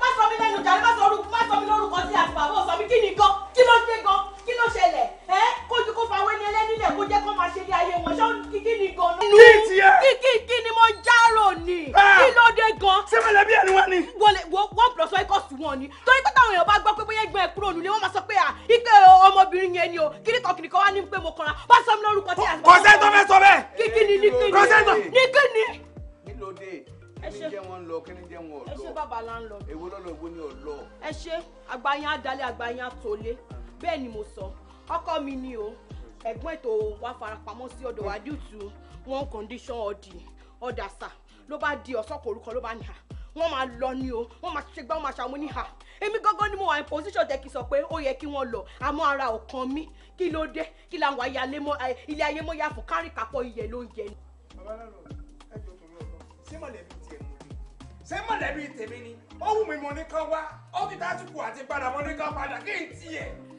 má sọ mí lẹ́nu jàre má sọ mí lórúkọ sí àgbà bó sọ mí kí ni gan kí ló dé gan kí ló ṣẹlẹ̀ fàwé ní ẹlẹ́nilẹ̀ kó jẹ́ kó máa ṣe ní ayé wọn ṣé kíkí ni gan-an. kí ti ẹ. kíkí kí ni mo járò ni. kí ló dé gan. sẹ́mẹ̀lẹ̀ bí ẹni wá ni. wọlé one plus one equals one ni. torí pé táwọn èèyàn bá gbọ́ pé bóyá ẹgbẹ́ ẹ kúrò nílé wọ́n máa sọ pé à ike ọmọbìnrin yẹn ni o kíríkọ kíríkọ wá ní pé mo kanra bá sọ mi lórúkọ tí a. kọ́sẹ́ tó sọ bẹ́ẹ̀. kíkí ni ní kíni. kọ́sẹ́ kí ló dé wọn lọ kíni bàbá là ń lọ èwo lọlọ èwo ni ọlọ. ẹṣe àgbáyán adalẹ àgbáyán tòlé bẹ́ẹ̀ ni mo sọ ọkọ mi ni o ẹ̀gbọ́n ètò wa farapamọ́ sí ọ̀dọ̀ wa due to one condition or the other sir ló bá di ọ̀sán kò orúkọ ló bá ní ha wọ́n máa lọ ni o wọ́n máa ṣe gbá wọ́n máa ṣàwọn oníhà èmi gangan ni mo wà ní position tẹ́ kí sọ pé ó yẹ kí wọ́n lọ àmọ́ ara ọ̀kan mi kí ló dé kí la wà ilé ayé mọ́ yà fún kárì kápọ̀ iyẹ̀ ló ń jẹ ni. babaláwo tèmi ni ó wù mí mo ní kán wá ó ti dá túkù àti padà mo ní kán padà kí n tiẹ̀.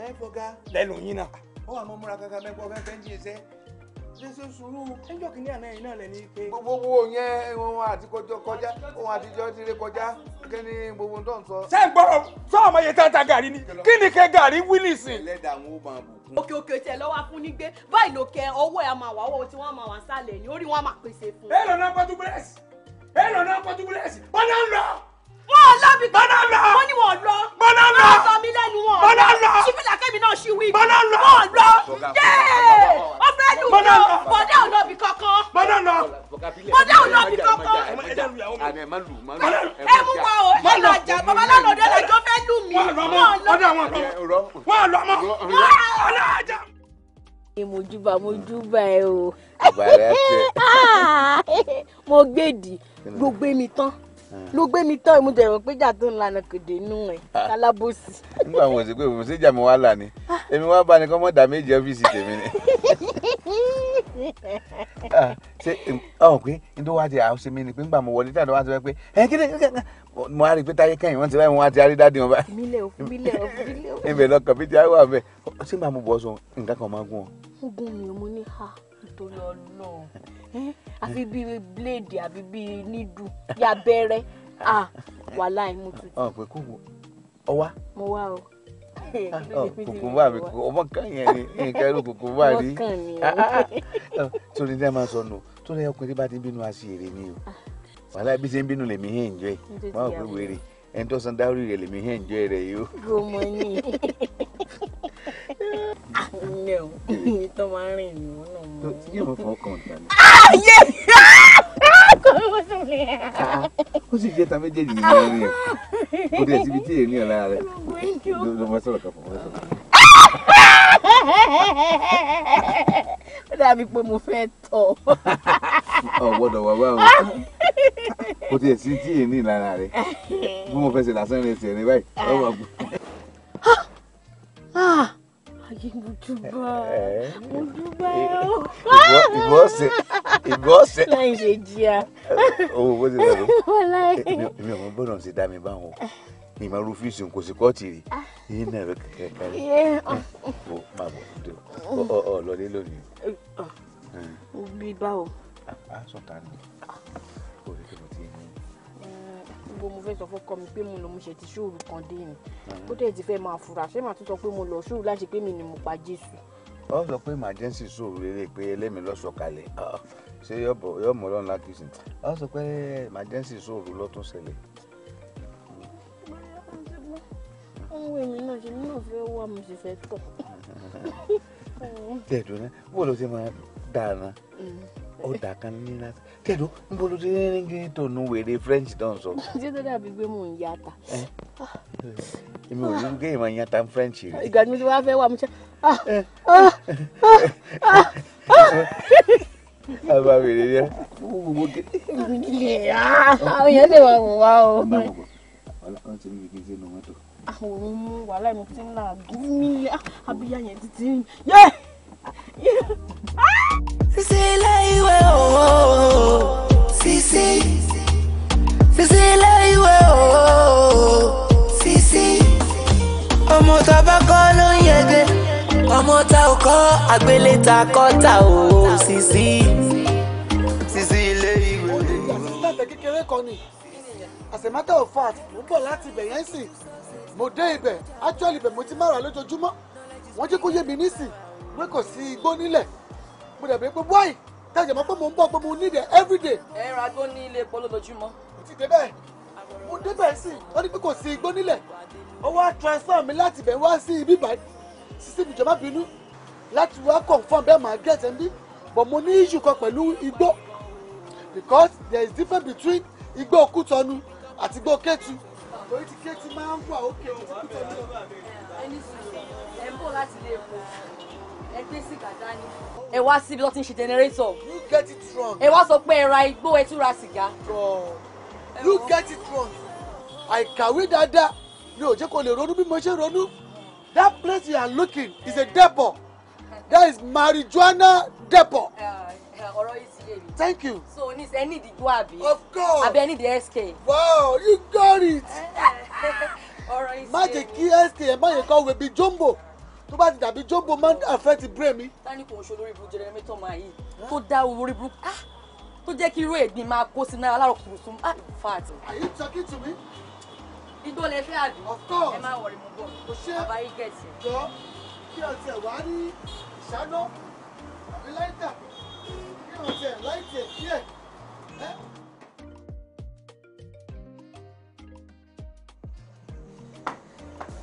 ẹ fọgá lẹnu yín náà ó wà mọ múra kankan mẹfọ fẹfẹ ń jìnṣẹ ṣẹṣẹ sùúrù ẹjọ kìíní àná yìí náà lẹni pé. gbogbo owó yẹn ohun àtikọjọ kọjá ohun àtijọ́ ti ré kọjá kí ni gbogbo ń tọ́ ń sọ. ṣé ń gbọ́rọ̀ sọ ọmọ yẹn tata gàrí ni kí ni kẹ gàrí wílìsì. ẹlẹ́dàá àwọn ó máa bù. òkè òkè tiẹ̀ lọ́wọ́ afúnnígbé báyìí ló kẹ ọwọ́ ẹ̀ máa wà ọwọ́ tí wọ́n máa wà sálẹ̀ ní orí wọn máa pèsè fún. ẹ lọ náà pọtugulẹsì ẹ lọ náà pọtugulẹsì wọn náà ń lọ wọn lọ bí gbọ́dọ̀ lọ wọn ni wọn lọ gbọ́dọ̀ lọ wọn sọ mi lẹ́nu wọn gbọ́dọ̀ lọ sífìlà kẹ́mi náà ṣì wí gbọ́dọ̀ lọ wọn lọ yéé ọfẹ lù ú lọ bọdẹ ò lọ bí kankan bọdẹ ò lọ bí kankan ẹ mú wa o ẹ lọ jà bàbá lọlọdẹ lẹjọ fẹ lù mí wọn lọ wọn lọ mọ wọn lọ jà mojúbà mojúbà ẹ o mo gbèdì gbogbo èmi tán Ah. ló gbé mi tán ìmúdẹ̀ rò pé ìjà tó ń lànà kèdè inú ẹ̀ ah. alábòsí. nígbà mo sì pé mo sì jà mí wá là ni ah. èmi wá bá ní kọ́ mọ́ dà méjì ọ́fíìsì tèmi ni. ṣé ọ̀ pé nítorí wá ti àwòṣe mi ni pé nígbà mo wọlé tàbí wá ti wá pé ẹ kí ni mo á rí i pé táyé kẹ́yìn wọ́n ti báyìí wọ́n á ti arí dáadé wọn báyìí. mílẹ̀ òfin mílẹ̀ òfin mílẹ̀ òfin. ibẹ̀ lọkàn bíi ti á wà bẹ́ẹ̀ ṣé màá mo bọ̀ sọ nǹkan kan máa gún ọ. gún mi mo ní ha nítorí ọlọ́run Eh? àfi bíi bíléèdì àfi bíi nídù bí abẹ́rẹ́ ah wàhálà ìmú tutù. ọ pé kò wọ ọ wá. mo wá o. kùkùmbà ah, mi ọmọ kan yẹn ni nǹkan irú kùkùmbà rí ah, torí ní ẹ máa sọ nù torí ọkùnrin bá ti bínú àṣìírí ni o ah. wàhálà bí ṣe ń bínú lèmi yẹn ń jẹ wọn ò pé ẹni tó san dáwọ́rì rẹ̀ lèmi hẹ́ ǹjọ́ rẹ̀ yìí o. gbọmọ ni àná o ibi tó máa ń rìn ìwọ náà mọ. yóò mọ fọwọ́ kan ọ̀dà ni. ayé ah, ah, kò wọ́n tó lè. Ah, ó sì jẹ́ ta méjèèjì nínú ẹ̀rín o kò dé síbi tí èèyàn ní ọ̀la rẹ̀ ló sọ̀rọ̀ kan fọwọ́ sọ̀rọ̀ ó dàbí pé mo fẹ́ tọ̀. ọ̀gbọ́dọ̀ wà báwo kò tiẹ̀ sí tí èyí ní ìlànà rẹ̀ bí mo fẹsẹ̀ lásán rẹ̀ tiẹ̀ rẹ̀ báyìí ọ̀gbà kù. ayé mo dúbà mo dúbà o. ìbọn ọ̀sẹ̀ ìbọn ọ̀sẹ̀. lẹ́yìn ṣe jíà. owó bó ti lọ. èmi ò mọ gbọ́dọ̀ ṣe dá mi báwọn o ni ma ru fíìsì kò sí kọ́ọ̀tì rí ah. yìí náà rẹ kẹkẹ rí o má bọ̀ tó ọ ọ lọlé lónìí. Ah. Hmm. bí báwo. a ah, sọ̀tà ni o lè tẹ̀lé tí yẹn. gbogbo mo fẹ́ sọ fọ́kọ mi pé mo lọ mo ṣe ti ṣòro kan dé ni hmm. ó dẹ̀ ti fẹ́ máa fura ṣé màá tún sọ pé mo lọ ṣòro láti pé mi ni mo pa Jésù. ọ sọ pé emergency ṣòro rere pé ẹlẹ́mìí lọ sọ̀kalẹ̀ ṣé yọ̀ọ̀mọ̀ ọlọ́run lákìsìn ọ sọ pé emergency ṣòro ló tún ṣẹlẹ̀ ń wé mi náà ṣe nínú ìfẹ́ wà mo sì fẹ́ tọ̀. tẹ̀dù náà bó ló ṣe máa dáná ọ̀dà kan ní láti tẹ̀dù níbo ló ṣe ń nu wèrè french tó ń sọ. ṣé tó dàbí pé mò ń yàtà. èmi ò rí gbé ìmọ̀ yàtà french rí. ìgbà tí mo ti wá fẹ́ wà mo ṣe. Àbá ah, ah, ah, wèrè rẹ̀. Àwọn èèyàn lè wà wá o. Ọlá ọ̀sẹ̀ mi kì í ṣe nu àwòrán mú wàhálà ìmọ̀ tí ń là gún ah, abíyá yẹn títí yẹ. Sisi ilé ìwé ooo Sisi Sisi ilé ìwé ooo Sisi ọmọ tá a bá kọ́ ló ń yege ọmọ tá ò kọ́ àgbéléta kọ́ ta ooo Sisi Sisi ilé ìwé ooo. Àti ìgbà kékeré kan ni as a matter of fact mo bọ̀ láti bẹ̀yẹ̀ sìn mo dé ibẹ̀ actually ibẹ̀ mo ti máa rà lójoojúmọ́ wọ́n jẹ́ kó yé mi nísìn pé kò sí igbó nílẹ̀ mo dàbí pé wáì tẹ̀sán mọ́ pé mo ń bọ̀ pé mo ní ìdẹ̀ everyday. ẹ ra gbó ní ilé epo lójoojúmọ́. mo ti débẹ̀ mo débẹ̀ sí wọ́n ní pé kò sí igbó nílẹ̀ ó wá transfer mi láti bẹ̀ wá sí ibi báyìí sísí ìjọba bínú láti wá confirm bẹ́ẹ̀ máa gẹ̀ẹ́sẹ̀ ń bí but mo ní issue kan pẹ̀lú igbó because there is difference between igbó kútọ́nu àti igbó kẹ́tù orí ti ké ti máa ń wà ókè ní títẹ̀ mi ẹni sùúrù ẹ ń bọ̀ láti ilé epo ẹ gbé sìgá dání. ẹ wá síbi tó ń ṣe jẹnẹrétọ̀. you get it wrong. ẹ wá sọ pé ẹ ra igbó ẹ tún ra sìgá. you get it wrong. àìkàwé dáadáa mi ò jẹ́ kó lè ronú bí mo ṣe ronú. that place you are looking is a depot. that is marijuana depot. ọ̀rọ̀ yìí ṣèlú. thank you. so ní sẹ́ ní ìdìgbò àbí. of course. àbí ẹni di sk. wow you got it. ọ̀rọ̀ ìṣe. má jẹ́ kí sk ẹ̀ má yẹ kọ́ wẹ̀ bí jumbo tó bá ti dàbí jumbo máa ń affect brain mi. tani kò ń ṣe olórí burúkú jẹrẹmí tó máa yìí tó dá olórí burúkú ah, tó jẹ́ kí irú ẹ̀gbin máa kó sí náírà kùrùsùn ah in fact. are you talking to me. igbó lè fẹ́ àbí. of course. ẹ máa wọ̀rì mú bọ̀. kò ṣe bàbá yìí gẹ̀ẹ́sì. jọ kí ọtí ẹ̀ wá ní ìṣáná àbí láìta kàn tiẹ̀ láì tiẹ̀ díẹ̀.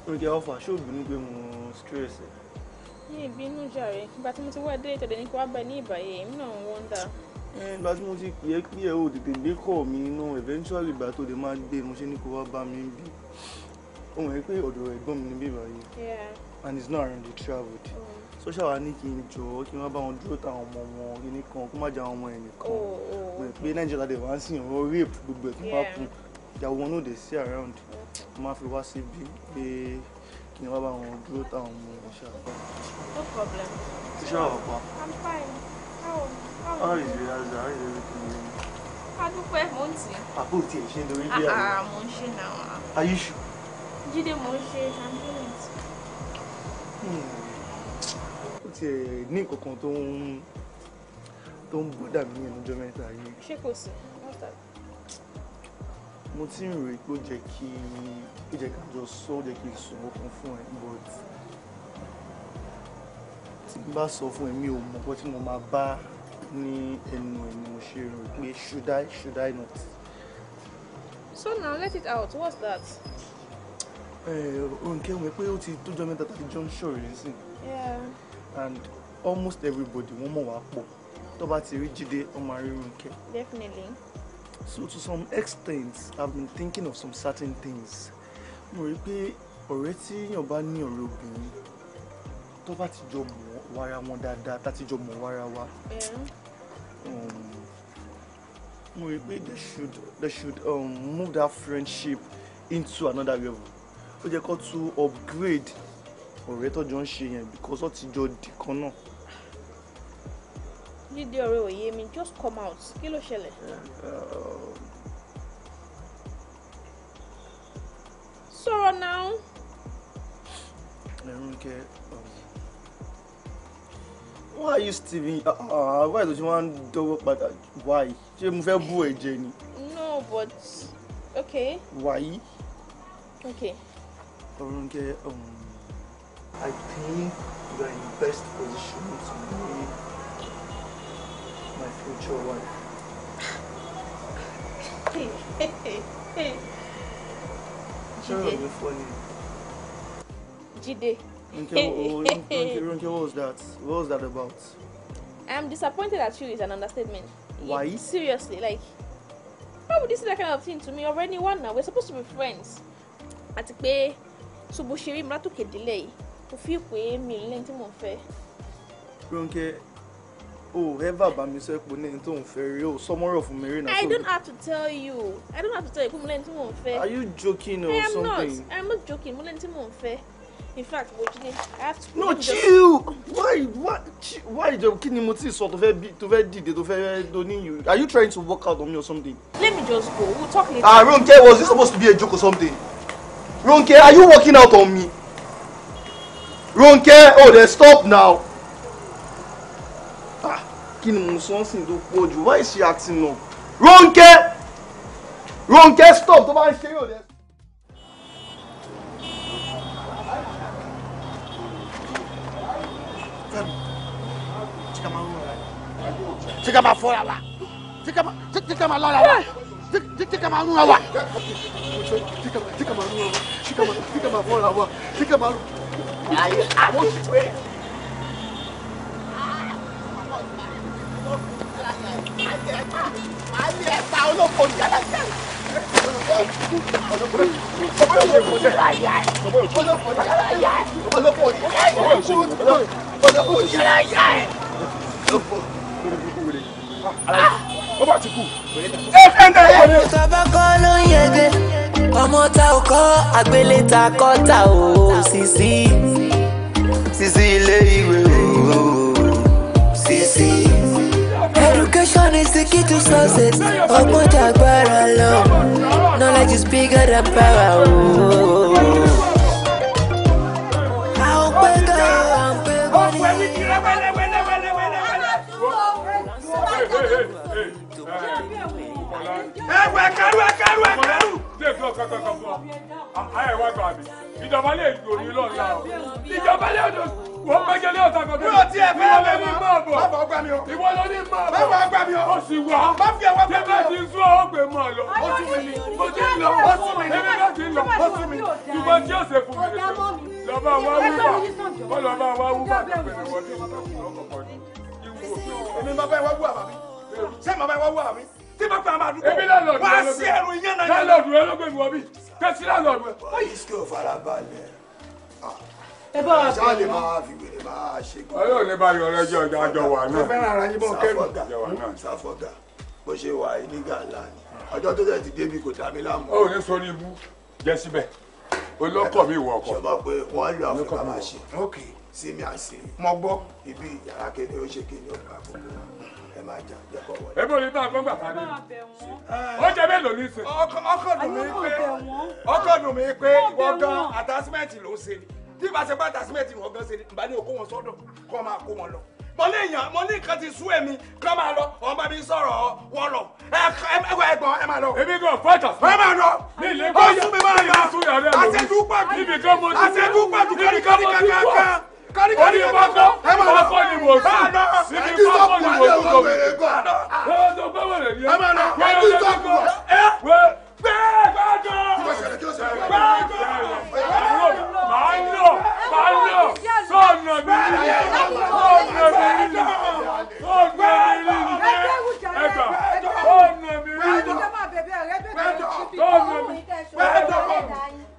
oúnjẹ ọfà ṣóòbínú gbé mu stress ẹ. ní ìbínú jàre ìgbà tí mo ti wá dé ìtọ̀dẹ̀ ní kí wá bẹ ní ìbàyè èmi náà ń wọ́ndà. ìgbà tí mo ti pè é pé ẹ tètè gbé kọ́ mi inú eventually ìgbà tó lè máa gbé mo ṣe ní kó wá bá mi bí ohun ẹ pé ọ̀dọ̀ ẹ̀gbọ́n mi ní bíbá and it's not around the travel. Oh tó ṣàwá ní kí n jọ kí wọ́n bá wọn dúró táwọn ọmọ wọn kíní kan kó má jẹ àwọn ọmọ ẹ̀ nìkan oh, mọ̀ oh. pé nàìjíríà dẹ̀ wá ń sìn rape gbogbo ẹ̀ bá kú ìyàwó wọn náà dẹ̀ sí around wọ́n máa fi wá síbi pé kí wọ́n bá wọn dúró táwọn ọmọ wọn ṣàkóso. no problem. tó ṣàwá pa. i'm fine. how how are you? how is your husband? how is everything? adúpẹ́ mò ń tì. àbò tí ṣe lórí bí àwọn. àà mò ń ṣe náà. are you sure? jíde mò ń ṣe champagne. Hmm tiẹ̀ ní nǹkan tó ń tó ń bọ́dà mí ní ọjọ́ mẹ́ta yìí. ṣé kò sí mo ti ń rèé pé ó jẹ́ kí ó jẹ́ ká jọ sọ ó jẹ́ kí n sùn ọkàn fún ẹ but tí n bá sọ fún ẹ mi ò mọ̀ pé tí mo máa bá ní ẹnu ẹ ni mo ṣe rò pé should I should I not. so now let it out what's that. ẹ ò ń kẹ́wọ̀n pé ó ti tó jọ mẹ́ta tàbí jọ ń sí. yeah and almost everybody wọ́n mọ̀ wá pọ̀ tó bá ti rí Jídé ọmọ Arírùnkẹ́. definitely. so to some extent I've been thinking of some certain things mo rí pé ọ̀rẹ́ tí èèyàn bá ní ọ̀rẹ́ obìnrin tó bá ti jọ mọ̀ wára wọn dáadáa tá ti jọ mọ̀ wára wa. Um, mo rí pé they should they should um, move that friendship into another level ó jẹ́ kó to upgrade ọ̀rẹ́ tọ́jọ́ ń ṣe yẹn because ó ti jọ dì kan náà. jíde ọ̀rẹ́ òye mi just come out kí ló ṣẹlẹ̀. Eh, um, sọ̀rọ̀ náà. ẹ̀rù kẹ́ um, why are you stealing ah, ah, ah, why do you wá ń dọ́wọ́ why ṣé mo fẹ́ bú ẹ̀ ni. no but okay. why. okay. ọ̀run kẹ́ ọ̀hún. Um, I think you are in the best position to be my future wife. Hey, hey, hey, hey. Jide. funny. Jide. Runke, what was that? What was that about? I'm disappointed at you is an understatement. Why? Yeah, seriously, like, how would you say that kind of thing to me or anyone now? We're supposed to be friends. Àti pé, Subushiri Mratuke delay mo fi pé mi ò lẹ́yìn tí mo fẹ́. Rónkẹ́ o ever bá mi sọ pé ní ẹni tó ń fẹ́ rí o sọmọ́rọ̀ fún mi rí náà. I don't have to tell you I don't have to tell you pé mo lẹ́yìn tí mo ń fẹ́. Are you joking or I am something? Not. I am not joking mo lẹ́yìn tí mo ń fẹ́. In fact, what you need, I have to. No, chill. Just... Why, why, chill. why, why? Kí ni mo ti sọ tó fẹ́ bí, tó fẹ́ dìde, tó fẹ́ doni you? Are you trying to work out on me or something? Let me just go. We'll talk later. Ah, Ronke, was this supposed to be a joke or something? Ronke, are you working out on me? Ronke oh dey stop now ah kí ni mo sọ ń sìn tó jù why is she acting up Ronke Ronke stop tó bá ń ṣe yóò dé. tí ká máa fọ́ra wa tí ká máa lára wa tí ká máa rúra wa tí ká máa fọ́ra wa tí ká I, I want to pray. Tabakọ ló ń yege ọmọ tá ò kọ́ àgbélé ta kọ́ ta ò Sisi Sisi ilé ìwé o Sisi. Education is the key to success ọgbọ́n jàgbára lọ knowledge is bigger than power o. Oh. Ẹ wẹ̀ kárú ẹ kárú ẹ kárú dé fún ọkọ kankan fún ọ ayé wá gbà mí ìjọba lè lò ní lọ́la o ìjọba lè lò wọ́n gbẹ́jẹ́ lé ọ̀sán kan tó yóò tiẹ̀ fẹ́ lọ ní mọ́ọ̀bù bàbá ọgbà mi o ìwọ ló ní mọ́ọ̀bù bàbá ọgbà mi o o sì wá má fi ẹwà gbà mí o tẹ́lẹ̀ ti sún ọ gbé mọ́ ọ lọ o sún mi ni mo ti ń lọ o sún mi ni èmi náà ti ń lọ o sún mi ṣùgbọ́n tí ọ̀sẹ̀ fún mi lọ bá wá wúbà kọ́ lọ bá wá wúbà kẹfẹ́ ni wọ́n ti ń lọ ọkọ̀ pọ̀ ní ìwúwo. èmi máa bá ẹ wá wú àbá mi ṣé màá bá ẹ wá wú àbá mi tí bá fẹ́ máa dúpọ̀ wá sí ẹrù ìyẹn náà. lálọ́ọ̀dù rẹ ló gbé mi wọ bí kẹsí lálọ́ọ̀dù rẹ. báyìí sí kò fara balẹ̀ ẹ bá wa bẹ̀rẹ̀ lọ. ọyọ ní bá yọrọ ẹjọ ọjà àjọ wà náà. ẹ fẹ́ràn ara yín bọ́ kẹ́rù sáfọ̀gà bó ṣe wà yìí ní gàlá ni ọjọ́ tó tẹ̀ ti débi kò dá mi láàmú. ó ní sọrí ibú jẹ́ síbẹ̀ olókọ̀ mi wọ̀ ọkọ̀. ṣọba pé wọ́n lọ àfẹ́ká máa ṣe sí mi àṣẹ. mo gbọ́ ibi yàrá kéde ó ṣe kéde ọgbà gbogbo máa jà jẹ́ kọ́ wọlé. ebo ní báwọn gbọ́ngbà tá a dé. ó jẹ mélòó ní sè. ọkọ dùn mí pé ọkọ dùn mí pé wọ́n gan àtàsímẹ́ǹtì ló ń ṣe ni tí bá ṣe bá àtàsímẹ́ǹtì wọ́n gan ṣe ni ìbá ní okó wọn sọ́dọ̀ kọ́ máa kó wọn lọ mo ní èèyàn mo ní nǹkan ti sú èmi kí wọ́n máa lọ ọmọ mi sọ̀rọ̀ wọ́n lọ ẹgbọ́n ẹ máa lọ. èmi gan fọ́tà sí. ẹ máa lọ ó sún mi máa lọ àṣetúpọ̀ jù àṣetúpọ̀ jù kẹ́ríkẹ́rí kankan orí pákó pákó ni mo sùn síbi pákó ni mo sùn kò wẹ̀rẹ̀ gbà wọ́n tó gbé wẹ̀rẹ̀ yẹn wẹ̀rẹ̀ pákó wẹ̀ bẹ́ẹ̀ pákó pákó máa ń lọ máa ń lọ sọ̀nà mi rí sọ̀nà mi rí sọ̀nà mi rí ẹgbà sọ̀nà mi rí sọ̀nà mi rí sọ̀nà mi rí.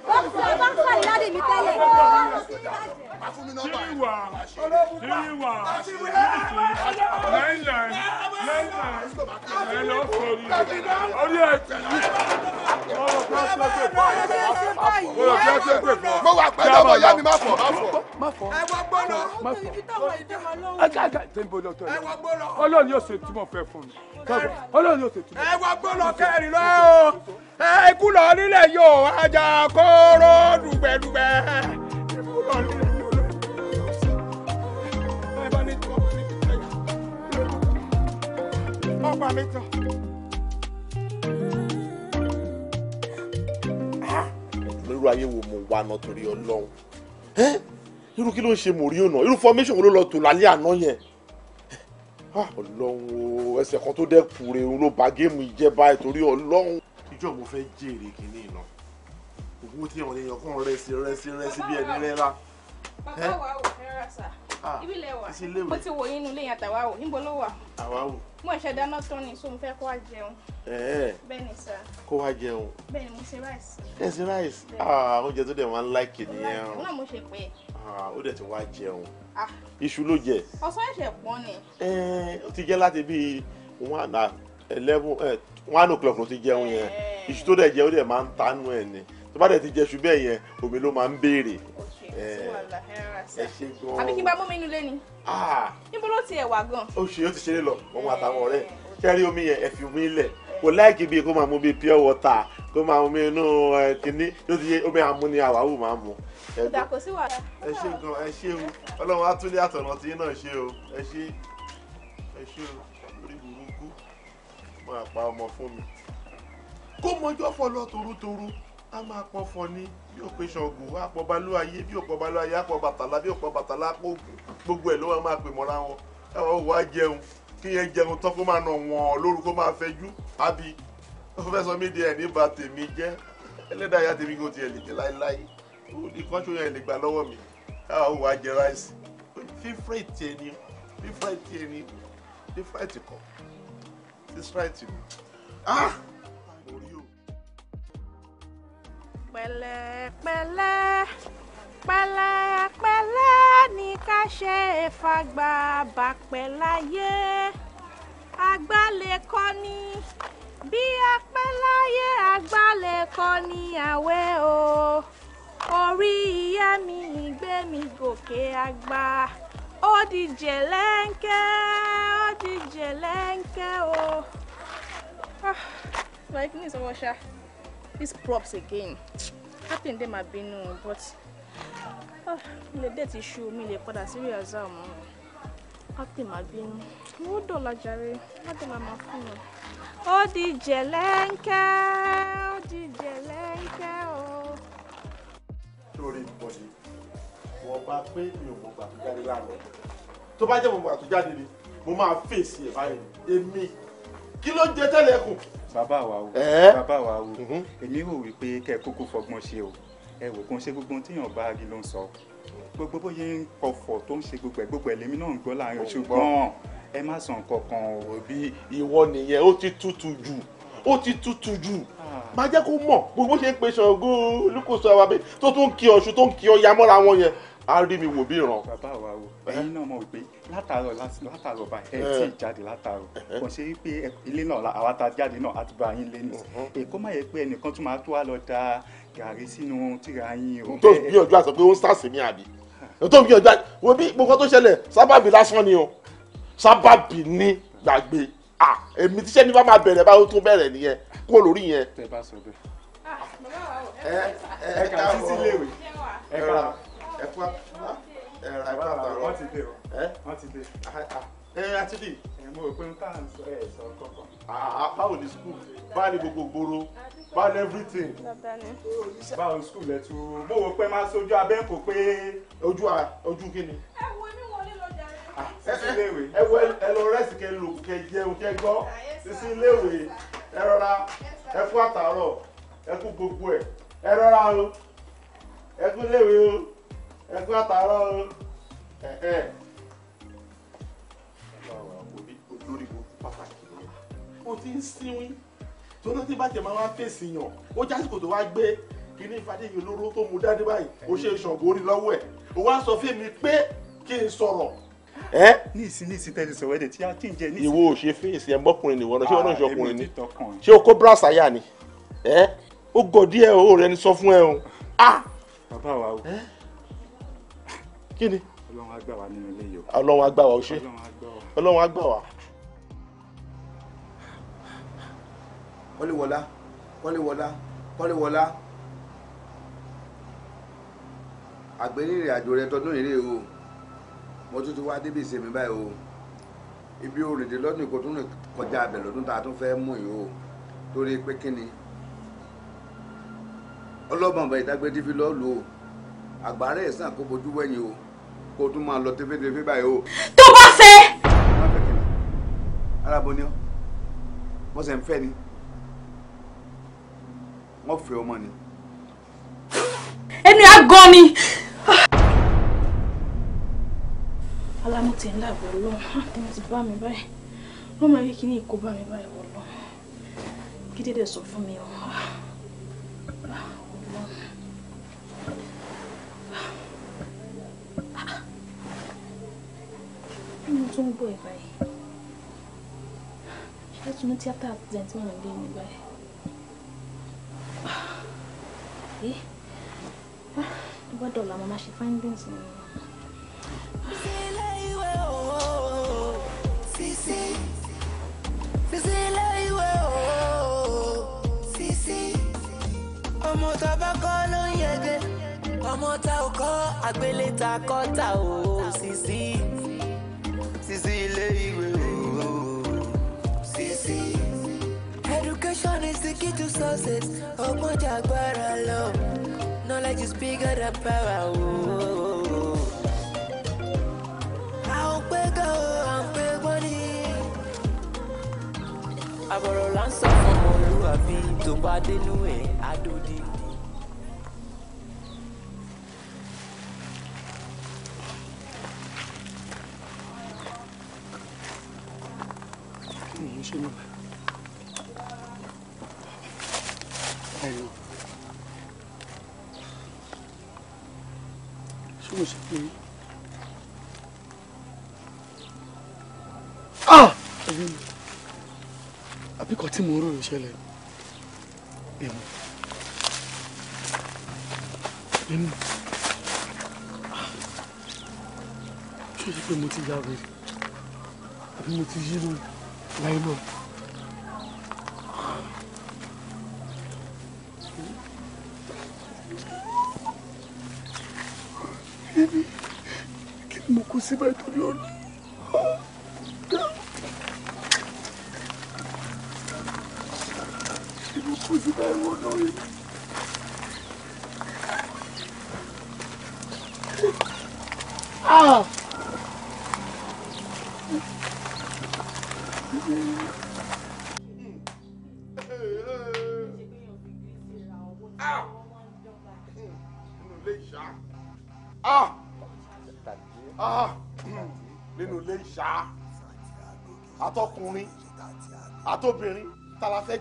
bọ́ọ̀sì bá ń pàdé láti mi tẹ́lẹ̀. tíríwà tíríwà mílìkì náírà náírà ẹ̀lọ́ sọ̀rí orí ẹ̀jẹ̀ mo wà pẹ̀lú ọmọ ìyá mi má fọ̀ má fọ̀. ẹ wọ gbọ́dọ̀ ẹ wọ gbọ́dọ̀ ọlọ́run yóò ṣe tí mo fẹ́ fún mi ọlọ́run yóò ẹ wá gbọ́ lọ kẹrin lọ o ẹ kú lọ nílẹ̀ yóò ajá kóró dùgbẹ̀dùgbẹ̀ irú ah, ayé wo mo wá náà torí ọlọ́run irú kí ló ń ṣe mòrí ọ̀nà irú formation wo ló lọ tò lálẹ́ àná yẹn. Ah, ọlọ́run o ẹsẹ̀ kan tó dẹ̀ kúre òun ló ba géèmù ìjẹ́ báyìí torí ọlọ́run. ìjọ mo fẹ́ jèrè kínní náà òkú tí àwọn èèyàn kàn rẹ́sì rẹ́sì rẹ́sì bí ẹni rẹ́ra. bàbá wa ò fẹ́ rà sà ah, ibi lẹ wà mo ti wò yín nílé yẹn tàwa wò níbo ló wà. àwa wò. mo ṣe dáná tán ni so mo fẹ́ kó wá jẹun. bẹ́ẹ̀ ni sà. kó wá jẹun. bẹ́ẹ̀ ni mo ṣe ráìsì. ẹ ṣe ráìsì ah, oúnjẹ tó dẹ̀ máa ń láìkì nìyẹn. ọ̀nà mo ṣe pé. ó dẹ̀ ti wá jẹun. Ah. iṣu ló jẹ. ọ̀sán ẹ̀ṣẹ̀ pọ́n ni. ó ti jẹ́ láti bíi one ah, eleven eh, one o'clock ló ti jẹun yẹn eh. iṣu tó dẹ̀ jẹ́ ó dẹ̀ máa ń tanú ẹ̀ ni tó bá dẹ̀ ti jẹ iṣu bẹ́ẹ̀ yẹn omi ló máa ń béèrè. Eh. ẹ ṣe gan. àbí kí n bá mú mi inú lé ni. Ah. níbo ló ti ẹ̀ wá gan. ó ṣe ó ti ṣeré lọ òun àtàwọn ọ̀rẹ́ kẹ́rí omi yẹn ẹ fi omi lẹ̀ kò láìkí bíi kó máa mú bíi pure water kó máa mú inú kínní yóò ti yé omi àmúni àwáwù máa mú ẹgbẹ́ kò sí wàhálà. ẹ ṣe nǹkan ẹ ṣe o ọlọ́run á tún lé àtọ̀nà tí yín náà ṣe o ẹ ṣe ẹ ṣe o lórí burúkú máa pa ọmọ fún mi. kó mọjọ́ fọ lọ torútorú a máa pọ̀ fọ ni bí òpè ṣọ̀gùn á pọ̀ balúwayé bí òpọ̀ balúwayé á pọ̀ bàtàlá bí òpọ̀ bàtàlá á pọ̀ gbogbo ẹ̀ ló máa pè mọ́ra wọn ẹ wọ́n wá jẹun kí yẹn jẹun tán kó máa nà wọ́n lórúkọ máa fẹjú àbí ó fẹ́ sọ di ẹ̀ ní ba tèmi jẹ́ ẹlẹ́dàá ya tèmi kò tiẹ̀ lè jẹ́ láéláé ìkọ́ṣọ́ yẹn lè gbà lọ́wọ́ mi táwa ò wá jẹ ráìsì fífúrẹ́ẹ̀tì ẹni fífúrẹ́ẹ̀tì ẹni fífúrẹ́ẹ̀tì kọ fífúrẹ́ẹ̀tì ni. Ah! pẹ̀lẹ́pẹ̀lẹ́ pẹ̀lẹ́pẹ̀lẹ́ ni ká ṣe ìfagbà bàpẹ̀ láyé àgbà lè ni bí apẹ́ láyé àgbà lè ni àwẹ̀ o orí ìyá mi gbé mi gòkè àgbà ó di jẹ̀lẹ́ńkẹ́ ó di jẹ̀lẹ́ńkẹ́ o. ah like ní ìsọwọ́ these props again happen dem abinu but ah, ilé dẹ̀ ti ṣú mi lè padà sí rìhásà mọ́ happen abinu mo dọ̀la jàre má dọ̀la máa fún mi. ó di jẹ̀lẹ́ńkẹ́ ó di jẹ̀lẹ́ńkẹ́ o sórí bọ̀dé wọ́n bá pé mi ò mọ̀gbà tó jáde láàárọ̀ tó bá jẹ́ mọ̀gbà tó jáde ni mo máa fèsì ẹ̀ báyìí èmi kí ló jẹ tẹ́lẹ̀ kù. bàbá wa o bàbá wa o mhm. èmi rò wípé kẹ́ ẹ kúkú fọgbọ́n ṣe o ẹ wò kó ń ṣe gbogbo ohun tíyàn bá rí ló ń sọ gbogbo bóyá ń kọfọ̀ tó ń ṣe gbogbo ẹ̀ gbogbo ẹ̀ lèmi náà ń gbọ́ láàrin ṣùgbọ́n ẹ má sàn kankan òbí ìwọ nìyẹn ó ti tútù jù ó ti tutù jù máa jẹ́ kó mọ̀ gbogbo ṣe ń pe ṣàngó olùkóso àwọn abẹ tó tún ń kí ọ̀ṣun tó ń kí ọya mọ́ra wọn yẹn a rí mi wò bí ràn. bàbá wa o ẹ̀yin náà mọ̀ wípé látàárọ̀ látàárọ̀ bá ẹ tí ì jáde látàárọ̀ kò ṣe wípé ilé náà àwa ta jáde náà àti bá yín lé ní. Uh-huh. èkó má yẹ pé ẹnìkan tún máa tó wá lọ da gàrí sínú tìrà yín o. tó gbìyànjú àti pé ó ń sàṣì ní àbí tó gbìyànjú àti wo bí gbogbo tó ṣẹlẹ̀ sábàbí lásán ni o sábàbí ní gbàgbé ah èmi tíṣẹ́ ní bá máa bẹ̀rẹ̀ báwo tó bẹ̀rẹ̀ nìyẹn kó lórí yẹn. tẹ bá sọ bẹ́ẹ̀. ẹ ẹ ẹ kà sí ẹ kà ẹ fún ẹ ra ẹ fún àtàrọ wọn ti dé o wọn ti dé. ẹ ẹ àtìlì. ẹ mo rò pé n tàn sọ ẹ sọ kọkọ. báwo ni skul báwo ni gbogbo gbòòrò báwo ni everything. báwo ni skul ẹ tún mo rò pé máa sojú abẹ́ kò pé. ojú kí ni. ẹ wo ni sísí lewe. ẹ wọ ẹ lọ rẹ́sì kẹ lò kẹ jẹun kẹ gbọ́ sísí iléèwé ẹ rọra ẹ kú àtàárọ̀ ẹ kú gbogbo ẹ ẹ rọra o ẹ kú iléèwé o ẹ kú o ẹ o ti ń sinwin torí tí bàjẹ́ máa wá fèsì yàn ó jásìkò tó wá gbé kíní ìfàdéyìn olóró tó mu dádé báyìí ó ṣe é ṣọ̀gbọ́n orí lọ́wọ́ ẹ̀ ó wá sọ fún mi pé kí n sọ̀rọ̀ ẹ. ní ìsín ní ìsín tẹ́lẹ̀ sọ̀rọ̀ ẹ̀dẹ̀ tí a ti ń jẹ ní ìsín. ìwo ò ṣe fèsì ẹ̀ mọ́kùnrin nìwọ náà ṣé wọn náà ṣe ah, ọkùnrin ni ṣé o kó brass àyà ni ẹ ó gọ̀ díẹ̀ o rẹ ni sọ fún ẹ o. Ah! bàbá wa o kí ni. ọlọ́run á gbà wá nínú ilé yìí o. ọlọ́run á gbà wá o ṣe ọlọ́run á gbà wá. kọ́léwọlá kọ́léwọlá kọ́léwọlá àgbélé ìrìn àjò rẹ tọdún ìrè o mo tún ti wá débi ìsinmi báyìí o ibi òrìndínlọ́dún kò tún kọjá abẹ̀ lọ́dún tá a tún fẹ́ mú yìí o torí pé kí ni ọlọ́mọ ọ̀bẹ ìdágbẹ́dí fi lọ́ọ́ lò ó àgbàrá ẹ̀sán kó bojú wẹ̀yìn o kó tún máa lọ tẹ́fẹ́tẹ́fẹ́ báyìí o. tó bá fẹ́. arábọ ni ọ mo sì ń fẹ́ ni wọ́n fẹ́ ọmọ ni. ẹni àgọ́ ni ti ń dàbí ọlọ́run àti ti bá mi báyìí wọ́n máa rí kíní ìkó bá mi báyìí wọ̀ lọ gidi dẹ̀ sọ fún mi o. mo tún ń gbọ́ ẹ̀ báyìí ṣé tún ní tíátà àtijọ́ tí mo ń gbé mi báyìí. ẹ eh, bá dọ̀là màmá ṣe findings nìyẹn. tá ò kọ́ àgbéléta kọ́ tá ò Sisi Sisi ilé ìwé o Sisi. Education is the key to success ọgbọ́n jà agbára lọ knowledge is bigger than power o. À ń pé gan o, à ń pé gbọ́n ni. Àbọ̀rọ̀ là ń sọ fún ọmọlúwàbí tó bá dénú ẹ̀ adódì. ṣẹlẹ̀ èmi nínú ṣé o ṣe pé mo ti ya wèrè àbí mo ti yí lóyún láyé náà. Kí ni mo kú síbẹ̀ torí ọ̀nà?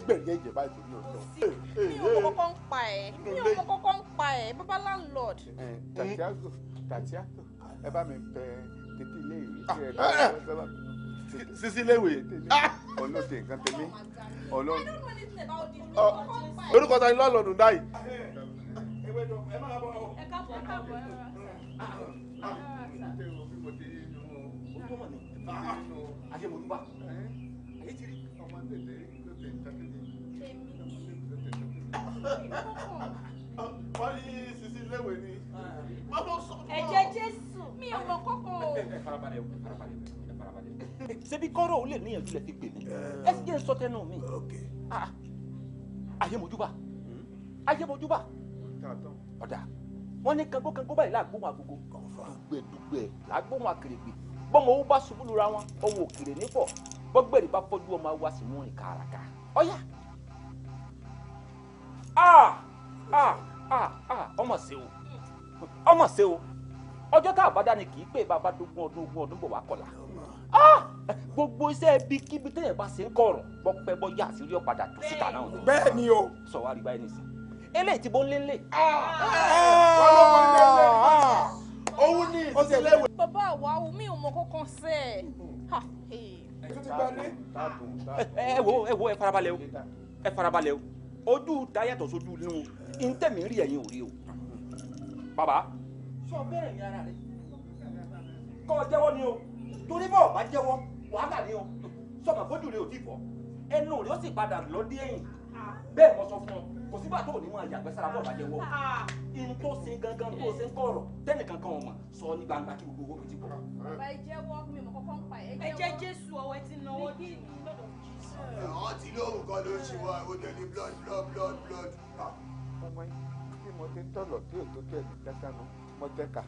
gbẹ̀rẹ̀ ẹ̀jẹ̀ báyìí torí ọjọ́. mi ò kọ́kọ́ ń pa ẹ̀ mi ò kọ́kọ́ ń pa ẹ̀ bàbá landlord. tàtíàgò tàtíàgò ẹ bá mi bẹ tètè ilé ìwé ah, ah, ah. tí ẹ bá sisi léwe olóde nǹkan tèmi olóde oh orúkọ ta ni lọ́ọ̀lọ́dún dáì. ẹ káàbọ̀ ẹ káàbọ̀ ẹ rà. wọ́n ní sisi léwe ni. ẹ̀jẹ̀ jésù mi ò mọ kókó. ẹ farabalẹ̀ ẹ farabalẹ̀ ẹ farabalẹ̀. ṣebí kọ́rọ̀ ò lè níyànjú lẹ ti pè mí eh. ẹ sì jẹ́ sọ tẹnu mi ah, ah. ayé mojúbà hmm? ayé mojúbà ọ̀dà wọ́n ní kango kango báyìí láàgbóhùn agogo dùgbẹ̀ dùgbẹ̀ láàgbóhùn akèrègbè bọ́mọ owó bá Oh, yeah. Ah, ah, ah, ah, ọmọ ṣe o ọmọ ṣe o ọjọ́ tá a bá dání kì í pé bàbá dogun ọdún ogún ọdún bọ̀ wá kọ̀la gbogbo iṣẹ́ ibi kíbi téèyàn bá ṣe ń kọ̀rọ̀ bọ́pẹ́ bọ́yá àṣírí ọ̀padà tó síta náà ni. bẹ́ẹ̀ ni o. sọ wá rí báyìí nìsín eléyìí ti bó ń lé lé. òun ni ìṣẹ̀lẹ̀ wẹ̀. bàbá àwa omi ò mọ kankan sẹ́ ẹ̀. ẹ wo ẹ eh, wo ẹ farabalẹ̀ o ẹ farabalẹ̀ o ojú ta yàtọ̀ sójú ilé wọn ntẹ̀mí rí ẹ̀yin ò rí o bàbá. sọ bẹ́ẹ̀ ni ara rẹ kọ́ ọ jẹ́wọ́ ni o torí bọ́ọ̀ bá jẹ́wọ́ wàhálà ni o sọ̀mọ̀ fojú rẹ ò tí fọ́ ẹnu rẹ ó sì padà lọ dé ẹ̀yìn bẹ́ẹ̀ mo sọ fún ọ kò sígbà tó ò ní wọn àyàgbẹ́ sára bọ́ọ̀ bá jẹ́wọ́ ihun tó ṣe gangan tó ṣe ń kọ̀rọ̀ tẹ́nì kankan ọ̀mọ̀ sọ ní gbangba kí gbogbo owó mi ti bọ̀. bàbá ẹ jẹ́wọ́ mi mọ̀ ń pa ẹ jẹ́wọ́ ẹ jésù ọwọ́ ti náwó dì mí ọtí lóhùn kan ló ṣe wá ọdẹ ní blood blood blood blood. ọmọ yìí bí mo ti tọ̀lọ̀ tí òtún tẹ̀ mí kankan nu mo tẹ ká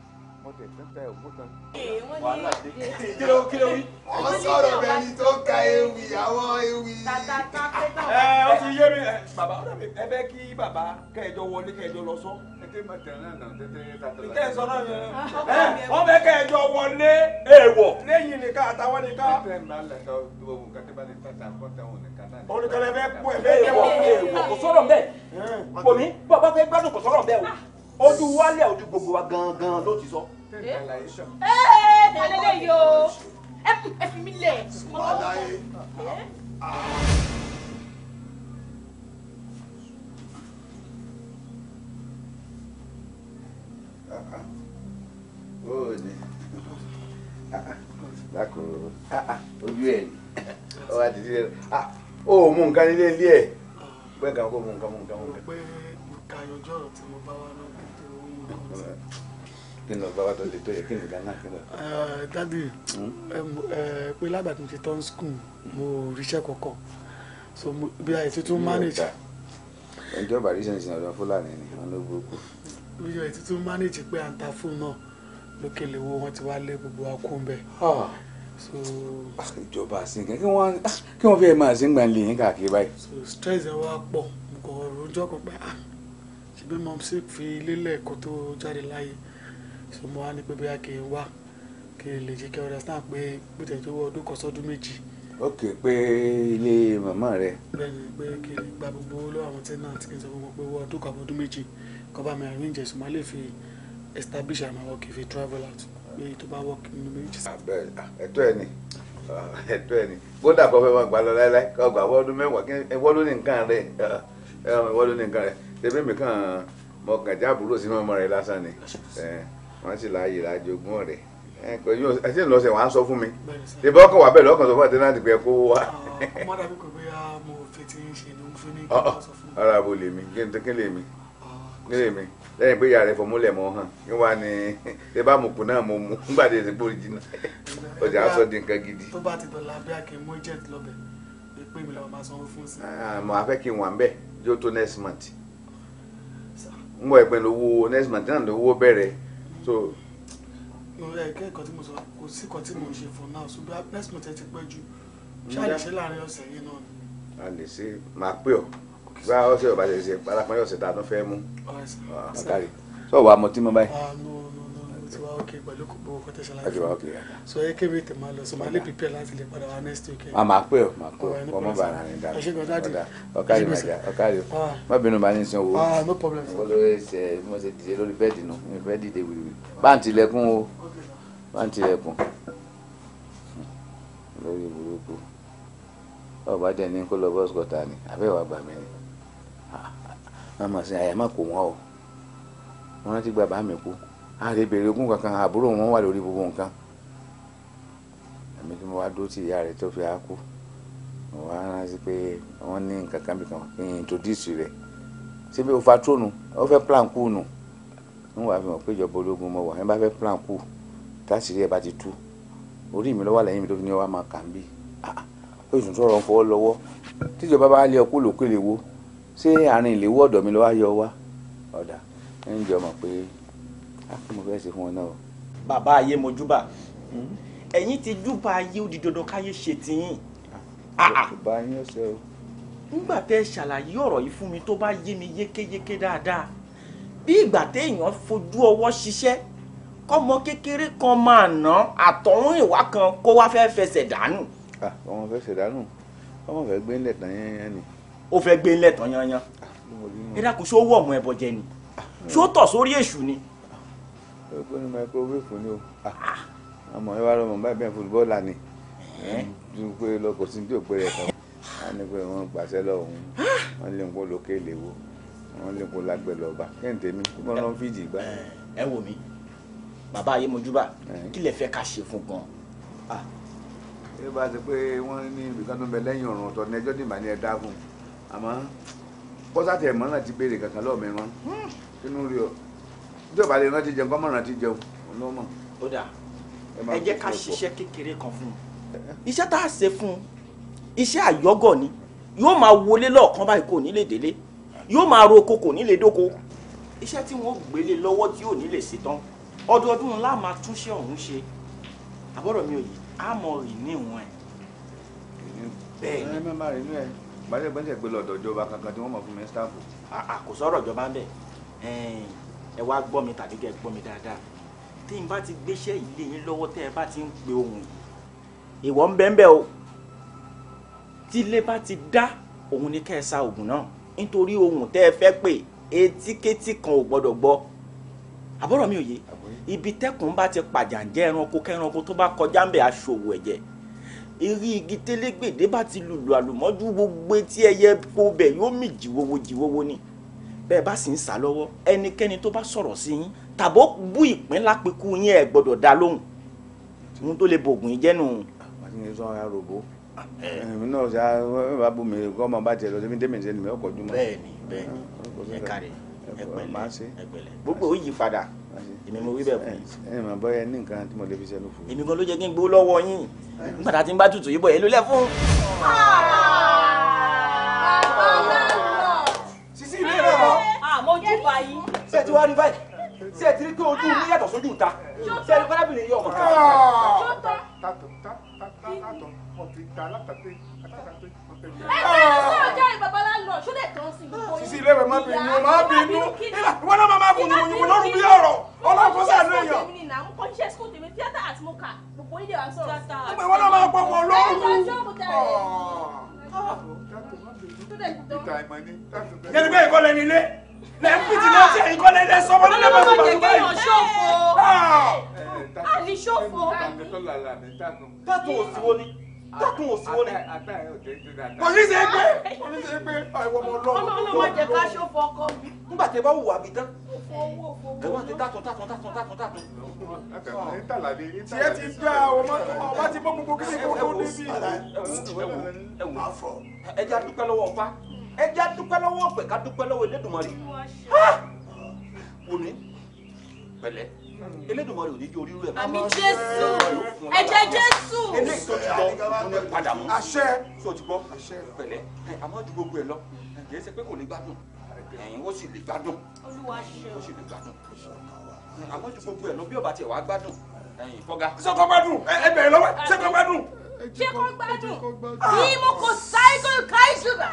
mo tẹ tẹ́tẹ́ ògùn kan. wàhálà dé kí ló kí ló wí. wọ́n sọ̀rọ̀ bẹ́ẹ̀ni tó ka ewì àwọn ewì. ẹ ó ti yé mi bàbá ẹ bẹ kí bàbá kẹjọ wọlé kẹjọ lọ sọ ìtẹ́ ìsọ̀rọ̀ yẹn. wọ́n fẹ́ kẹ́ ẹ jọ wọlé èèwọ̀. lẹ́yìn nìkan àtàwọn nìkan. olùkọ́lẹ̀ fẹ́ kú ẹ̀ bẹ́ẹ̀ èèwọ̀ èèwọ̀ kò sọ̀rọ̀ bẹ́ẹ̀ kò ní bàbá fẹ́ gbádùn kò sọ̀rọ̀ bẹ́ẹ̀ o ojú wálé ojú gbogbo wa gangan ló ti sọ. ẹ̀ẹ́ tẹ̀lé yìí o ẹ fi mí lẹ̀. ó ní bákan ojú ẹ̀ ni ó wá ti sílẹ̀ ó mú nǹkan nílé ilé ẹ̀ pé nǹkan kó mú nǹkan mú nǹkan mú nǹkan. pé nǹkan ayọjọ́ ọ̀rọ̀ tí mo bá wá náà kí n tó mú nǹkan kí ni ọba wa tó lè tó yẹ kí ni gánà kí ni. Eh, dadi hmm? eh, pé lágbà tí mo ti tán skul mo ríṣẹ́ kọ̀ọ̀kan so bí a ti tún manage. ẹjọ́ bàrí ṣe ń sin ọ̀dọ́ fúlàní ni wọn ló burúkú oyè ti tún manage pé à ń ta fún náà lókè wọn ti wá lé gbogbo akóńbẹ. Ah, ìjọba àsìnkẹ́ ah, kí wọ́n fi ẹ̀ máa ṣe ń gbà lè yín káàkiri báyìí. so stress ẹ wá pọ̀ nǹkan ọ̀rọ̀ ojú ọkàn pé ah, ṣebí mọ̀ sí fi lélẹ̀ kó tó jáde láyé so mo wá ní pé bóyá kì í wá kì í lè jẹ́ kí ọ̀rẹ́ sáà pé bó tẹ̀ wọ ọdún kan méjì. ok pé ilé màmá rẹ. bẹ́ẹ̀ni pé kì í gba gbogbo lọ́wọ́ àwọn tẹ́nà àti kí n sọ fún wọn pé wọ́n ọdún kan kọ́ bá mi arrange ẹ̀sùn fi establish àmà work if you travel out pé tó bá work nínú méjì. abẹ́rẹ́ ẹ̀tọ́ ẹ̀ ni ah, ẹ̀tọ́ ẹ̀ ni bóńdà kọ́ fẹ́ máa gbà lọ láéláé kọ́ gbà wọ́ọ́dún mẹ́wàá kí ẹ̀wọ́ ló ní nǹkan rẹ̀ ah, ẹ̀wọ́ ló ní nǹkan rẹ̀ tẹ̀mí mi kàn mọ kàn já àbúrò sínú ọmọ rẹ̀ lásán ni wọ́n sì láàyè lájogún ọ̀rẹ́ ẹ̀sìn lọ́sẹ̀ wàá sọ fún mi ìbọn ọkọ̀ wà bẹ́ẹ̀ lọ́kàn sọ fún àtẹnáàtì pé kó wá. ọmọdàbí ah, kò gbé ya mo fi ti ń ṣe ni mo fi ní kí n sọ fún mi. ọ̀rọ̀ àbò mi. kí n tẹ́kẹ́ lèmi nílé mi lẹ́yìn pé ìyá rẹ̀ fọmúlẹ̀ mọ́ hàn ní wàá ní ṣe bá mùkù náà mo mú nígbà tí èsì gbòòrì jìnnà ọjà aṣọ di nǹkan gidi. tó bá ti dọ̀la bí akin mú jet lọ́bẹ̀ pé mi làwọn máa sanwó fún sí. Ah, mo á fẹ́ kí n wà ń bẹ̀ yóò tó next month ń bọ̀ ẹ̀pẹ̀ lówó next month náà lówó bẹ̀rẹ̀ so. mo rẹ ẹ̀kẹ́ ẹ̀kọ́ tí mo sọ kò sí ẹ̀kọ́ tí mo ṣe for now so next month ẹ ti pẹ́ ju ṣáà lè hmm. ṣe láàrin ọ̀sẹ̀ yìí náà ni. a lè ṣe máa pè ọ́ bá ọsẹ ọba ṣe ṣe palápọn ọsẹ tá a tún fẹ́ mú àkàrí sọ ah, wà á mọ tí mo báyìí. Ah, tiwa ok pẹ̀lú gbogbo kọtẹ ṣàlàyé so ẹ kébé tẹ máa lọ so máa lè pípẹ láti lè padà wá next week. a ah, máa pè ọ máa pè ọ ọmọ bàrà rẹ dáa ọdà ọkàrí màjà ọkàrí o má bínú bá ní sanwó owó ló ṣe mo ṣe dìde lórí bẹ́ẹ̀dì nù mi fẹ́ dìde wìwì bá ń tilẹ̀kùn o bá ń tilẹ̀kùn lórí burúkú ọba dẹni kó lọ bọ́sùkọ̀tà ni àbẹ́wò àgbà mi ni màmá sí àyà má kó wọn o wọn rántí gbà bá mi kú a lè béèrè ogún kankan àbúrò wọn wà lórí gbogbo nǹkan èmi tí mo wá dó tí ìyá rẹ tó fi á kú mo wá rántí pé wọn ní nǹkan kan bí kan kí n introduce rẹ síbi òfa trónù ó fẹ́ plan kú nù ń wà fi hàn pé ìjọba ológun mo wà ẹ bá fẹ́ plan kú tásìrí ẹ bá ti tú orí mi lọ́wọ́ lẹ́yìn mi tó fi ní wàá máa kà ń bì ah, ah, ó sì tún sọ̀rọ̀ ń fọwọ́ lọ́wọ́ tíjọba bá lé ọkú lòkèlè wo ṣé àárín ìléwó ọ̀dọ̀ mi ló wá yọ wá ọ̀dà ẹ̀ ń jọ mọ̀ pé a kì mo fẹ́ ṣe fún wọn náà. bàbá ayé mojúbà ẹ̀yin ti júbà ayé ó di dandan káyé ṣe tiyín. Ah, ah. bá a yín ọ̀sẹ̀ o. nígbà tẹ́ ẹ ṣàlàyé ọ̀rọ̀ yìí fún mi tó bá yé mi yékéyéké dáadáa bí ìgbà téèyàn fojú ọwọ́ ṣiṣẹ́ kọ́mọ kékeré kan máa ná àtọ̀hún ìwà kan kó wá fẹ́ fẹsẹ̀ dànù. Ah, ọmọ fẹsẹ̀ dànù ọmọ fẹ́ gbé ńlẹ̀ tán yẹn yẹn ni ó fẹ́ gbé ńlẹ̀ tán yanyan ẹ dákun ṣé ó wọ̀ ọ̀mù ẹbọ jẹ ni ṣé ó tọ̀ sórí èṣù ni. ó ní microwave ni o àmọ́ ah, ẹ wá lọ́mọ báyìí bẹ́ẹ̀ fúlùbọ́ọ̀lù àní ju pé lọkọ̀ sí ní òpè rẹ̀ kan á ní pé wọ́n gbàṣẹ lọ́wọ́ wọn lè ń kó lókè léwo wọn lè ń kó lágbẹ̀ lọ́ba kéńté mi kí wọ́n lọ́n fìdí gbá. ẹ wò mí bàbá ayé mojúbà kí lè fẹ́ ká ṣe fún gan. ẹ ah. bá ti pé wọ́n ní ibìkan tó ń bẹ lẹ́yìn ọ̀run ọ̀tọ̀ ní ẹjọ́ dìbà ní ẹ dá fún un àmọ́ bọ́sàtì ẹ̀mọ́ náà ti béèrè kankan lọ́ọ̀mí wọn sínú hmm. rí ọ bí ọba lè rántí jẹun kọ́mọ̀ rántí jẹun ọlọ́mọ. ó dà ẹ jẹ́ ká ṣiṣẹ́ kékeré kan fún un iṣẹ́ tá a ṣe fún un iṣẹ́ àyọ́gọ̀ ni yóò máa wọlé lọ́ọ̀kan báyìí kò ní lè délé yóò máa roko kò ní lè dóko iṣẹ́ tí wọ́n gbélé lọ́wọ́ tí ò ní lè sí tán ọdọọdún ńlá máa túnṣe ọ̀hún gbàdégbèsè pé lọ́dọ̀ ìjọba kankan tí wọ́n mọ̀ fún mi staff. kò sọ̀rọ̀ ìjọba ń bẹ̀ ẹ wá gbọ́ mi tàbí kẹ́ ẹ gbọ́ mi dáadáa tí n bá ti gbéṣẹ́ ilé yín lọ́wọ́ tẹ́ ẹ bá ti ń pe ohun ìwọ ń bẹ́ẹ̀ o tí ilé bá ti dá òun ni kẹ́ ẹ sa oògùn náà nítorí ohun tẹ́ ẹ fẹ́ pè etíkétí kan ò gbọ́dọ̀ gbọ́ àbúrò mi ò yé ibi tẹ́kùn bá ti pàjàǹjẹ́ ẹranko kẹ́ranko tó bá kọjá ń bẹ̀ aṣòwò ẹ̀jẹ̀ eré igi télégbèdé bá ti lùlù àlùmọ́jú gbogbo etí ẹyẹ bobẹ̀ yóò mì jìwowo jìwowo ni bẹ́ẹ̀ bá sì ń sá lọ́wọ́ ẹnikẹ́ni tó bá sọ̀rọ̀ sí yín tàbó bú ìpín lápẹ́kù yín ẹ̀ gbọ́dọ̀ dá lóhùn ohun tó lè bògùn yín jẹ́nu. àti ní sọ ara rògbò èmi náà ṣe àwọn bá bù mí kọ́ ọmọ bá tiẹ̀ lọ sí mi dé mi ẹ káre ẹpẹ̀lẹ́ gbogbo ó yí padà èmi mo wí bẹ́ẹ̀ fún yìí. ẹ mà bọ́ ẹ ní nǹkan tí mo lè fi ṣẹnu fún. èmi gan ló jẹ́ kí n gbó lọ́wọ́ yín nígbà tá a ti ń bá tutù yìí bọ̀ èlò lẹ́ fún. sisi ilé rẹ mọ. àmọ́ ah, ojú bá yín. ṣé ẹ ti wá rí báyìí ṣé ẹ ti rí pé ojú mi yàtọ̀ sójú ta ṣé ẹ rí fọlábìnrin yìí ọmọ kan. tátọ̀ tátọ̀ tátọ̀ ẹgbẹ́ ẹ̀sọ́ ọjà ìbàbálá lọ ṣúlẹ̀ sisi ilé rẹ̀ má bínú má bínú ìwọ náà máa bùnú òyìnbó lọ́rù bí ọ̀rọ̀ ọlọ́kọ̀ọ́sẹ̀ àná èèyàn. mo kọ́ náà máa pọ̀ pọ̀ lọ́rù. yẹn ni bẹ́ẹ̀ kọ́ lẹ ń pìtì náà ṣe ìkọ́ lẹ́lẹ́ sọmọ lọ́lẹ́ bá tó bá tó báyìí. a ní ṣòfò. a ní ṣòfò. tàtò òsì wo dákun ò sí wọlé. polisi ẹ pé polisi ẹ pé àìwọ ọmọ ọlọ́run. ọlọ́run má jẹ ká ṣó fọkọ mi. nígbà tí ẹ bá wùwà bìtán. ẹ wá ti tàtún tàtún tàtún tàtún tàtún. tiẹ̀ ti dá ọmọ ọba ti bọ́ gbogbo kíni kó tó níbí. ẹ jẹ́ àdúpẹ́ lọ́wọ́ ọ̀pá ẹ jẹ́ àdúpẹ́ lọ́wọ́ ọ̀pẹ̀ ká dúpẹ́ lọ́wọ́ Elédùmarè. òní pẹ̀lẹ́. Elédùmarè ò ní jó orírú ẹ̀. àmì Jésù ẹ̀jẹ̀ Jésù. ilé ìtọ́jú lọ ní padà mú. àṣẹ tí o ti gbọ́ pẹ̀lẹ́ àmọ́ ju gbogbo ẹ̀ lọ kì í ṣe pé kò lè gbádùn ẹ̀yin ó sì lè gbádùn ó sì lè gbádùn àmọ́ ju gbogbo ẹ̀ lọ bí ọba tiẹ̀ wá gbádùn ẹ̀yin fọ́gá. sọ́kọ́ gbádùn ẹ bẹ̀rẹ̀ lọ́wọ́ sọ́kọ́ gbádùn jẹ́ kó gbádùn yìí ah. mo kò sáíkò káìsùbà.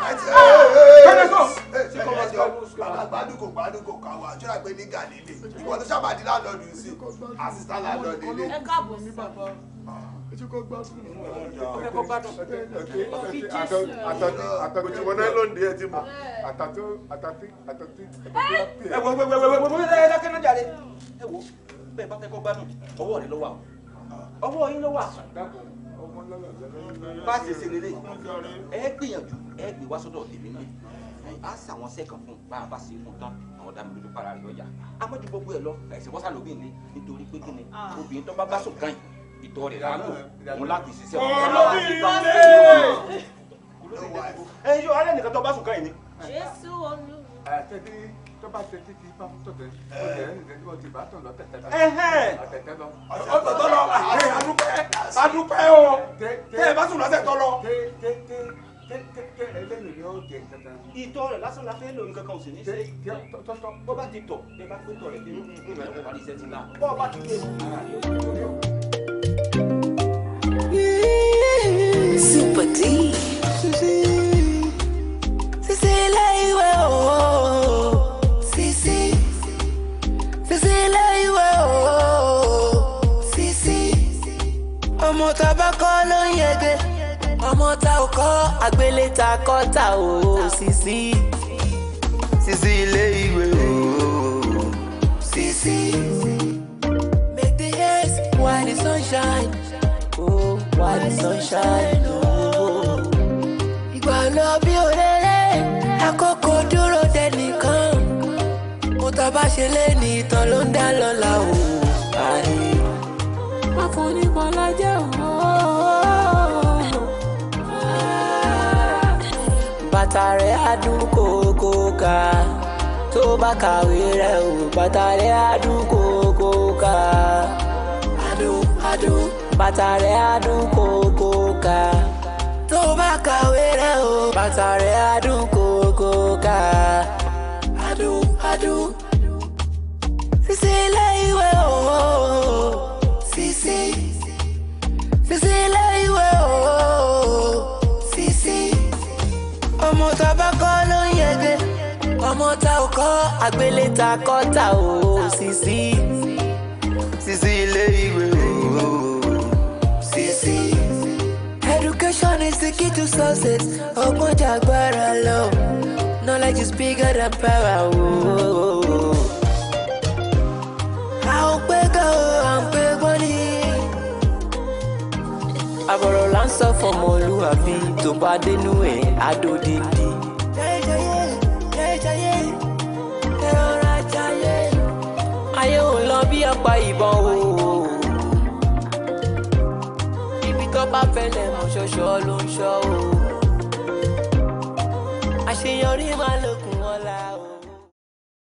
bàbá gbádùn kò gbádùn kò kà wá jọra pé ní gàlílè ìwọ tó sábàdí láńlọ́ọ̀dù sí àsìsá láńlọ́ọ̀dù ilé. ẹ káàbọ̀ sí bàbá ojúkọ gbádùn ojúkọ gbádùn ọkì jésù àtàtúntìmọ náà ló ń di ẹtí mọ àtàtú àtàtú àtàtú. ẹ wo wẹwẹwẹwẹ ẹ dákẹ́ náà jàre ẹ wo bẹ́ẹ̀ bá fẹ́ kọ́ gbádùn ọwọ́ rẹ ló wà ah. ọwọ́ yín ló wà bá a ṣe ṣe lélẹ̀ ẹ gbìyànjú ẹ gbé wá sọ́dọ̀ tèmi náà a sà sẹ́kàn fún bá a bá ṣe fún tán àwọn ọ̀dà mi lójú para rẹ̀ ọ̀yà amójú gbogbo ẹ̀ lọ ẹ̀sìn wọ́n sàlóbì ní nítorí pé kí ni obìnrin tó bá bá sùn gan ìtọ́ rẹ̀ lánàá òun láti ṣiṣẹ́ wọn. olóbìnrin lè. ẹ̀yin yóò alẹ́ nìkan tó bá sùn gan ni. jésù olú tó bá ṣe títí bá fún tọ̀tẹ̀ ọ̀tẹ̀ ẹ̀rìndínlẹ́ wọ́n ti bá tàn lọ tẹ̀tẹ̀ lọ. ọ̀tẹ̀tẹ̀ lọ. ọ̀tẹ̀tẹ̀ lọ adúpẹ́ adúpẹ́ o tẹ ẹ bá sùn lọ́sẹ̀ tọ́ lọ. ẹlẹ́yìn ni ó jẹ kankan. ìtọ́ rẹ̀ lásán la fẹ́ lòun kankan ò sì ní ṣe. bó bá ti tọ̀ ẹ bá fẹ́ tọ̀ rẹ̀ nínú ìrẹ̀wọ̀n parí iṣẹ́ ti la. bó bá Super D. Sisi la iwe sílẹ̀ ìwé ooo Sisi ọmọ tá a bá kọ́ ló ń yege ọmọ tá ò kọ́ àgbélé ta kọ́ ta ooo Sisi Sisi ilé ìwé ooo Sisi. Make the haze while the sunshine oh while the sunshine oh. ìgbà lọ bí òrèrè àkókò dúró bá ṣe lé ní ìtàn ló ń dá lọ́la o. má fún ní bọ́lá jẹ́ o. bàtà rẹ̀ á dún kókó ká tó bá kàwé rẹ̀ o bàtà rẹ̀ á dún kókó ká. bàtà rẹ̀ á dún kókó ká tó bá kàwé rẹ o bàtà rẹ adùn kòkó ká. adùn adùn o. Sisi, Sisi ilé ìwé o. Sisi, ọmọ tá a bá kọ́ ló ń yege. Ọmọ tá ò kọ́ àgbéléta kọ́ ta o. Sisi, Sisi iwe ìwé o. Sisi. Education is the key to success. Ọgbọ́n jagbara lọ. Knowledge is bigger than power. Oh, àwògbégà o àwògbégbọ́n ni. àbọ̀rọ̀ là ń sọ fọmọlúwàbí tó bá dénú ẹ̀ adódindi. ayé ò ń lọ bí ọ̀pá ìbọn o. ibi tó bá fẹlẹ̀ mọ̀ ṣoṣo ló ń ṣọ́ o. àṣeyọrí máa lókun ọ̀la o.